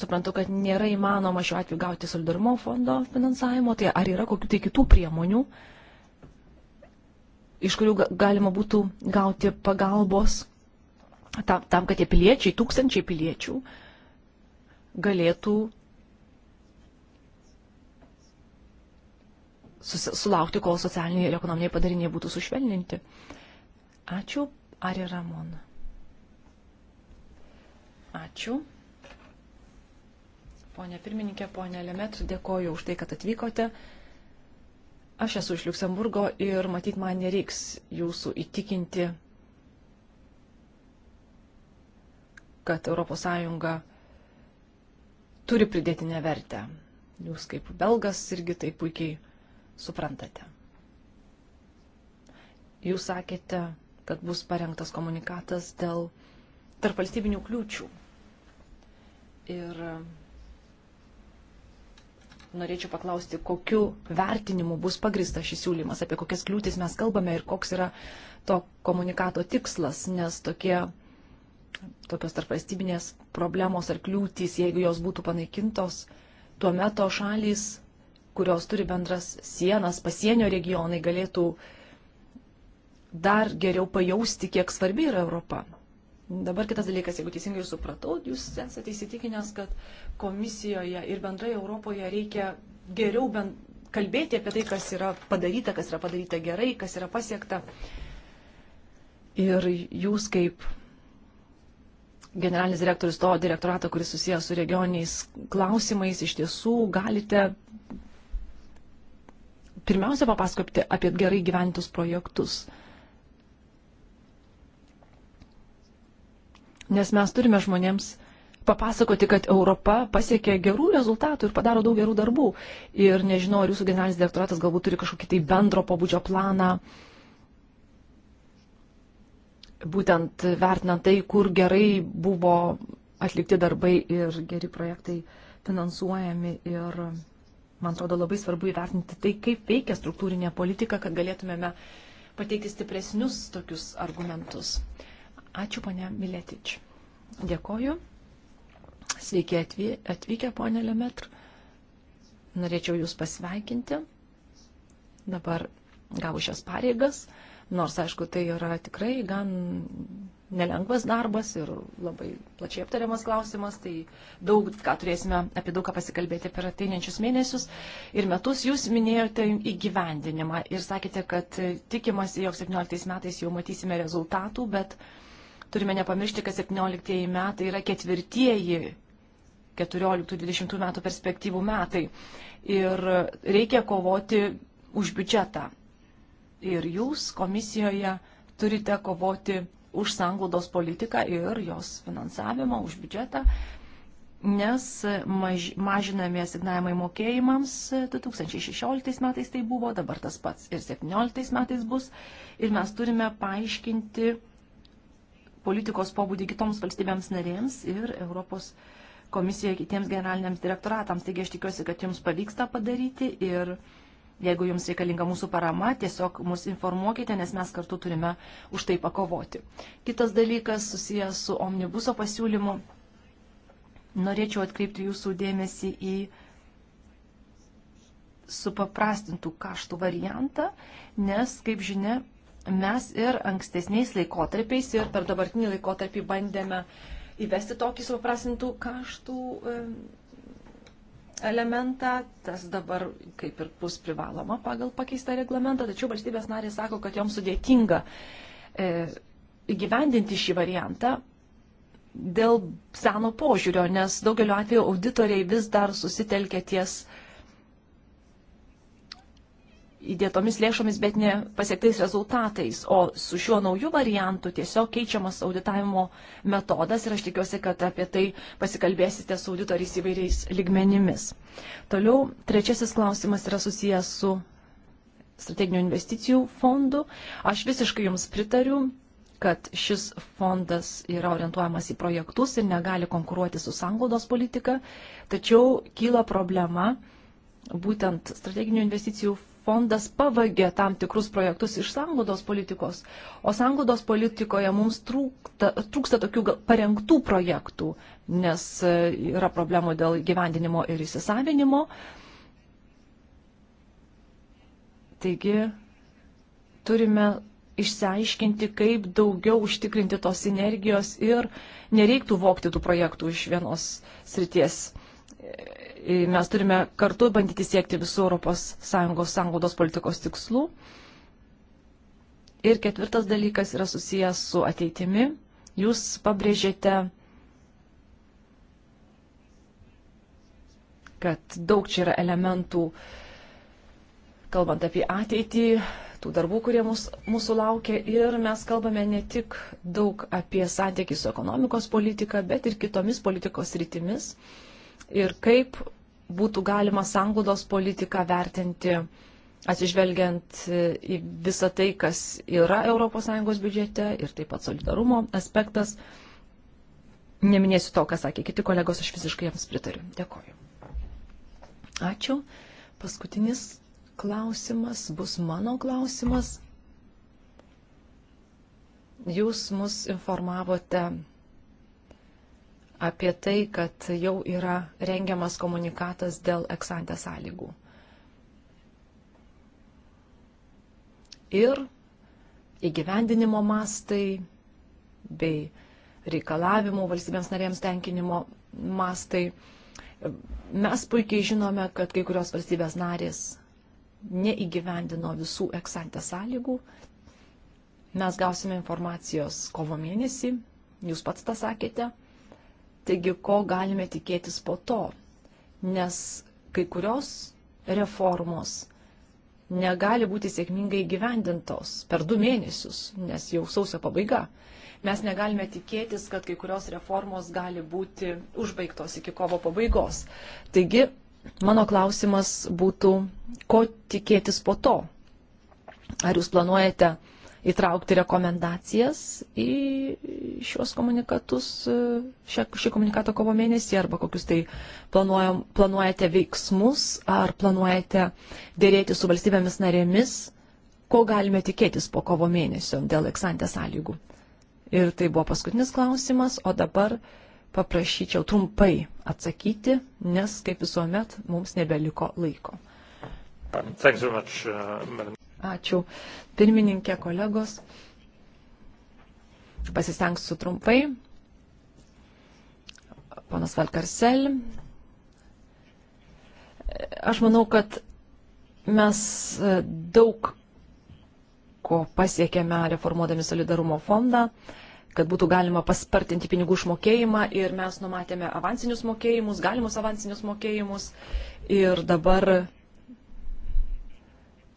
suprantu, kad nėra įmanoma šiuo atveju gauti solidarumo fondo finansavimo, tai ar yra kokių tai kitų priemonių, iš kurių galima būtų gauti pagalbos tam, tam kad tie piliečiai, tūkstančiai piliečių galėtų sulaukti, kol socialiniai ir ekonominiai padariniai būtų sušvelninti. Ačiū. Ar yra mon? Ačiū. Pone pirmininkė, pone Lemet, dėkoju už tai, kad atvykote. Aš esu iš Luksemburgo ir matyt, man nereiks jūsų įtikinti, kad ES turi pridėtinę vertę. Jūs kaip belgas irgi tai puikiai suprantate. Jūs sakėte, kad bus parengtas komunikatas dėl tarpvalstybinių kliūčių. Ir norėčiau paklausti, kokiu vertinimu bus pagrista šis siūlymas, apie kokias kliūtis mes kalbame ir koks yra to komunikato tikslas, nes tokie, tokios tarpvalstybinės problemos ar kliūtis, jeigu jos būtų panaikintos, tuo metu šalys kurios turi bendras sienas, pasienio regionai galėtų dar geriau pajausti, kiek svarbi yra Europa. Dabar kitas dalykas, jeigu teisingai supratau, jūs esate įsitikinęs, kad komisijoje ir bendrai Europoje reikia geriau bent kalbėti apie tai, kas yra padaryta, kas yra padaryta gerai, kas yra pasiekta. Ir jūs kaip generalinis direktorius to direktorato, kuris susijęs su regioniniais klausimais, iš tiesų galite pirmiausia papasakoti apie gerai gyventus projektus. Nes mes turime žmonėms papasakoti, kad Europa pasiekė gerų rezultatų ir padaro daug gerų darbų. Ir nežinau, ar jūsų generalinis direktoratas galbūt turi kažkokį tai bendro pobūdžio planą, būtent vertinant tai, kur gerai buvo atlikti darbai ir geri projektai finansuojami ir man atrodo, labai svarbu įvertinti tai, kaip veikia struktūrinė politika, kad galėtumėme pateikti stipresnius tokius argumentus. Ačiū, ponia Miletič. Dėkoju. Sveiki atvykę, ponia Lemetr. Norėčiau Jūs pasveikinti. Dabar gavau šias pareigas, nors, aišku, tai yra tikrai gan nelengvas darbas ir labai plačiai aptariamas klausimas, tai daug ką turėsime apie daug ką pasikalbėti per ateinančius mėnesius ir metus. Jūs minėjote įgyvendinimą ir sakėte, kad tikimasi, jog 17 metais jau matysime rezultatų, bet turime nepamiršti, kad 17 metai yra ketvirtieji 14-20 metų perspektyvų metai ir reikia kovoti už biudžetą. Ir jūs komisijoje turite kovoti už sanglaudos politiką ir jos finansavimą, už biudžetą, nes maž, mažinami asignavimai mokėjimams 2016 e, metais tai buvo, dabar tas pats ir 2017 metais bus. Ir mes turime paaiškinti politikos pobūdį kitoms valstybėms narėms ir Europos komisija kitiems generaliniams direktoratams. Taigi aš tikiuosi, kad jums pavyks tą padaryti ir uh, Jeigu jums reikalinga mūsų parama, tiesiog mus informuokite, nes mes kartu turime už tai pakovoti. Kitas dalykas susijęs su omnibuso pasiūlymu. Norėčiau atkreipti jūsų dėmesį į supaprastintų kaštų variantą, nes, kaip žinia, mes ir ankstesniais laikotarpiais ir per dabartinį laikotarpį bandėme įvesti tokį supaprastintų kaštų elementą, tas dabar kaip ir bus privaloma pagal pakeistą reglamentą, tačiau valstybės narės sako, kad joms sudėtinga e, įgyvendinti šį variantą dėl seno požiūrio, nes daugeliu atveju auditoriai vis dar susitelkia ties uh, įdėtomis lėšomis, bet ne pasiektais rezultatais. O su šiuo nauju variantu tiesiog keičiamas auditavimo metodas ir aš tikiuosi, kad apie tai pasikalbėsite su auditoriais įvairiais ligmenimis. Toliau trečiasis klausimas yra susijęs su strateginių investicijų fondu. Aš visiškai jums pritariu kad šis fondas yra orientuojamas į projektus ir negali konkuruoti su sanglaudos politika, tačiau kyla problema būtent strateginių investicijų fondas pavagė tam tikrus projektus iš sanglaudos politikos, o sanglaudos politikoje mums trūkta, trūksta tokių parengtų projektų, nes e, yra problemų dėl gyvendinimo ir įsisavinimo. Taigi turime išsiaiškinti, kaip daugiau užtikrinti tos sinergijos ir nereiktų vokti tų projektų iš vienos srities mes turime kartu bandyti siekti visų ES sąnaudos politikos tikslų. Ir ketvirtas dalykas yra susijęs su ateitimi. Jūs pabrėžėte, kad daug čia yra elementų, kalbant apie ateitį, tų darbų, kurie mus, mūsų laukia. Ir mes kalbame ne tik daug apie santykį su ekonomikos politika, bet ir kitomis politikos rytimis. Uh, ir kaip būtų galima sanglaudos politiką vertinti atsižvelgiant į visą tai, kas yra ES biudžete ir taip pat solidarumo aspektas. Neminėsiu to, ką sakė kiti kolegos, aš visiškai jiems pritariu. Dėkoju. Ačiū. Paskutinis klausimas bus mano klausimas. Jūs mus informavote apie tai, kad jau yra rengiamas komunikatas dėl eksantės sąlygų. Ir įgyvendinimo mastai bei reikalavimų valstybėms narėms tenkinimo mastai. Mes puikiai žinome, kad kai kurios valstybės narės neįgyvendino visų eksantę sąlygų. Mes gausime informacijos kovo mėnesį, jūs pats tą sakėte. Taigi, ko galime tikėtis po to? Nes kai kurios reformos negali būti sėkmingai gyvendintos per du mėnesius, nes jau sausio pabaiga. Mes negalime tikėtis, kad kai kurios reformos gali būti užbaigtos iki kovo pabaigos. Taigi, mano klausimas būtų, ko tikėtis po to? Ar jūs planuojate įtraukti rekomendacijas į šios komunikatus, e, šią, šį komunikatą kovo mėnesį, arba kokius tai planuojam, planuojate veiksmus, ar planuojate dėrėti su valstybėmis narėmis, ko galime tikėtis po kovo mėnesio dėl eksantės sąlygų. Ir tai buvo paskutinis klausimas, o dabar paprašyčiau trumpai atsakyti, nes kaip visuomet mums nebeliko laiko. Um, Ačiū. Pirmininkė, kolegos. Pasistengsiu trumpai. Panas Valkarsel. Aš manau, kad mes e, daug ko pasiekėme reformuodami solidarumo fondą, kad būtų galima paspartinti pinigų išmokėjimą ir mes numatėme avansinius mokėjimus, galimus avansinius mokėjimus ir dabar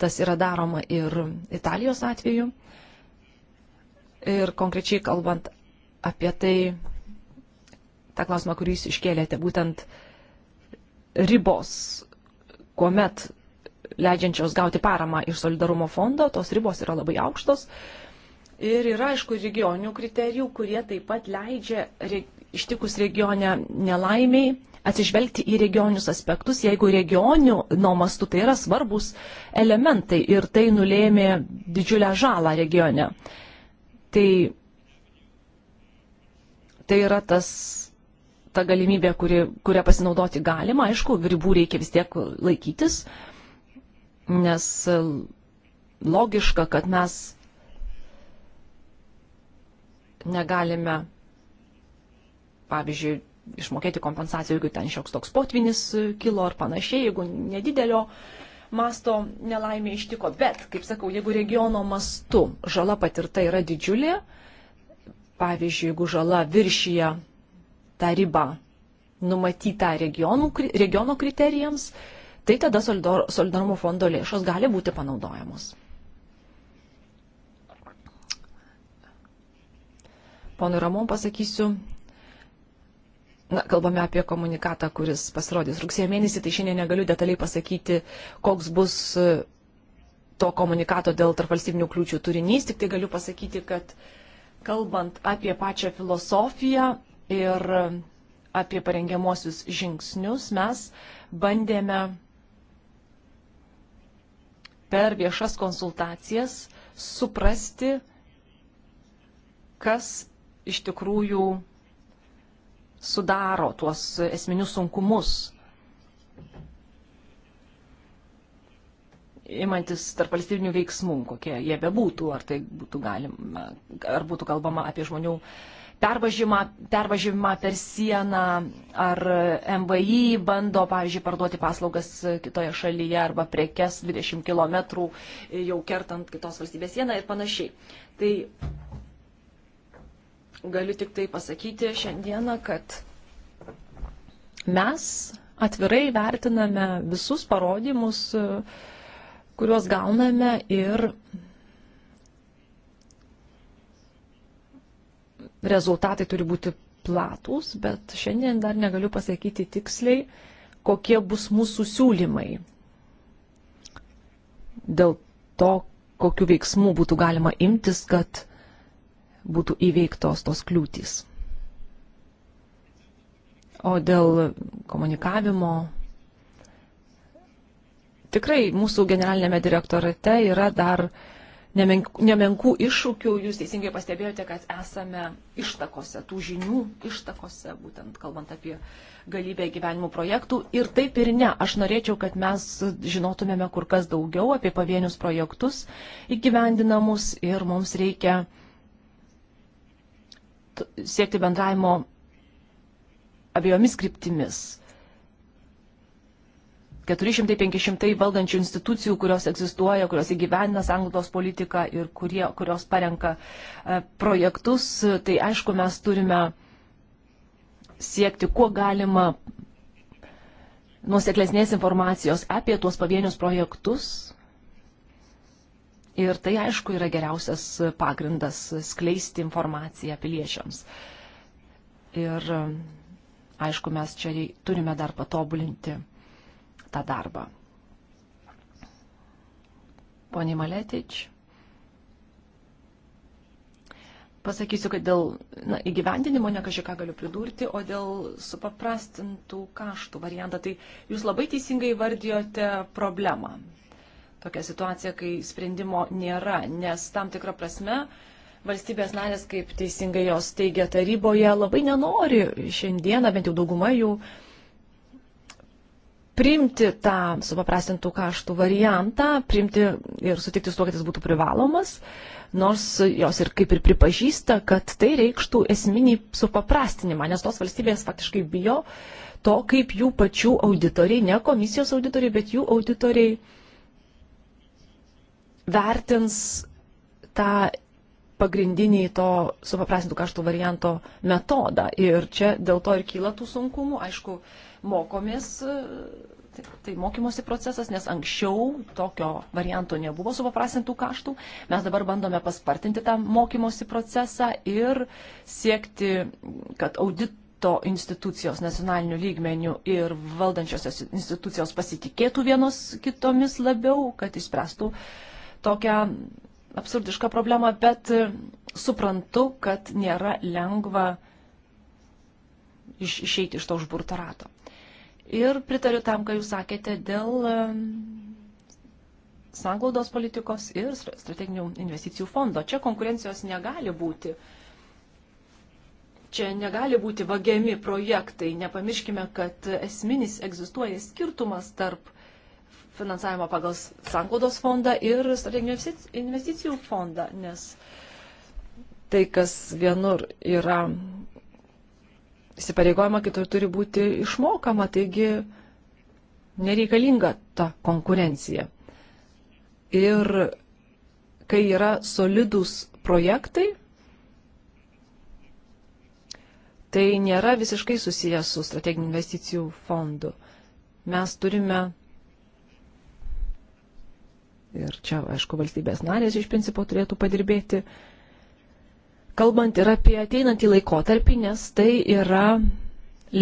Tas yra daroma ir Italijos atveju. Ir konkrečiai kalbant apie tai, tą klausimą, kurį jūs iškėlėte, būtent ribos, kuomet leidžiančios gauti paramą iš solidarumo fondo, tos ribos yra labai aukštos. Ir yra, aišku, regioninių kriterijų, kurie taip pat leidžia re, ištikus regione nelaimiai atsižvelgti į regioninius aspektus, jeigu regionių nuomastų tai yra svarbus elementai ir tai nulėmė didžiulę žalą regione. Tai, tai yra tas, ta galimybė, kuri, kurią pasinaudoti galima, aišku, ribų reikia vis tiek laikytis, nes logiška, kad mes negalime, pavyzdžiui, išmokėti kompensaciją, jeigu ten šioks toks potvinis e, kilo ar panašiai, jeigu nedidelio masto nelaimė ištiko. Bet, kaip sakau, jeigu regiono mastu žala patirta yra didžiulė, pavyzdžiui, jeigu žala viršyje tą ribą numatytą regionų, regiono kriterijams, tai tada solidarumo fondo lėšos gali būti panaudojamos. Ponui Ramon pasakysiu, Na, kalbame apie komunikatą, kuris pasirodys rugsėjo mėnesį, tai šiandien negaliu detaliai pasakyti, koks bus e, to komunikato dėl tarpvalstybinių kliūčių turinys, tik tai galiu pasakyti, kad kalbant apie pačią filosofiją ir apie parengiamuosius žingsnius, mes bandėme per viešas konsultacijas suprasti, kas iš tikrųjų sudaro tuos esminius sunkumus. Imantis tarp valstybinių veiksmų, kokie jie bebūtų, ar tai būtų galima, ar būtų kalbama apie žmonių pervažimą, pervažimą per sieną, ar MVI bando, pavyzdžiui, parduoti paslaugas kitoje šalyje arba prekes 20 km jau kertant kitos valstybės sieną ir panašiai. Tai galiu tik tai pasakyti šiandieną, kad mes atvirai vertiname visus parodymus, kuriuos gauname ir rezultatai turi būti platūs, bet šiandien dar negaliu pasakyti tiksliai, kokie bus mūsų siūlymai dėl to, kokiu veiksmu būtų galima imtis, kad būtų įveiktos tos kliūtys. O dėl komunikavimo, tikrai mūsų generalinėme direktorate yra dar nemenkų, nemenkų iššūkių. Jūs teisingai pastebėjote, kad esame ištakose, tų žinių ištakose, būtent kalbant apie galybę gyvenimų projektų. Ir taip ir ne. Aš norėčiau, kad mes žinotumėme kur kas daugiau apie pavienius projektus įgyvendinamus ir mums reikia siekti bendravimo abiejomis kryptimis. 400-500 valdančių institucijų, kurios egzistuoja, kurios įgyvendina sanglos politiką ir kurie, kurios parenka e, projektus, tai aišku, mes turime siekti kuo galima nuoseklesnės informacijos apie tuos pavienius projektus, Ir tai, aišku, yra geriausias pagrindas skleisti informaciją piliečiams. Ir, aišku, mes čia turime dar patobulinti tą darbą. Pone Maletič. Pasakysiu, kad dėl na, įgyvendinimo ne kažką galiu pridurti, o dėl supaprastintų kaštų variantą. Tai jūs labai teisingai vardijote problemą tokia situacija, kai sprendimo nėra, nes tam tikrą prasme valstybės narės, kaip teisingai jos teigia taryboje, labai nenori šiandieną, bent jau dauguma jų, priimti tą supaprastintų kaštų variantą, priimti ir sutikti su to, kad jis būtų privalomas, nors jos ir kaip ir pripažįsta, kad tai reikštų esminį supaprastinimą, nes tos valstybės faktiškai bijo to, kaip jų pačių auditoriai, ne komisijos auditoriai, bet jų auditoriai vertins tą pagrindinį to supaprastintų kaštų varianto metodą. Ir čia dėl to ir kyla tų sunkumų. Aišku, mokomės, tai, tai mokymosi procesas, nes anksčiau tokio varianto nebuvo supaprastintų kaštų. Mes dabar bandome paspartinti tą mokymosi procesą ir siekti, kad audit to institucijos nacionalinių lygmenių ir valdančiosios institucijos pasitikėtų vienos kitomis labiau, kad išspręstų uh, tokią absurdišką problemą, bet e, suprantu, kad nėra lengva iš, išeiti iš to užburto rato. Ir pritariu tam, ką jūs sakėte dėl e, sanglaudos politikos ir strateginių investicijų fondo. Čia konkurencijos negali būti. Čia negali būti vagiami projektai. Nepamirškime, kad esminis egzistuoja skirtumas tarp finansavimą pagal Sanklaudos fondą ir strateginių investicijų fondą, nes tai, kas vienur yra įsipareigojama, kitur turi būti išmokama, taigi nereikalinga ta konkurencija. Ir kai yra solidus projektai, tai nėra visiškai susijęs su strateginiu investicijų fondu. Mes turime Ir čia, aišku, valstybės narės iš principo turėtų padirbėti, kalbant ir apie ateinantį laikotarpį, nes tai yra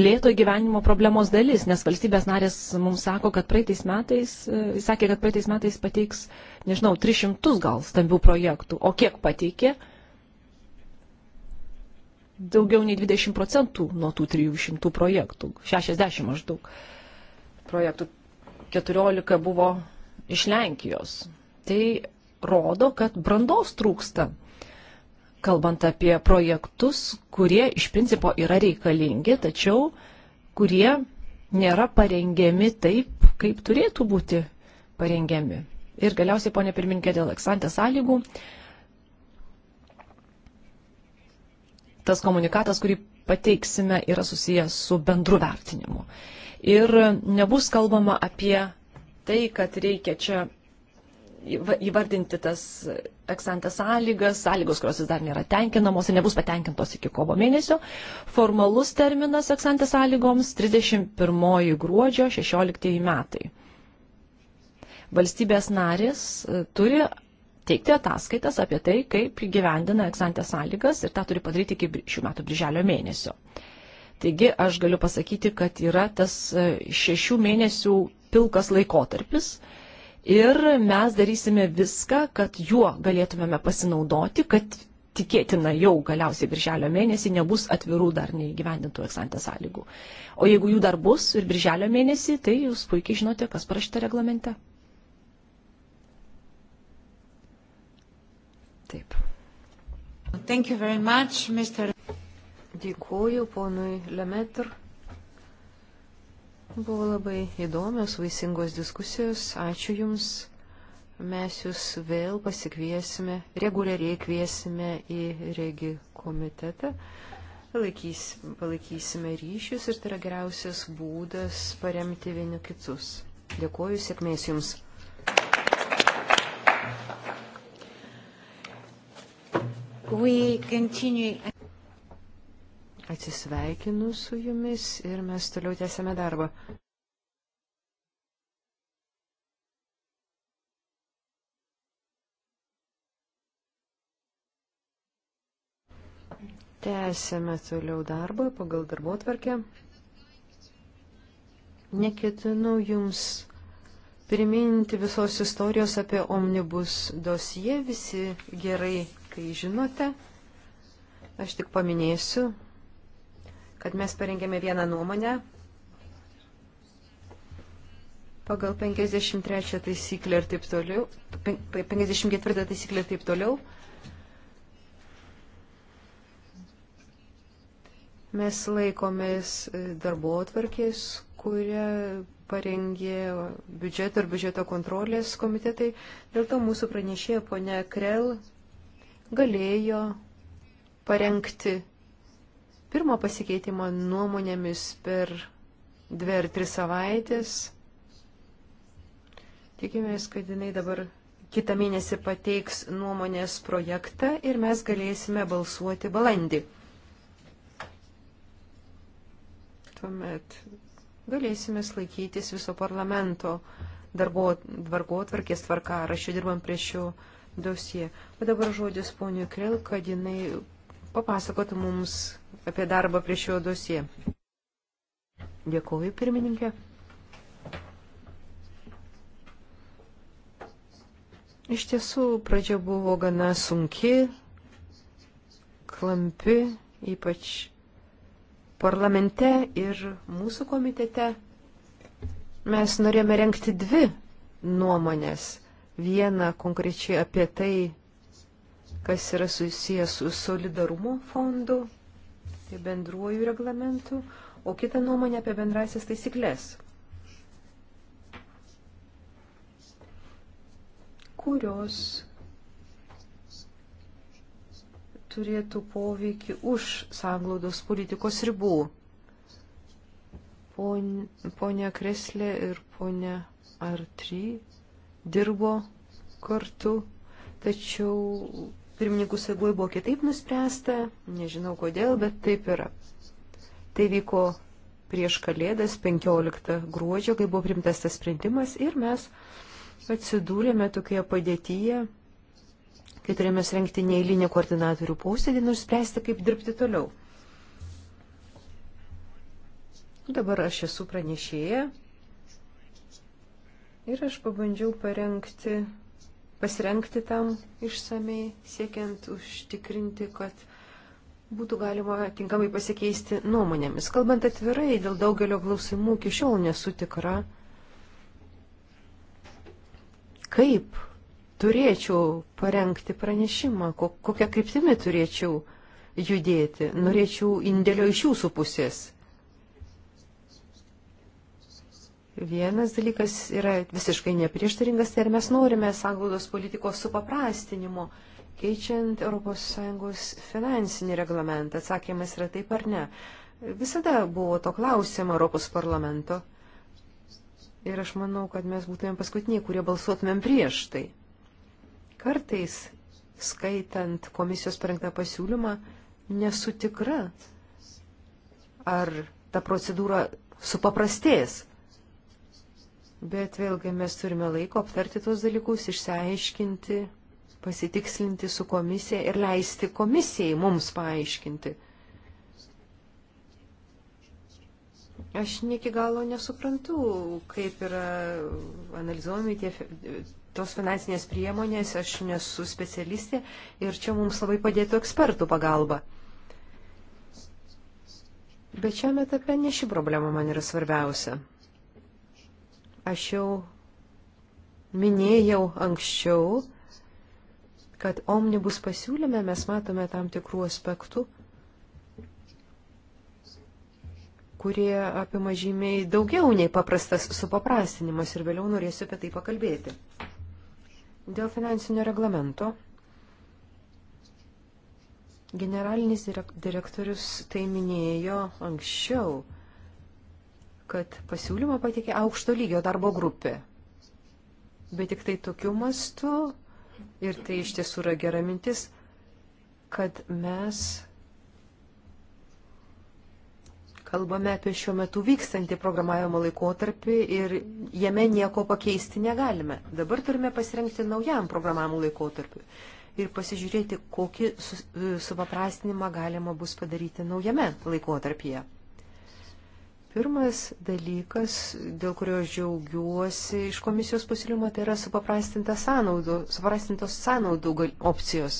lėto gyvenimo problemos dalis, nes valstybės narės mums sako, kad praeitais metais, jis e, sakė, kad praeitais metais pateiks, nežinau, 300 gal stambių projektų, o kiek pateikė? Daugiau nei 20 procentų nuo tų 300 projektų, 60 maždaug projektų, 14 buvo iš Lenkijos. Tai rodo, kad brandos trūksta, kalbant apie projektus, kurie iš principo yra reikalingi, tačiau kurie nėra parengiami taip, kaip turėtų būti parengiami. Ir galiausiai, ponė pirminkė, dėl eksantės sąlygų, tas komunikatas, kurį pateiksime, yra susijęs su bendru vertinimu. Ir nebus kalbama apie tai, kad reikia čia įvardinti tas eksantės sąlygas, sąlygos, kurios vis dar nėra tenkinamos ir nebus patenkintos iki kovo mėnesio. Formalus terminas eksantės sąlygoms 31 gruodžio 16 metai. Valstybės narės e, turi teikti ataskaitas apie tai, kaip gyvendina eksantės sąlygas ir tą turi padaryti iki šių metų brželio mėnesio. Taigi aš galiu pasakyti, kad yra tas e, šešių mėnesių pilkas laikotarpis ir mes darysime viską, kad juo galėtumėme pasinaudoti, kad tikėtina jau galiausiai birželio mėnesį nebus atvirų dar neįgyvendintų eksantės sąlygų. O jeigu jų dar bus ir birželio mėnesį, tai jūs puikiai žinote, kas parašyta reglamente. Taip. Thank you very much, Mr. Dėkuoju ponui Lemetr. Buvo labai įdomios, vaisingos diskusijos. Ačiū Jums. Mes Jūs vėl pasikviesime, reguliariai kviesime į regi komitetą. Laikys, palaikysime ryšius ir tai yra geriausias būdas paremti vieni kitus. Dėkuoju, sėkmės Jums. We continue Atsisveikinu su jumis ir mes toliau tęsėme darbą. Tęsėme toliau darbą pagal darbo tvarkę. Neketinu jums priminti visos istorijos apie omnibus dosie, visi gerai, kai žinote. Aš tik paminėsiu, kad mes parengėme vieną nuomonę pagal 53 taisyklę ir taip toliau, 54 taisyklę ir taip toliau. Mes laikomės darbo atvarkės, kurią parengė biudžeto ir biudžeto kontrolės komitetai. Dėl to mūsų pranešėja ponia Krell galėjo parengti pirmo pasikeitimo nuomonėmis per dvi ar tris savaitės. Tikimės, kad jinai dabar kitą mėnesį pateiks nuomonės projektą ir mes galėsime balsuoti balandį. Tuomet galėsime laikytis viso parlamento darbo tvarkės tvarkaraščių, dirbam prie šio dosie. O dabar žodis poniai Kril, kad jinai papasakotų mums, apie darbą prie šio dosie. Dėkuoju, pirmininkė. Iš tiesų, pradžia buvo gana sunki, klampi, ypač parlamente ir mūsų komitete. Mes norėjome renkti dvi nuomonės. Vieną konkrečiai apie tai, kas yra susijęs su solidarumo fondu apie bendruojų reglamentų, o kitą nuomonę apie bendrasis taisyklės, kurios turėtų poveikį už sanglaudos politikos ribų. Pone Kreslė ir pone Artry dirbo kartu, tačiau pirmininkų saugoj buvo kitaip nuspręsta, nežinau kodėl, bet taip yra. Tai vyko prieš Kalėdas 15 gruodžio, kai buvo primtas tas sprendimas ir mes atsidūrėme tokioje padėtyje, kai turėjome surinkti neįlinį koordinatorių posėdį ir spręsti, kaip dirbti toliau. Dabar aš esu pranešėja ir aš pabandžiau parengti pasirengti tam išsamei, siekiant užtikrinti, kad būtų galima tinkamai pasikeisti nuomonėmis. Kalbant atvirai, dėl daugelio klausimų iki šiol nesu tikra, kaip turėčiau parengti pranešimą, kokią kryptimį turėčiau judėti. Norėčiau indėlio iš jūsų pusės Vienas dalykas yra visiškai neprieštaringas, tai ar mes norime sanglaudos politikos supaprastinimo, keičiant ES finansinį reglamentą. Atsakymas yra taip ar ne. Visada buvo to klausimo Europos parlamento. Ir aš manau, kad mes būtumėm paskutiniai, kurie balsuotumėm prieš tai. Kartais, skaitant komisijos parengtą pasiūlymą, nesu tikra, ar ta procedūra supaprastės Bet vėlgi mes turime laiko aptarti tuos dalykus, išsiaiškinti, pasitikslinti su komisija ir leisti komisijai mums paaiškinti. Aš iki galo nesuprantu, kaip yra analizuojami tie, tos finansinės priemonės, aš nesu specialistė ir čia mums labai padėtų ekspertų pagalba. Bet šiame etape ne ši problema man yra svarbiausia. Aš jau minėjau anksčiau, kad omnibus pasiūlyme mes matome tam tikrų aspektų, kurie apima žymiai daugiau nei paprastas supaprastinimas ir vėliau norėsiu apie tai pakalbėti. Dėl finansinio reglamento generalinis direktorius tai minėjo anksčiau kad pasiūlymą patikė aukšto lygio darbo grupė. Bet tik tai tokiu mastu, ir tai iš tiesų yra gera mintis, kad mes kalbame apie šiuo metu vykstantį programavimo laikotarpį ir jame nieko pakeisti negalime. Dabar turime pasirengti naujam programavimo laikotarpiu ir pasižiūrėti, kokį e, supaprastinimą galima bus padaryti naujame laikotarpyje. Pirmas dalykas, dėl kurio aš džiaugiuosi iš komisijos pasiūlymo, tai yra supaprastintos sąnaudų, sąnaudų opcijos.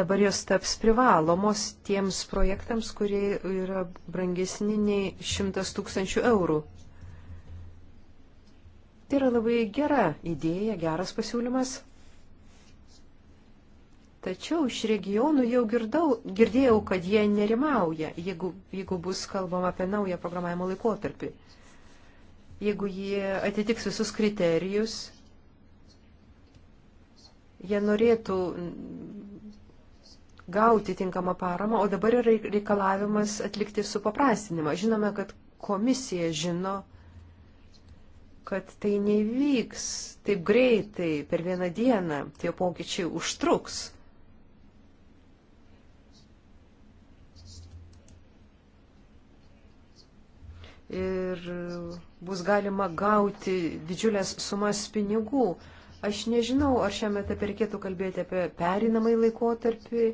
Dabar jos taps privalomos tiems projektams, kurie yra brangesni nei 100 tūkstančių eurų. Tai yra labai gera idėja, geras pasiūlymas. Tačiau iš regionų jau girdau, girdėjau, kad jie nerimauja, jeigu, jeigu bus kalbama apie naują programavimo laikotarpį. Jeigu jie atitiks visus kriterijus, jie norėtų gauti tinkamą paramą, o dabar yra reikalavimas atlikti supaprastinimą. Žinome, kad komisija žino, kad tai nevyks taip greitai per vieną dieną, tie pokyčiai užtruks. ir bus galima gauti didžiulės sumas pinigų. Aš nežinau, ar šiame etape reikėtų kalbėti apie perinamąjį laikotarpį,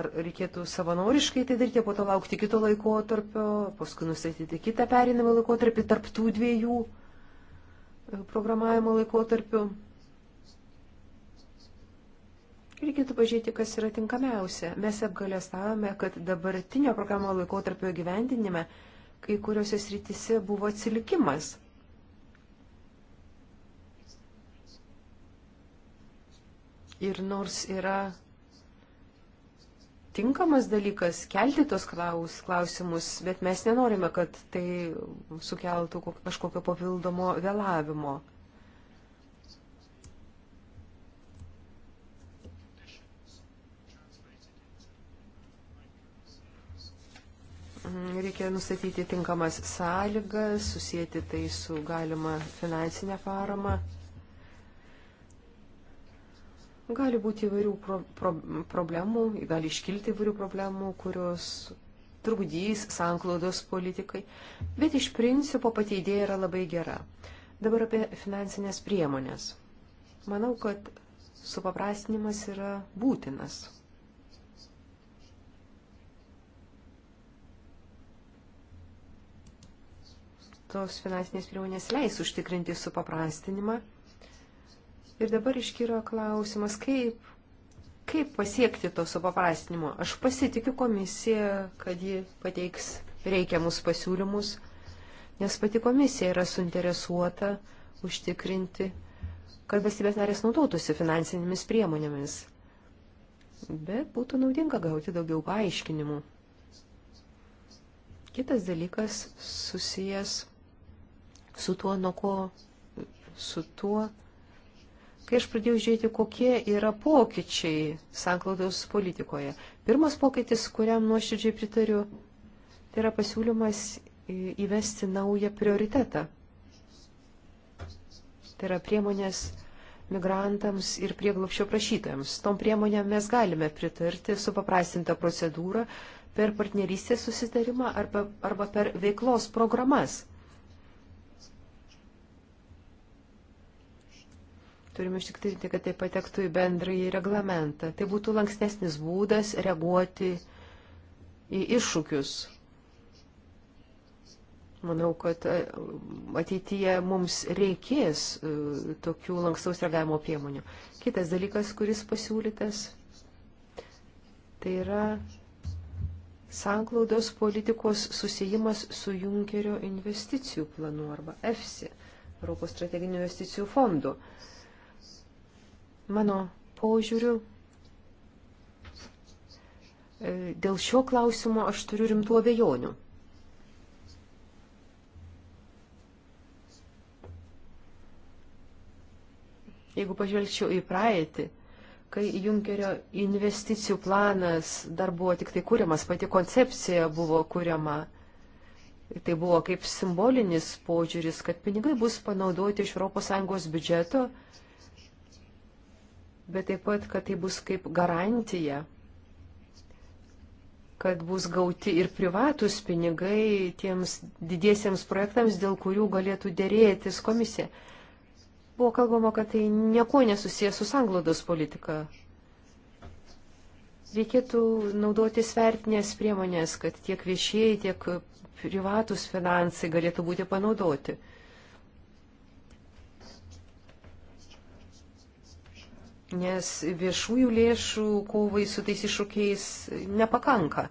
ar reikėtų savanoriškai tai daryti, po to laukti kito laikotarpio, paskui nustatyti kitą perinamą laikotarpį tarptų dviejų e, programavimo laikotarpių. Reikėtų pažiūrėti, kas yra tinkamiausia. Mes apgalėstavome, kad dabartinio programo laikotarpio gyvendinime kai kuriuose srityse buvo atsilikimas. Ir nors yra tinkamas dalykas kelti tos klaus, klausimus, bet mes nenorime, kad tai sukeltų kažkokio papildomo vėlavimo. Mm, reikia nustatyti tinkamas sąlygas, susijęti tai su galima finansinė parama. Gali būti įvairių pro, pro, problemų, gali iškilti įvairių problemų, kurios trukdys sanklaudos politikai, bet iš principo pati idėja yra labai gera. Dabar apie finansinės priemonės. Manau, kad supaprastinimas yra būtinas tos finansinės priemonės leis užtikrinti supaprastinimą. Ir dabar iškyra klausimas, kaip, kaip pasiekti to supaprastinimo. Aš pasitikiu komisiją, kad ji pateiks reikiamus pasiūlymus, nes pati komisija yra suinteresuota užtikrinti, kad valstybės narės naudotųsi finansinėmis priemonėmis. Bet būtų naudinga gauti daugiau paaiškinimų. Kitas dalykas susijęs su tuo, nuo ko, su tuo, kai aš pradėjau žiūrėti, kokie yra pokyčiai sanklaudos politikoje. Pirmas pokytis, kuriam nuoširdžiai pritariu, tai yra pasiūlymas įvesti naują prioritetą. Tai yra priemonės migrantams ir prieglopščio prašytojams. Tom priemonėm mes galime pritarti su paprastinta procedūra per partnerystės susitarimą arba, arba per veiklos programas. Turime ištikrinti, kad tai patektų į bendrąjį reglamentą. Tai būtų lankstesnis būdas reaguoti į iššūkius. Manau, kad e, ateityje mums reikės e, tokių lankstaus reagavimo priemonių. Kitas dalykas, kuris pasiūlytas, tai yra sanklaudos politikos susijimas su Junkerio investicijų planu arba EFSI, Europos strateginių investicijų fondu. Uh, Mano požiūriu, e, dėl šio klausimo aš turiu rimtų abejonių. Jeigu pažvelgčiau į praeitį, kai Junkerio investicijų planas dar buvo tik tai kūriamas, pati koncepcija buvo kūriama, tai buvo kaip simbolinis požiūris, kad pinigai bus panaudoti iš ES biudžeto bet taip pat, kad tai bus kaip garantija, kad bus gauti ir privatus pinigai tiems didiesiems projektams, dėl kurių galėtų dėrėtis komisija. Buvo kalbama, kad tai nieko nesusijęs su sanglodos politika. Reikėtų naudoti svertinės priemonės, kad tiek viešieji, tiek privatus finansai galėtų būti panaudoti. nes viešųjų lėšų kovai su tais iššūkiais nepakanka.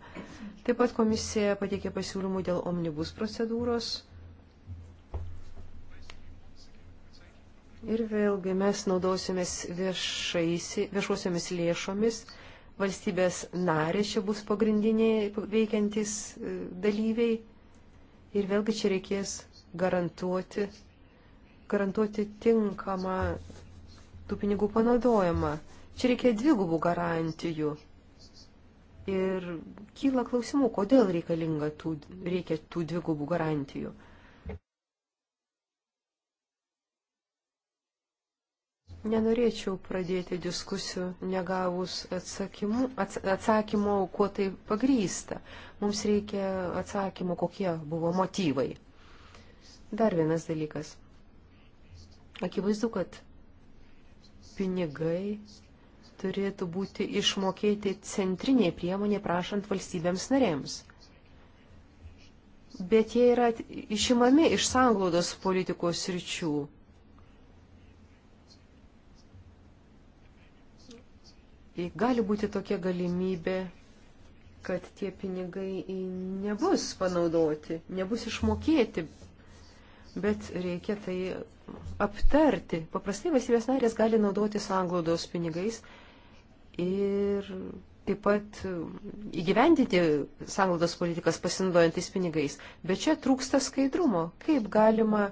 Taip pat komisija pateikė pasiūlymų dėl omnibus procedūros. Ir vėlgi mes naudosimės viešuosiomis lėšomis. Valstybės narės čia bus pagrindiniai veikiantis e, dalyviai. Ir vėlgi čia reikės garantuoti, garantuoti tinkamą tų pinigų panaudojama. Čia reikia dvigubų garantijų. Ir kyla klausimų, kodėl reikalinga tų, reikia tų dvigubų garantijų. Nenorėčiau pradėti diskusijų negavus atsakymu, ats, atsakymo, kuo tai pagrysta. Mums reikia atsakymo, kokie buvo motyvai. Dar vienas dalykas. Akivaizdu, kad pinigai turėtų būti išmokėti centrinė priemonė prašant valstybėms narėms. Bet jie yra išimami iš sanglaudos politikos ryčių. Gali būti tokia galimybė, kad tie pinigai nebus panaudoti, nebus išmokėti bet reikia tai aptarti. Paprastai valstybės narės gali naudoti sanglaudos pinigais ir taip pat įgyvendinti sanglaudos politikas pasinaudojantis pinigais. Bet čia trūksta skaidrumo. Kaip galima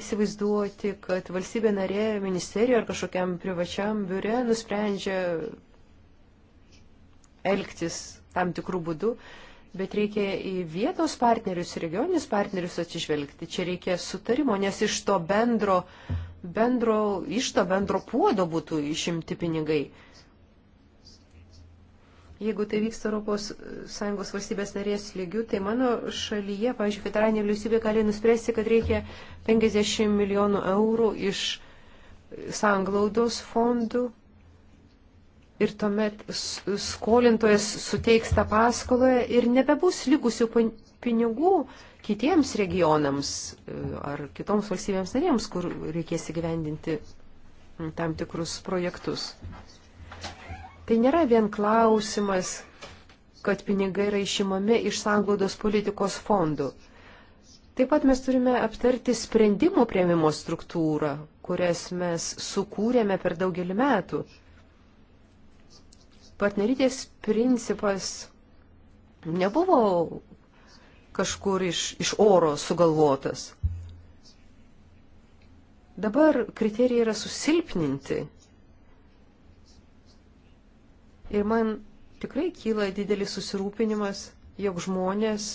įsivaizduoti, kad valstybė narė, ministerija ar kažkokiam privačiam biure nusprendžia elgtis tam tikrų būdų, Bet reikia į vietos partnerius, regionius partnerius atsižvelgti. Čia reikia sutarimo, nes iš to bendro, bendro, iš to bendro puodo būtų išimti pinigai. Jeigu tai vyksta ES valstybės narės lygių, tai mano šalyje, pavyzdžiui, federalinė vyriausybė gali nuspręsti, kad reikia 50 milijonų eurų iš sanglaudos fondų ir tuomet skolintojas suteiks tą paskolą ir nebebus likusių pinigų kitiems regionams e, ar kitoms valstybėms narėms, kur reikės įgyvendinti tam tikrus projektus. Tai nėra vien klausimas, kad pinigai yra išimami iš sanglaudos politikos fondų. Taip pat mes turime aptarti sprendimų prieimimo struktūrą, kurias mes sukūrėme per daugelį metų partnerytės principas nebuvo kažkur iš, iš oro sugalvotas. Dabar kriterijai yra susilpninti. Ir man tikrai kyla didelis susirūpinimas, jog žmonės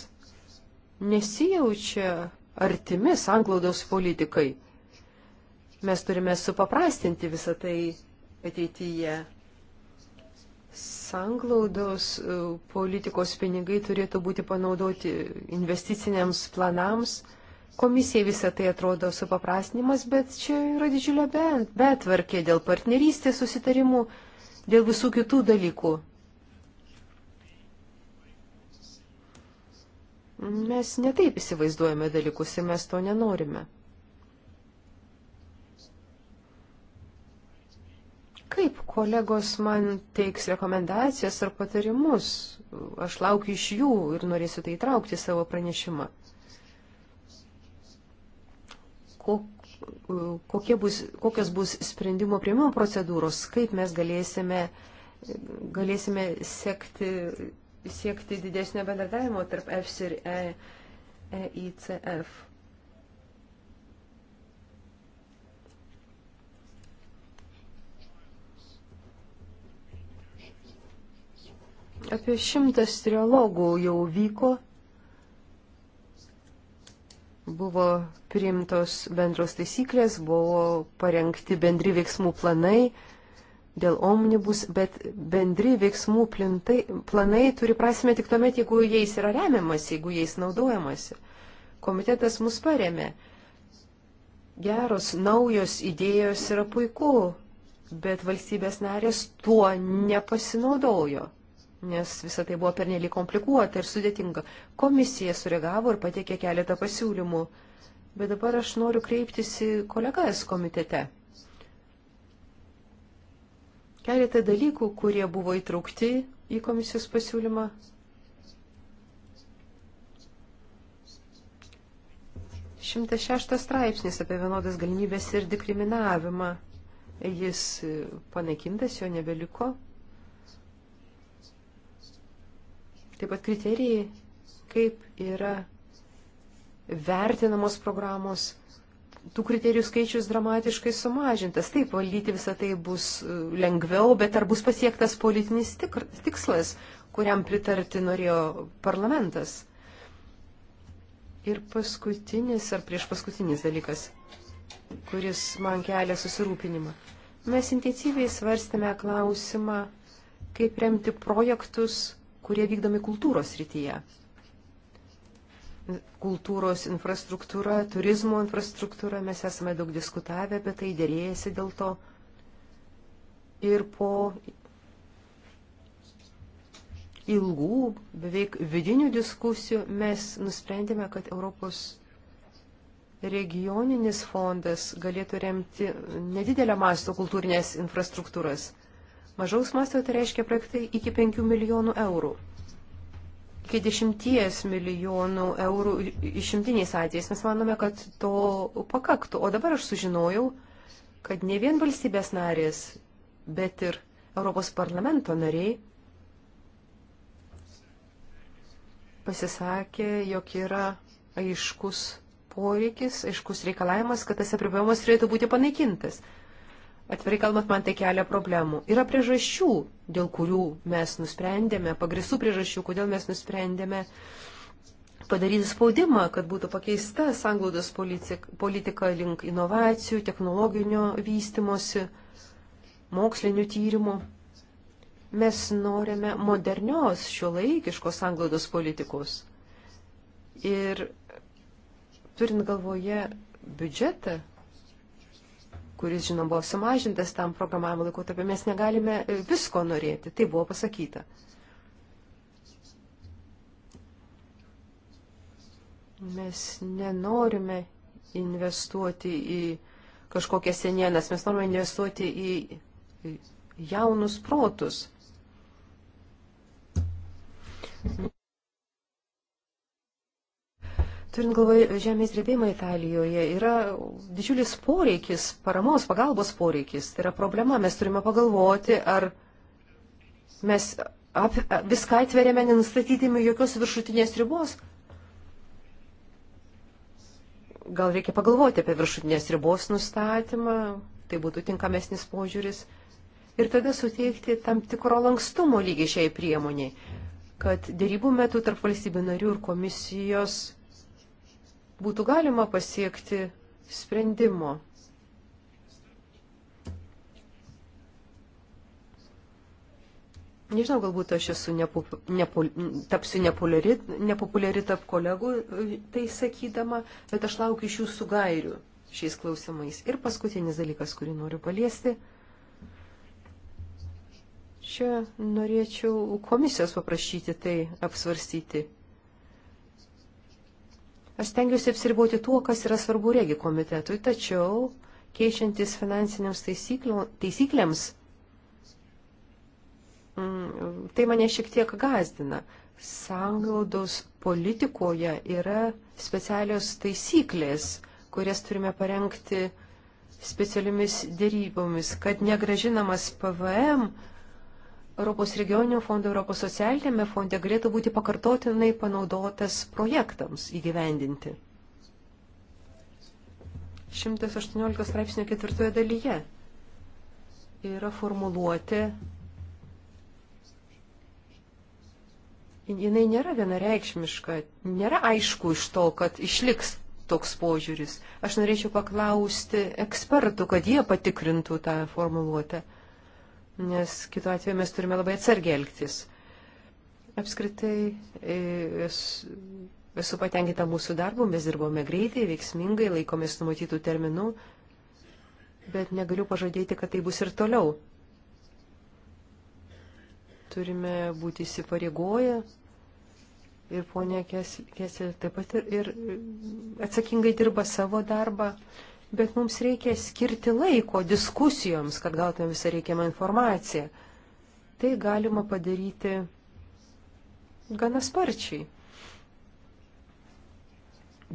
nesijaučia artimi sanglaudos politikai. Mes turime supaprastinti visą tai ateityje. Sanglaudos e, politikos pinigai turėtų būti panaudoti investiciniams planams. Komisija visą tai atrodo supaprastinimas, bet čia yra didžiulė betvarkė dėl partnerystės susitarimų, dėl visų kitų dalykų. Mes netaip įsivaizduojame dalykus ir mes to nenorime. Kaip kolegos man teiks rekomendacijas ar patarimus? Aš laukiu iš jų ir norėsiu tai įtraukti į savo pranešimą. Kokie bus, kokios bus sprendimo prieimimo procedūros, kaip mes galėsime, galėsime sekti, siekti didesnio bendradavimo tarp EFS ir EICF. E, e Apie šimtas trialogų jau vyko, buvo priimtos bendros taisyklės, buvo parengti bendri veiksmų planai dėl omnibus, bet bendri veiksmų plintai, planai turi prasme tik tuomet, jeigu jais yra remiamas, jeigu jais naudojamasi. Komitetas mus paremė. Geros, naujos idėjos yra puiku, bet valstybės narės tuo nepasinaudojo nes visą tai buvo pernelyg komplikuota ir sudėtinga. Komisija sureagavo ir pateikė keletą pasiūlymų, bet dabar aš noriu kreiptis į kolegas komitete. Keletą dalykų, kurie buvo įtraukti į komisijos pasiūlymą. Šimtas šeštas straipsnis apie vienodas galimybės ir dikriminavimą. Jis panaikintas, jo nebeliko. Taip pat kriterijai, kaip yra vertinamos programos. Tų kriterijų skaičius dramatiškai sumažintas. Taip, valdyti visą tai bus e, lengviau, bet ar bus pasiektas politinis tikslas, kuriam pritarti norėjo parlamentas? Ir paskutinis ar priešpaskutinis dalykas, kuris man kelia susirūpinimą. Mes intensyviai svarstėme klausimą, kaip remti projektus, kurie vykdomi kultūros rytyje. Kultūros infrastruktūra, turizmo infrastruktūra, mes esame daug diskutavę apie tai, dėrėjasi dėl to. Ir po ilgų, beveik vidinių diskusijų mes nusprendėme, kad Europos regioninis fondas galėtų remti nedidelę masto kultūrinės infrastruktūras. Mažaus masto tai reiškia projektai iki 5 milijonų eurų. Iki 10 milijonų eurų išimtiniais atvejais mes manome, kad to pakaktų. O dabar aš sužinojau, kad ne vien valstybės narės, bet ir Europos parlamento nariai pasisakė, jog yra aiškus poreikis, aiškus reikalavimas, kad tas apribojimas turėtų būti panaikintas. Atvirai kalbant, man tai kelia problemų. Yra priežasčių, dėl kurių mes nusprendėme, pagrisų priežasčių, kodėl mes nusprendėme padaryti spaudimą, kad būtų pakeista sanglaudos politika link inovacijų, technologinio vystimosi, mokslinių tyrimų. Mes norime modernios šiuolaikiškos sanglaudos politikos. Ir turint galvoje biudžetą, kuris, žinom, buvo sumažintas tam programavimo laikotarpiu, mes negalime visko norėti. Tai buvo pasakyta. Mes nenorime investuoti į kažkokias senienas, mes norime investuoti į jaunus protus. Turint galvoje žemės drebėjimą Italijoje, yra didžiulis poreikis, paramos, pagalbos poreikis. Tai yra problema. Mes turime pagalvoti, ar mes ap, viską atveriame, nenustatydami jokios viršutinės ribos. Gal reikia pagalvoti apie viršutinės ribos nustatymą, tai būtų tinkamesnis požiūris. Ir tada suteikti tam tikro lankstumo lygiai šiai priemoniai, kad dėrybų metu tarp valstybių narių ir komisijos būtų galima pasiekti sprendimo. Nežinau, galbūt aš esu nepu, nepu, tapsiu nepopuliari, nepopuliari tarp kolegų e, tai sakydama, bet aš laukiu iš jūsų gairių šiais klausimais. Ir paskutinis dalykas, kurį noriu paliesti. Čia norėčiau komisijos paprašyti tai apsvarstyti. Aš tengiuosi apsiriboti tuo, kas yra svarbu regi komitetui, tačiau keičiantis finansiniams taisyklėms, mm, tai mane šiek tiek gazdina. Sanglaudos politikoje yra specialios taisyklės, kurias turime parengti specialiomis dėrybomis, kad negražinamas PVM Europos regioninio fondo, Europos socialinėme fonde galėtų būti pakartotinai panaudotas projektams įgyvendinti. 118 straipsnio ketvirtoje dalyje yra formuluoti, jinai nėra vienareikšmiška, nėra aišku iš to, kad išliks toks požiūris. Aš norėčiau paklausti ekspertų, kad jie patikrintų tą formuluotę nes kitu atveju mes turime labai atsargiai elgtis. Apskritai e, esu patenkinta mūsų darbu, mes dirbome greitai, veiksmingai, laikomės numatytų terminų, bet negaliu pažadėti, kad tai bus ir toliau. Turime būti įsipareigoję ir ponia Kesė taip pat ir, ir atsakingai dirba savo darbą bet mums reikia skirti laiko diskusijoms, kad gautume visą reikiamą informaciją. Tai galima padaryti gana sparčiai.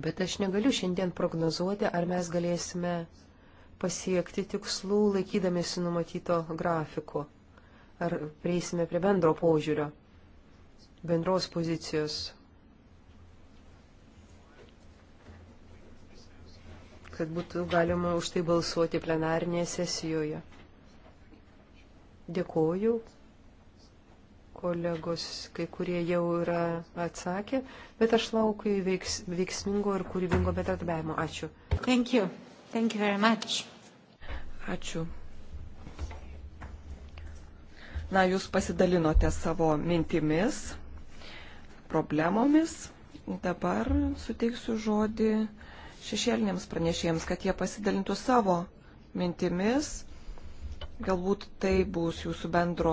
Bet aš negaliu šiandien prognozuoti, ar mes galėsime pasiekti tikslų laikydamėsi numatyto grafiko, ar prieisime prie bendro požiūrio, bendros pozicijos kad būtų galima už tai balsuoti plenarnėje sesijoje. Dėkoju, kolegos, kai kurie jau yra atsakę, bet aš laukiu veiks, veiksmingo ir kūrybingo betarbiavimo. Ačiū. Thank you. Thank you very much. Ačiū. Na, jūs pasidalinote savo mintimis, problemomis. Dabar suteiksiu žodį šešėliniams pranešėjams, kad jie pasidalintų savo mintimis. Galbūt tai bus jūsų bendro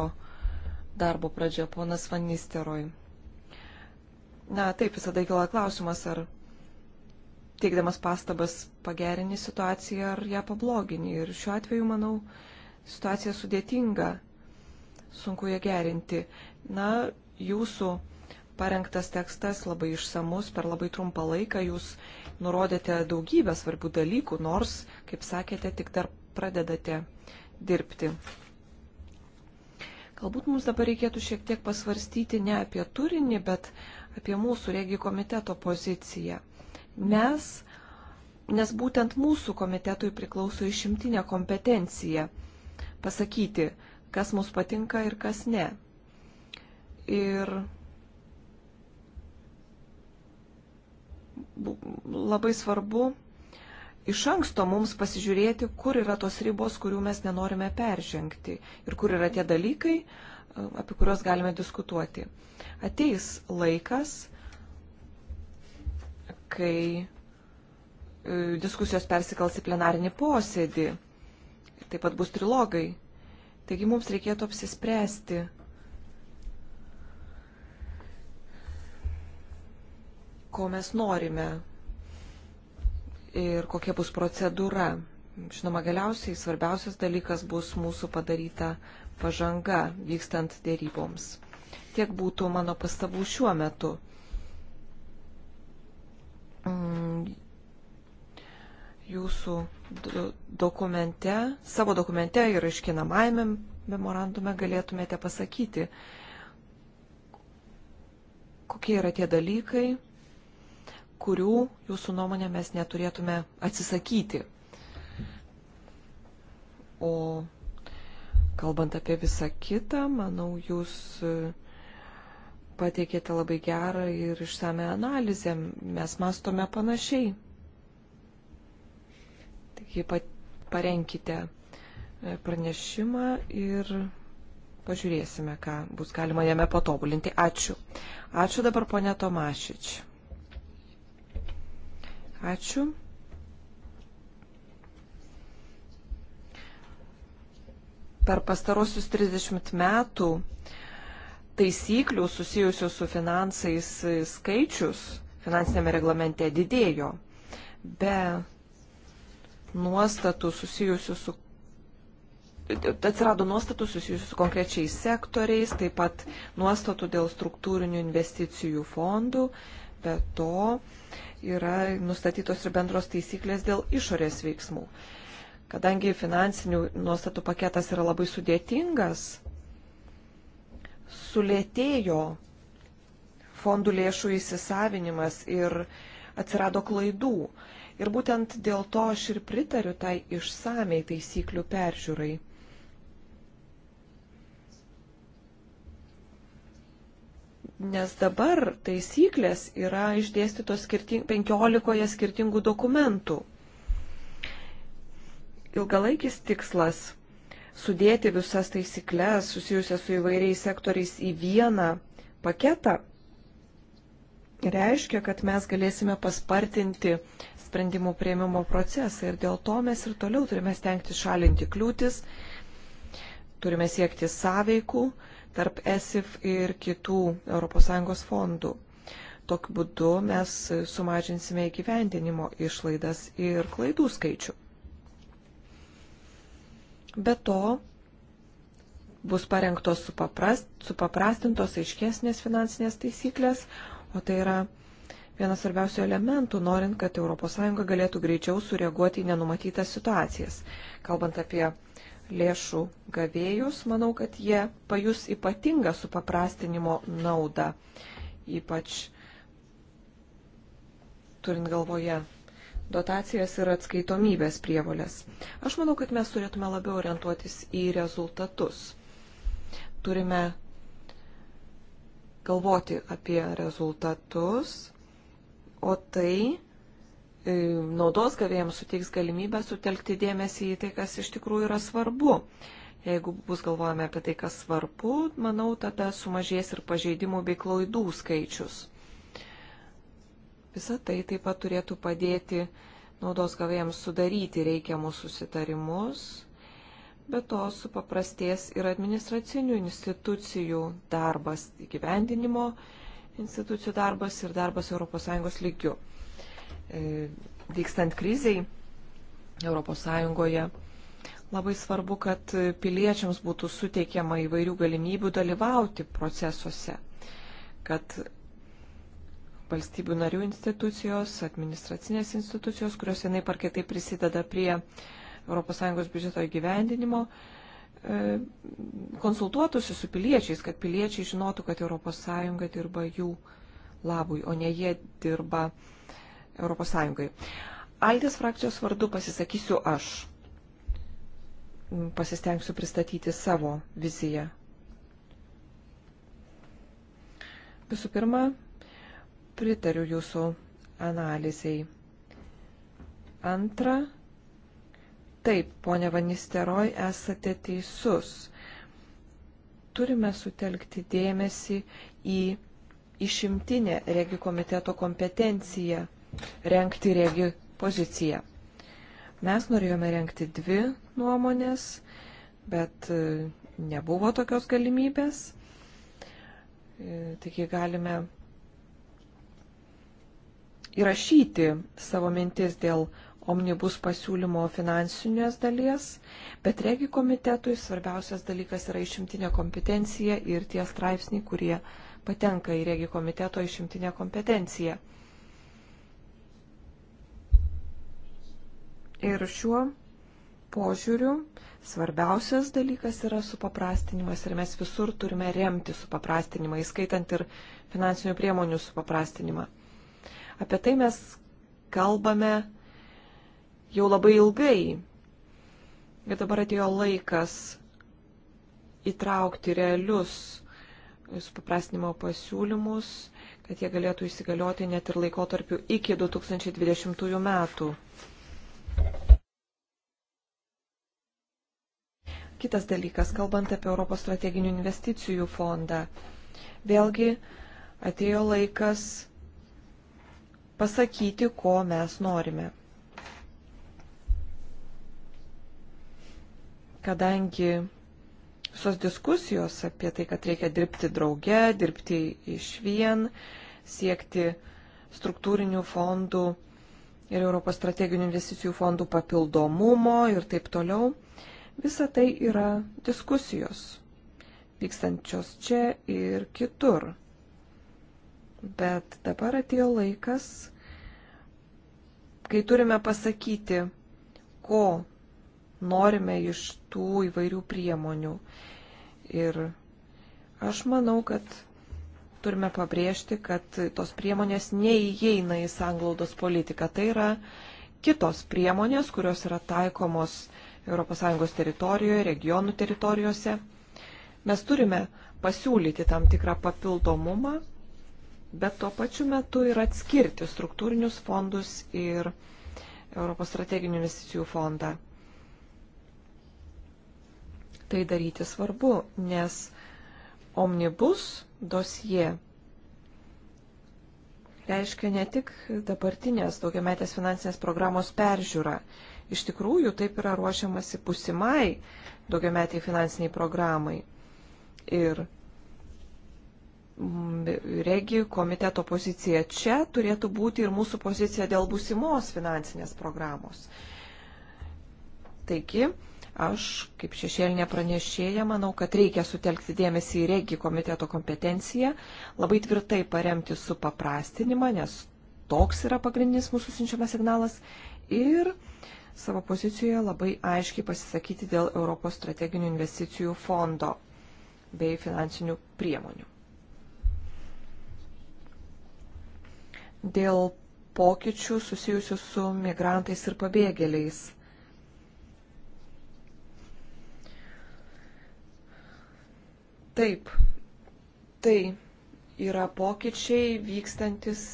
darbo pradžia, ponas Van Nisteroj. Na, taip visada kila klausimas, ar teikdamas pastabas pagerini situaciją ar ją pablogini. Ir šiuo atveju, manau, situacija sudėtinga, sunku ją gerinti. Na, jūsų parengtas tekstas labai išsamus, per labai trumpą laiką jūs nurodėte daugybę svarbių dalykų, nors, kaip sakėte, tik dar pradedate dirbti. Galbūt mums dabar reikėtų šiek tiek pasvarstyti ne apie turinį, bet apie mūsų regijų komiteto poziciją. Mes, nes būtent mūsų komitetui priklauso išimtinė kompetencija pasakyti, kas mums patinka ir kas ne. Ir labai svarbu iš anksto mums pasižiūrėti, kur yra tos ribos, kurių mes nenorime peržengti ir kur yra tie dalykai, apie kuriuos galime diskutuoti. Ateis laikas, kai e, diskusijos persikals į plenarinį posėdį, taip pat bus trilogai. Taigi mums reikėtų apsispręsti, ko mes norime ir kokia bus procedūra. Žinoma, galiausiai svarbiausias dalykas bus mūsų padaryta pažanga vykstant dėryboms. Tiek būtų mano pastabų šiuo metu. Mm. Jūsų dokumente, savo dokumente ir iškinamajame memorandume galėtumėte pasakyti, kokie yra tie dalykai, kurių jūsų nuomonė mes neturėtume atsisakyti. O kalbant apie visą kitą, manau, jūs e, pateikėte labai gerą ir išsame analizę. Mes mastome panašiai. Taigi parenkite e, pranešimą ir pažiūrėsime, ką bus galima jame patobulinti. Ačiū. Ačiū dabar ponė Tomašič. Ačiū. Per pastarosius 30 metų taisyklių susijusių su finansais skaičius finansinėme reglamente didėjo. Be nuostatų susijusių su atsirado nuostatų susijusių su konkrečiais sektoriais, taip pat nuostatų dėl struktūrinių investicijų fondų, Be to yra nustatytos ir bendros taisyklės dėl išorės veiksmų. Kadangi finansinių nuostatų paketas yra labai sudėtingas, sulėtėjo fondų lėšų įsisavinimas ir atsirado klaidų. Ir būtent dėl to aš ir pritariu tai išsamei taisyklių peržiūrai. nes dabar taisyklės yra išdėstytos skirting, 15 skirtingų dokumentų. Ilgalaikis tikslas - sudėti visas taisyklės susijusias su įvairiais sektoriais į vieną paketą reiškia, kad mes galėsime paspartinti sprendimų prieimimo procesą ir dėl to mes ir toliau turime stengti šalinti kliūtis, turime siekti sąveikų tarp ESIF ir kitų ES fondų. Tokiu būdu mes sumažinsime įgyvendinimo išlaidas ir klaidų skaičių. Be to, bus parengtos supaprast, supaprastintos aiškesnės finansinės taisyklės, o tai yra vienas svarbiausių elementų, norint, kad ES galėtų greičiau sureaguoti į nenumatytas situacijas. Kalbant apie lėšų gavėjus, manau, kad jie pajus ypatingą supaprastinimo naudą, ypač turint galvoje dotacijas ir atskaitomybės prievolės. Aš manau, kad mes turėtume labiau orientuotis į rezultatus. Turime galvoti apie rezultatus, o tai E, naudos gavėjams suteiks galimybę sutelkti dėmesį į tai, kas iš tikrųjų yra svarbu. Jeigu bus galvojame apie tai, kas svarbu, manau, tada sumažės ir pažeidimų bei klaidų skaičius. Visą tai taip pat turėtų padėti naudos gavėjams sudaryti reikiamus susitarimus, bet to supaprastės ir administracinių institucijų darbas, įgyvendinimo institucijų darbas ir darbas ES lygių. E, vykstant kriziai ES. Labai svarbu, kad piliečiams būtų suteikiama įvairių galimybių dalyvauti procesuose, kad valstybių narių institucijos, administracinės institucijos, kurios vienai par kitaip prisideda prie ES biudžeto įgyvendinimo, e, konsultuotųsi su piliečiais, kad piliečiai žinotų, kad ES dirba jų labui, o ne jie dirba uh, ES. Aldės frakcijos vardu pasisakysiu aš. Pasistengsiu pristatyti savo viziją. Visų pirma, pritariu jūsų analizai. Antra, taip, ponė Vanisteroj, esate teisus. Turime sutelkti dėmesį į išimtinę regi komiteto kompetenciją renkti regi poziciją. Mes norėjome renkti dvi nuomonės, bet e, nebuvo tokios galimybės. E, taigi galime įrašyti savo mintis dėl omnibus pasiūlymo finansinės dalies, bet regi komitetui svarbiausias dalykas yra išimtinė kompetencija ir tie straipsniai, kurie patenka į regi komiteto išimtinę kompetenciją. Ir šiuo požiūriu svarbiausias dalykas yra supaprastinimas ir mes visur turime remti supaprastinimą, įskaitant ir finansinių priemonių supaprastinimą. Apie tai mes kalbame jau labai ilgai. Ir dabar atėjo laikas įtraukti realius supaprastinimo pasiūlymus, kad jie galėtų įsigalioti net ir laikotarpiu iki 2020 metų. Kitas dalykas, kalbant apie Europos strateginių investicijų fondą, vėlgi atėjo laikas pasakyti, ko mes norime. Kadangi visos diskusijos apie tai, kad reikia dirbti drauge, dirbti iš vien, siekti struktūrinių fondų ir Europos strateginių investicijų fondų papildomumo ir taip toliau, Visa tai yra diskusijos, vykstančios čia ir kitur. Bet dabar atėjo laikas, kai turime pasakyti, ko norime iš tų įvairių priemonių. Ir aš manau, kad turime pabrėžti, kad tos priemonės neįeina į sanglaudos politiką. Tai yra kitos priemonės, kurios yra taikomos ES teritorijoje, regionų teritorijose. Mes turime pasiūlyti tam tikrą papildomumą, bet tuo pačiu metu ir atskirti struktūrinius fondus ir Europos strateginių investicijų fondą. Tai daryti svarbu, nes omnibus dosie reiškia ne tik dabartinės daugiametės finansinės programos peržiūrą, iš tikrųjų taip yra ruošiamasi pusimai daugiametiai finansiniai programai. Ir mm, regijų komiteto pozicija čia turėtų būti ir mūsų pozicija dėl būsimos finansinės programos. Taigi, aš kaip šešėlinė pranešėja manau, kad reikia sutelkti dėmesį į regijų komiteto kompetenciją, labai tvirtai paremti su paprastinimą, nes toks yra pagrindinis mūsų siunčiamas signalas. Ir uh, savo pozicijoje labai aiškiai pasisakyti dėl Europos strateginių investicijų fondo bei finansinių priemonių. Dėl pokyčių susijusių su migrantais ir pabėgėliais. Taip, tai yra pokyčiai vykstantis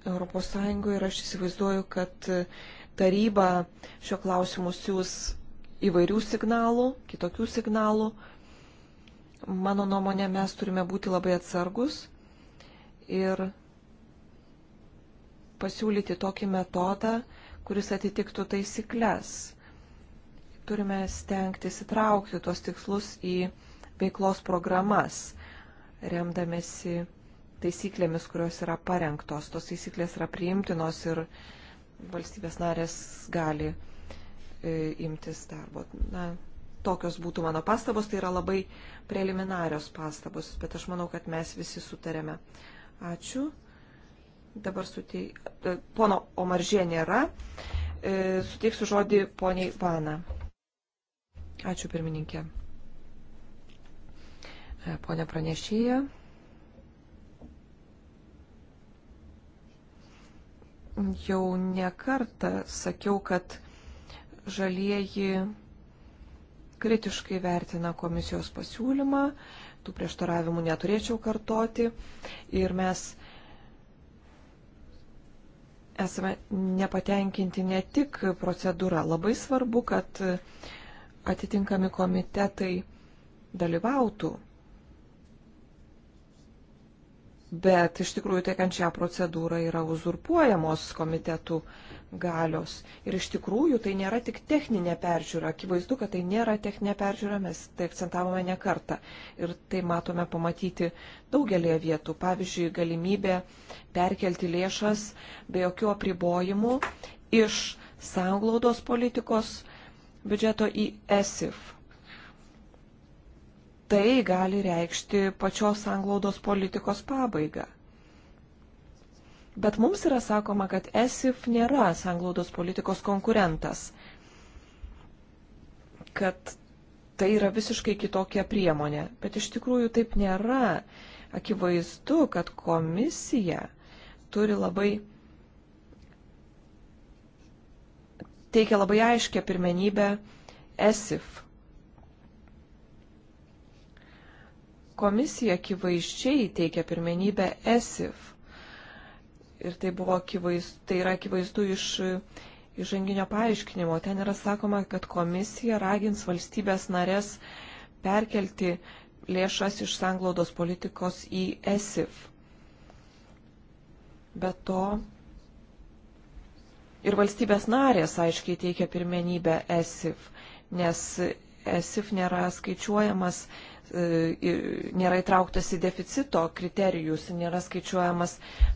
ES ir aš įsivaizduoju, kad taryba šio klausimu siūs įvairių signalų, kitokių signalų. Mano nuomonė, mes turime būti labai atsargus ir pasiūlyti tokį metodą, kuris atitiktų taisyklės. Turime stengtis įtraukti tuos tikslus į veiklos programas, remdamėsi taisyklėmis, kurios yra parengtos. Tos taisyklės yra priimtinos ir valstybės narės gali e, imtis darbo. Na, tokios būtų mano pastabos, tai yra labai preliminarios pastabos, bet aš manau, kad mes visi sutarėme. Ačiū. Dabar sutei... E, pono Omaržė nėra. E, suteiksiu žodį poniai Vana. Ačiū pirmininkė. Pone pranešėja. jau nekartą sakiau, kad žalieji kritiškai vertina komisijos pasiūlymą, tų prieštaravimų neturėčiau kartoti ir mes esame nepatenkinti ne tik procedūra. Labai svarbu, kad atitinkami komitetai dalyvautų Bet iš tikrųjų tekant tai šią procedūrą yra uzurpuojamos komitetų galios. Ir iš tikrųjų tai nėra tik techninė peržiūra. Akivaizdu, kad tai nėra techninė peržiūra, mes tai akcentavome ne kartą. Ir tai matome pamatyti daugelėje vietų. Pavyzdžiui, galimybė perkelti lėšas be jokių apribojimų iš sanglaudos politikos biudžeto į ESIF tai gali reikšti pačios anglaudos politikos pabaigą. Bet mums yra sakoma, kad ESIF nėra sanglaudos politikos konkurentas, kad tai yra visiškai kitokia priemonė. Bet iš tikrųjų taip nėra. Akivaizdu, kad komisija turi labai teikia labai aiškę pirmenybę ESIF Komisija akivaizdžiai teikia pirmenybę ESIF. Ir tai, buvo akivaizdu, tai yra akivaizdu iš įžanginio paaiškinimo. Ten yra sakoma, kad komisija ragins valstybės narės perkelti lėšas iš sanglaudos politikos į ESIF. Be to, ir valstybės narės aiškiai teikia pirmenybę ESIF, nes ESIF nėra skaičiuojamas E, nėra įtrauktas į deficito kriterijus, nėra skaičiuojamas,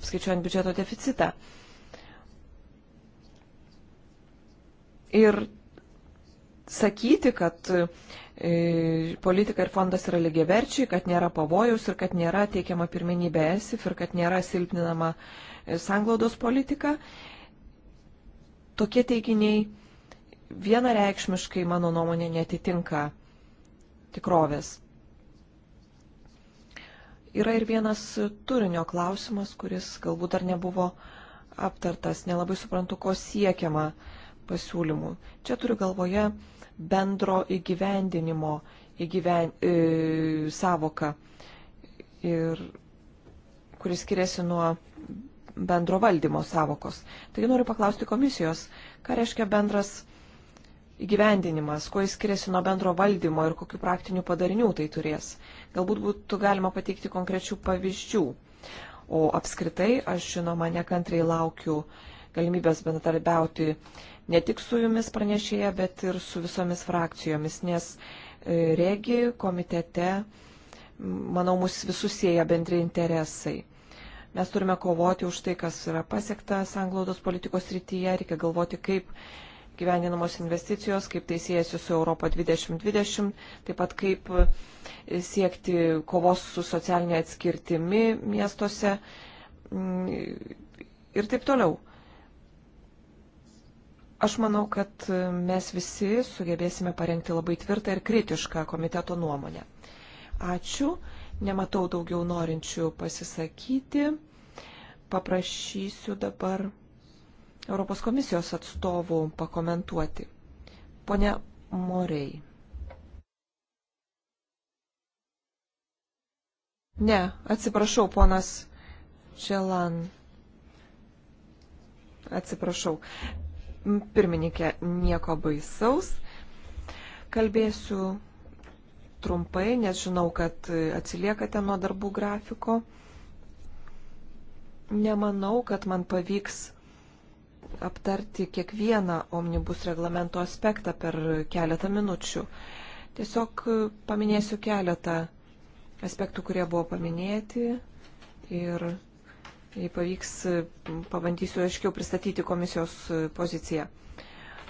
skaičiuojant biudžeto deficitą. Ir sakyti, kad e, politika ir fondas yra lygiaverčiai, kad nėra pavojaus ir kad nėra teikiama pirmenybė ESIF ir kad nėra silpninama e, sanglaudos politika. Tokie teiginiai vienareikšmiškai, mano nuomonė, netitinka tikrovės. Yra ir vienas turinio klausimas, kuris galbūt dar nebuvo aptartas, nelabai suprantu, ko siekiama pasiūlymų. Čia turiu galvoje bendro įgyvendinimo įgyven, e, savoką, ir, kuris skiriasi nuo bendro valdymo savokos. Taigi noriu paklausti komisijos, ką reiškia bendras įgyvendinimas, kuo jis skiriasi nuo bendro valdymo ir kokiu praktiniu padariniu tai turės. Galbūt būtų galima pateikti konkrečių pavyzdžių. O apskritai, aš žinoma nekantrai laukiu galimybės bendradarbiauti ne tik su jumis pranešėja, bet ir su visomis frakcijomis, nes e, regi komitete, manau, mus visus sieja bendri interesai. Mes turime kovoti už tai, kas yra pasiekta sanglaudos politikos rytyje, reikia galvoti, kaip gyveninamos investicijos, kaip tai siejasi su Europo 2020, taip pat kaip e, siekti kovos su socialinė atskirtimi miestuose mm, ir taip toliau. Aš manau, kad e, mes visi sugebėsime parengti labai tvirtą ir kritišką komiteto nuomonę. Ačiū. Nematau daugiau norinčių pasisakyti. Paprašysiu dabar Europos komisijos atstovų pakomentuoti. Pone Morei. Ne, atsiprašau, ponas Čelan. Atsiprašau. Pirmininkė, nieko baisaus. Kalbėsiu trumpai, nes žinau, kad atsiliekate nuo darbų grafiko. Nemanau, kad man pavyks aptarti kiekvieną omnibus reglamento aspektą per keletą minučių. Tiesiog e, paminėsiu keletą aspektų, kurie buvo paminėti ir jei pavyks, e, pabandysiu aiškiau pristatyti komisijos e, poziciją.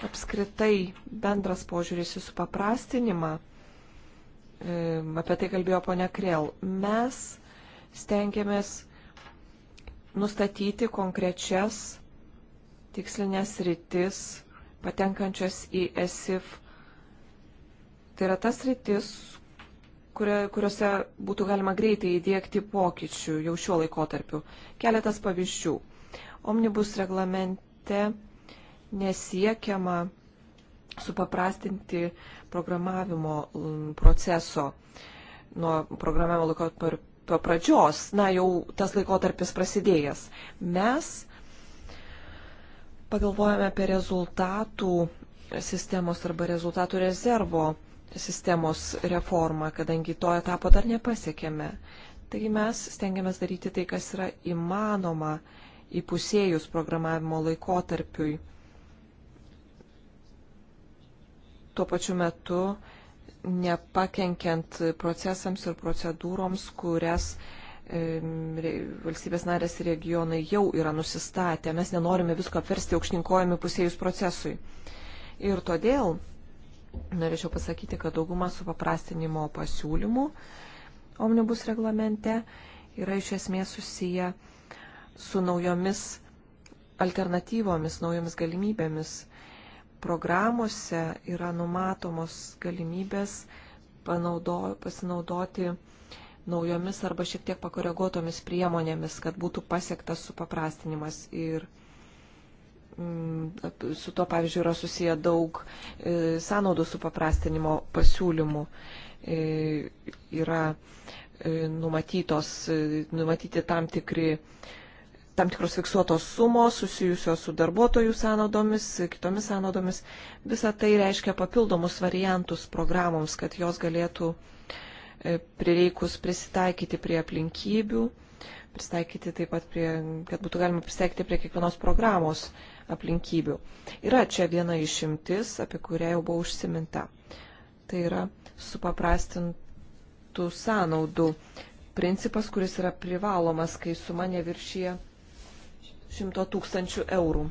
Apskritai bendras požiūris į supaprastinimą, apie tai kalbėjo ponia Krėl, mes stengiamės nustatyti konkrečias tikslinės rytis patenkančios į ESIF. Tai yra tas rytis, kuriuose būtų galima greitai įdėkti pokyčių jau šiuo laikotarpiu. Keletas pavyzdžių. Omnibus reglamente nesiekiama supaprastinti programavimo mm, proceso nuo programavimo laikotarpio pradžios, na jau tas laikotarpis prasidėjęs. Mes pagalvojame apie rezultatų sistemos arba rezultatų rezervo sistemos reformą, kadangi to etapo dar nepasiekėme. Taigi mes stengiamės daryti tai, kas yra įmanoma įpusėjus programavimo laikotarpiui. Tuo pačiu metu nepakenkiant procesams ir procedūroms, kurias uh, valstybės narės ir regionai jau yra nusistatę. Mes nenorime visko apversti aukštinkojami pusėjus procesui. Ir todėl norėčiau pasakyti, kad dauguma supaprastinimo pasiūlymų omnibus reglamente yra iš esmės susiję su naujomis alternatyvomis, naujomis galimybėmis. Programuose yra numatomos galimybės panaudo, pasinaudoti naujomis arba šiek tiek pakoreguotomis priemonėmis, kad būtų pasiektas supaprastinimas. Ir mm, su to, pavyzdžiui, yra susiję daug e, sąnaudų supaprastinimo pasiūlymų. E, yra e, numatytos, e, numatyti tam tikri tam tikros fiksuotos sumos susijusios su darbuotojų sąnaudomis, kitomis sąnaudomis. Visa tai reiškia papildomus variantus programoms, kad jos galėtų uh, E, prireikus prisitaikyti prie aplinkybių, pristaikyti taip pat prie, kad būtų galima pristaikyti prie kiekvienos programos aplinkybių. Yra čia viena išimtis, apie kurią jau buvo užsiminta. Tai yra supaprastintų sąnaudų principas, kuris yra privalomas, kai suma neviršyje 100 tūkstančių eurų.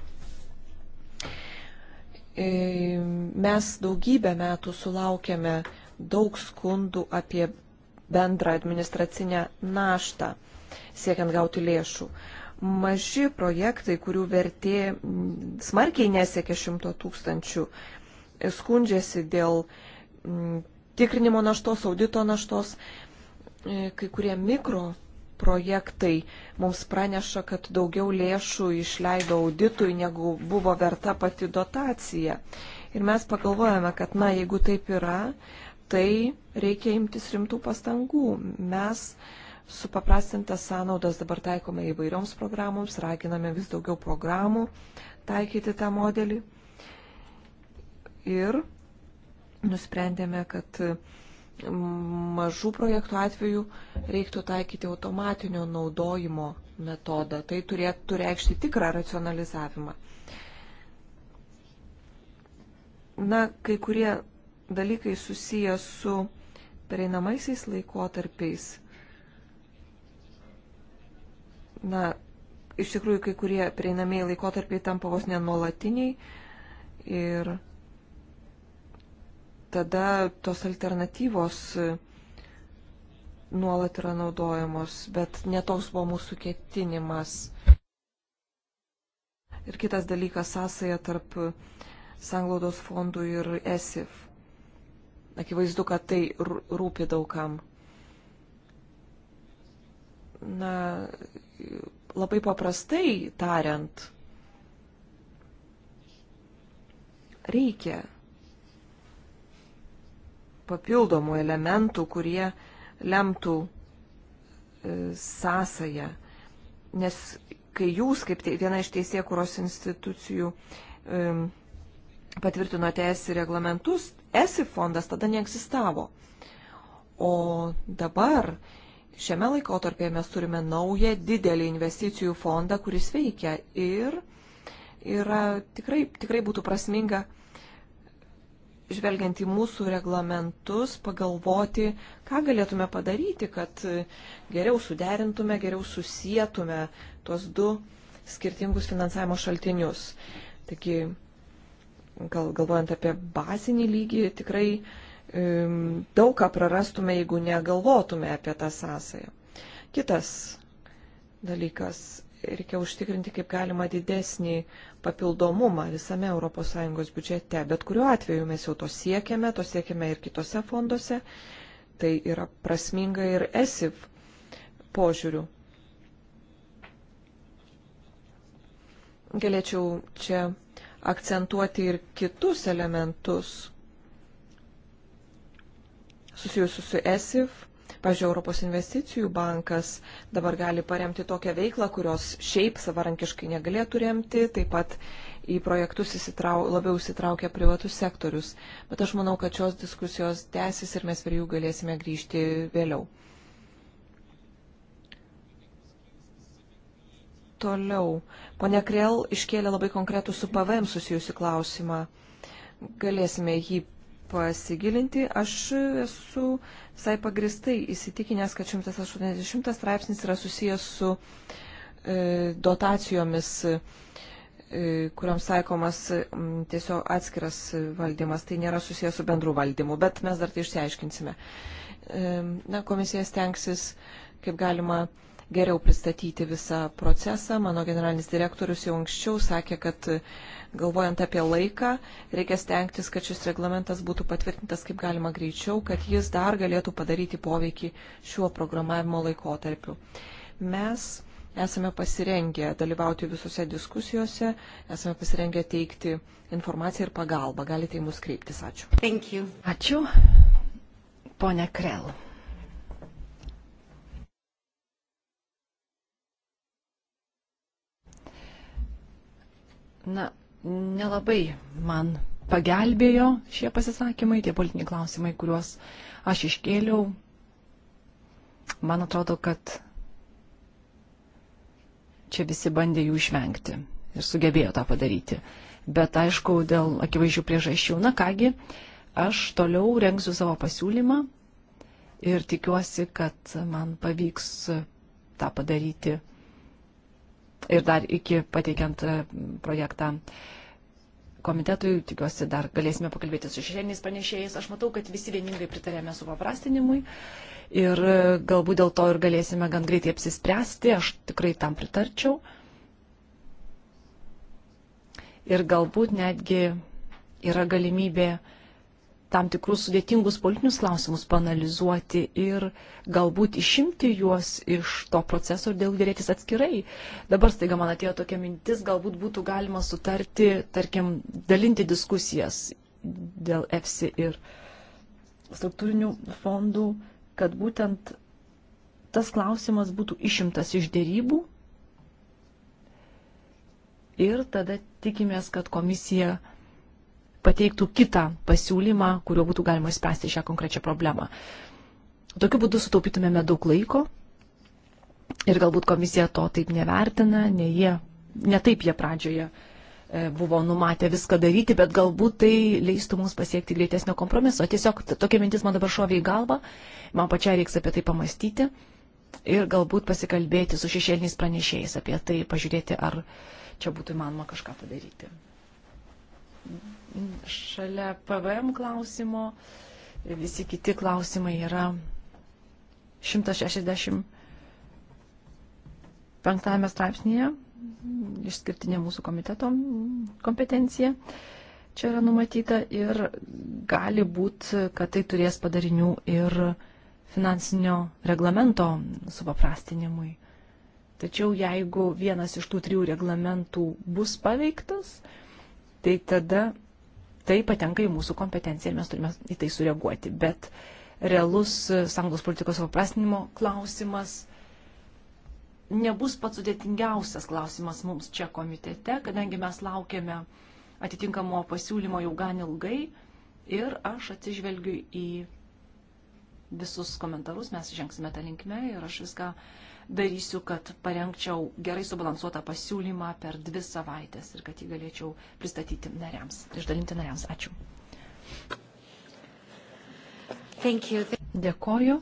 E, mes daugybę metų sulaukėme daug skundų apie bendrą administracinę naštą siekiant gauti lėšų. Maži projektai, kurių vertė mm, smarkiai nesiekia šimto tūkstančių, skundžiasi dėl mm, tikrinimo naštos, audito naštos. E, kai kurie mikro projektai mums praneša, kad daugiau lėšų išleido auditui, negu buvo verta pati dotacija. Ir mes pagalvojame, kad, na, jeigu taip yra, tai reikia imtis rimtų pastangų. Mes supaprastintas sąnaudas dabar taikome įvairioms programoms, raginame vis daugiau programų taikyti tą modelį. Ir nusprendėme, kad mažų projektų atveju reiktų taikyti automatinio naudojimo metodą. Tai turėtų reikšti tikrą racionalizavimą. Na, kai kurie dalykai susiję su pereinamaisiais laikotarpiais. Na, iš tikrųjų, kai kurie prieinamieji laikotarpiai tampa vos nenuolatiniai ir tada tos alternatyvos nuolat yra naudojamos, bet netoks buvo mūsų ketinimas. Ir kitas dalykas - sąsaja tarp sanglaudos fondų ir ESIF akivaizdu, kad tai rūpi daugam. Na, labai paprastai tariant, reikia papildomų elementų, kurie lemtų e, sąsają. Nes kai jūs, kaip viena iš teisėkuros institucijų, e, patvirtinote esi reglamentus, ESI fondas tada neegzistavo. O dabar šiame laikotarpėje mes turime naują didelį investicijų fondą, kuris veikia ir yra tikrai, tikrai būtų prasminga, žvelgiant į mūsų reglamentus, pagalvoti, ką galėtume padaryti, kad geriau suderintume, geriau susijėtume tuos du skirtingus finansavimo šaltinius. Taigi gal, galvojant apie bazinį lygį, tikrai um, daug ką prarastume, jeigu negalvotume apie tą sąsąją. Kitas dalykas, reikia užtikrinti kaip galima didesnį papildomumą visame ES biudžete, bet kuriuo atveju mes jau to siekiame, to siekiame ir kitose fonduose, tai yra prasminga ir ESIV požiūrių. Galėčiau čia akcentuoti ir kitus elementus susijusius su ESIF. Pavyzdžiui, Europos investicijų bankas dabar gali paremti tokią veiklą, kurios šiaip savarankiškai negalėtų remti, taip pat į projektus įsitrau, labiau įsitraukia privatus sektorius. Bet aš manau, kad šios diskusijos tęsis ir mes prie jų galėsime grįžti vėliau. Toliau, ponia Krell iškėlė labai konkretų su PVM susijusi klausimą. Galėsime jį pasigilinti. Aš esu visai pagristai įsitikinęs, kad 180 straipsnis yra susijęs su e, dotacijomis, e, kuriams taikomas m, tiesiog atskiras valdymas. Tai nėra susijęs su bendru valdymu, bet mes dar tai išsiaiškinsime. E, na, komisija stengsis kaip galima e, geriau pristatyti visą procesą. Mano generalinis direktorius jau anksčiau sakė, kad e, galvojant apie laiką, reikia stengtis, kad šis reglamentas būtų patvirtintas kaip galima greičiau, kad jis dar galėtų padaryti poveikį šiuo programavimo laikotarpiu. Mes esame pasirengę dalyvauti visose diskusijose, esame pasirengę teikti informaciją ir pagalbą. Galite į mus kreiptis. Ačiū. Ačiū. Pone Krell. Na, nelabai man pagelbėjo šie pasisakymai, tie politiniai klausimai, kuriuos aš iškėliau. Man atrodo, kad čia visi bandė jų išvengti ir sugebėjo tą padaryti. Bet aišku, dėl akivaizdžių priežasčių, na kągi, aš toliau rengsiu savo pasiūlymą ir tikiuosi, kad man pavyks tą padaryti ir dar iki pateikiant e, projektą komitetui, tikiuosi, dar galėsime pakalbėti su šešėliniais panešėjais. Aš matau, kad visi vieningai pritarėme su paprastinimui ir e, galbūt dėl to ir galėsime gan greitai apsispręsti, aš tikrai tam pritarčiau. Ir galbūt netgi yra galimybė uh, tam tikrus sudėtingus politinius klausimus panalizuoti ir galbūt išimti juos iš to proceso ir dėl dėrėtis atskirai. Dabar staiga man atėjo tokia mintis, galbūt būtų galima sutarti, tarkim, dalinti diskusijas dėl EFSI ir struktūrinių fondų, kad būtent tas klausimas būtų išimtas iš dėrybų ir tada tikimės, kad komisija pateiktų kitą pasiūlymą, kuriuo būtų galima spręsti šią konkrečią problemą. Tokiu būdu sutaupytumėme daug laiko ir galbūt komisija to taip nevertina, ne, jie, ne taip jie pradžioje e, buvo numatę viską daryti, bet galbūt tai leistų mums pasiekti greitesnio kompromiso. Tiesiog tokia mintis man dabar šovė į galvą, man pačiai reiks apie tai pamastyti ir galbūt pasikalbėti su šešėliniais pranešėjais apie tai, pažiūrėti, ar čia būtų įmanoma kažką padaryti. Mm-hmm šalia PVM klausimo. Visi kiti klausimai yra 165 straipsnėje, išskirtinė mūsų komiteto kompetencija. Čia yra numatyta ir gali būti, kad tai turės padarinių ir finansinio reglamento supaprastinimui. Tačiau jeigu vienas iš tų trijų reglamentų bus paveiktas, tai tada tai patenka į mūsų kompetenciją ir mes turime į tai sureaguoti. Bet realus sąjungos politikos paprastinimo klausimas nebus pats sudėtingiausias klausimas mums čia komitete, kadangi mes laukiame atitinkamo pasiūlymo jau gan ilgai ir aš atsižvelgiu į visus komentarus, mes žengsime tą linkmę ir aš viską darysiu, kad parengčiau gerai subalansuotą pasiūlymą per dvi savaitės ir kad jį galėčiau pristatyti nariams, išdalinti nariams. Ačiū. Dėkoju.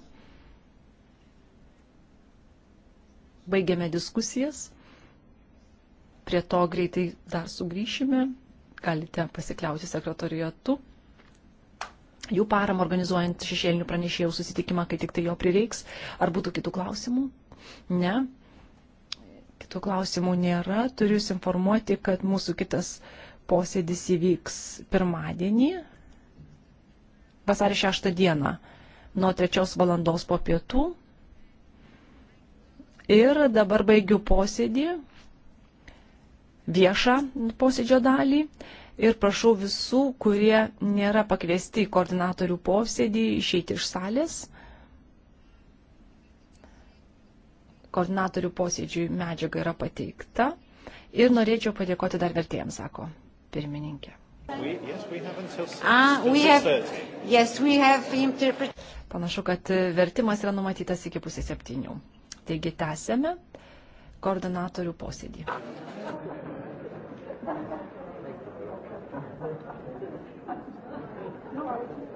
Baigiame diskusijas. Prie to greitai dar sugrįšime. Galite pasikliauti sekretorijatu jų paramą organizuojant šešėlinių pranešėjų susitikimą, kai tik tai jo prireiks. Ar būtų kitų klausimų? Ne. Kitų klausimų nėra. Turiu jūs informuoti, kad mūsų kitas posėdis įvyks pirmadienį, vasarį 6 dieną, nuo 3 valandos po pietų. Ir dabar baigiu posėdį, viešą posėdžio dalį ir prašau visų, kurie nėra pakviesti į koordinatorių posėdį, išeiti iš salės. koordinatorių posėdžiui medžiaga yra pateikta. Ir norėčiau padėkoti dar vertėjams, sako pirmininkė. We, yes, we ah, have, yes, interpret... Panašu, kad vertimas yra numatytas iki pusės septynių. Taigi tęsėme koordinatorių posėdį. No,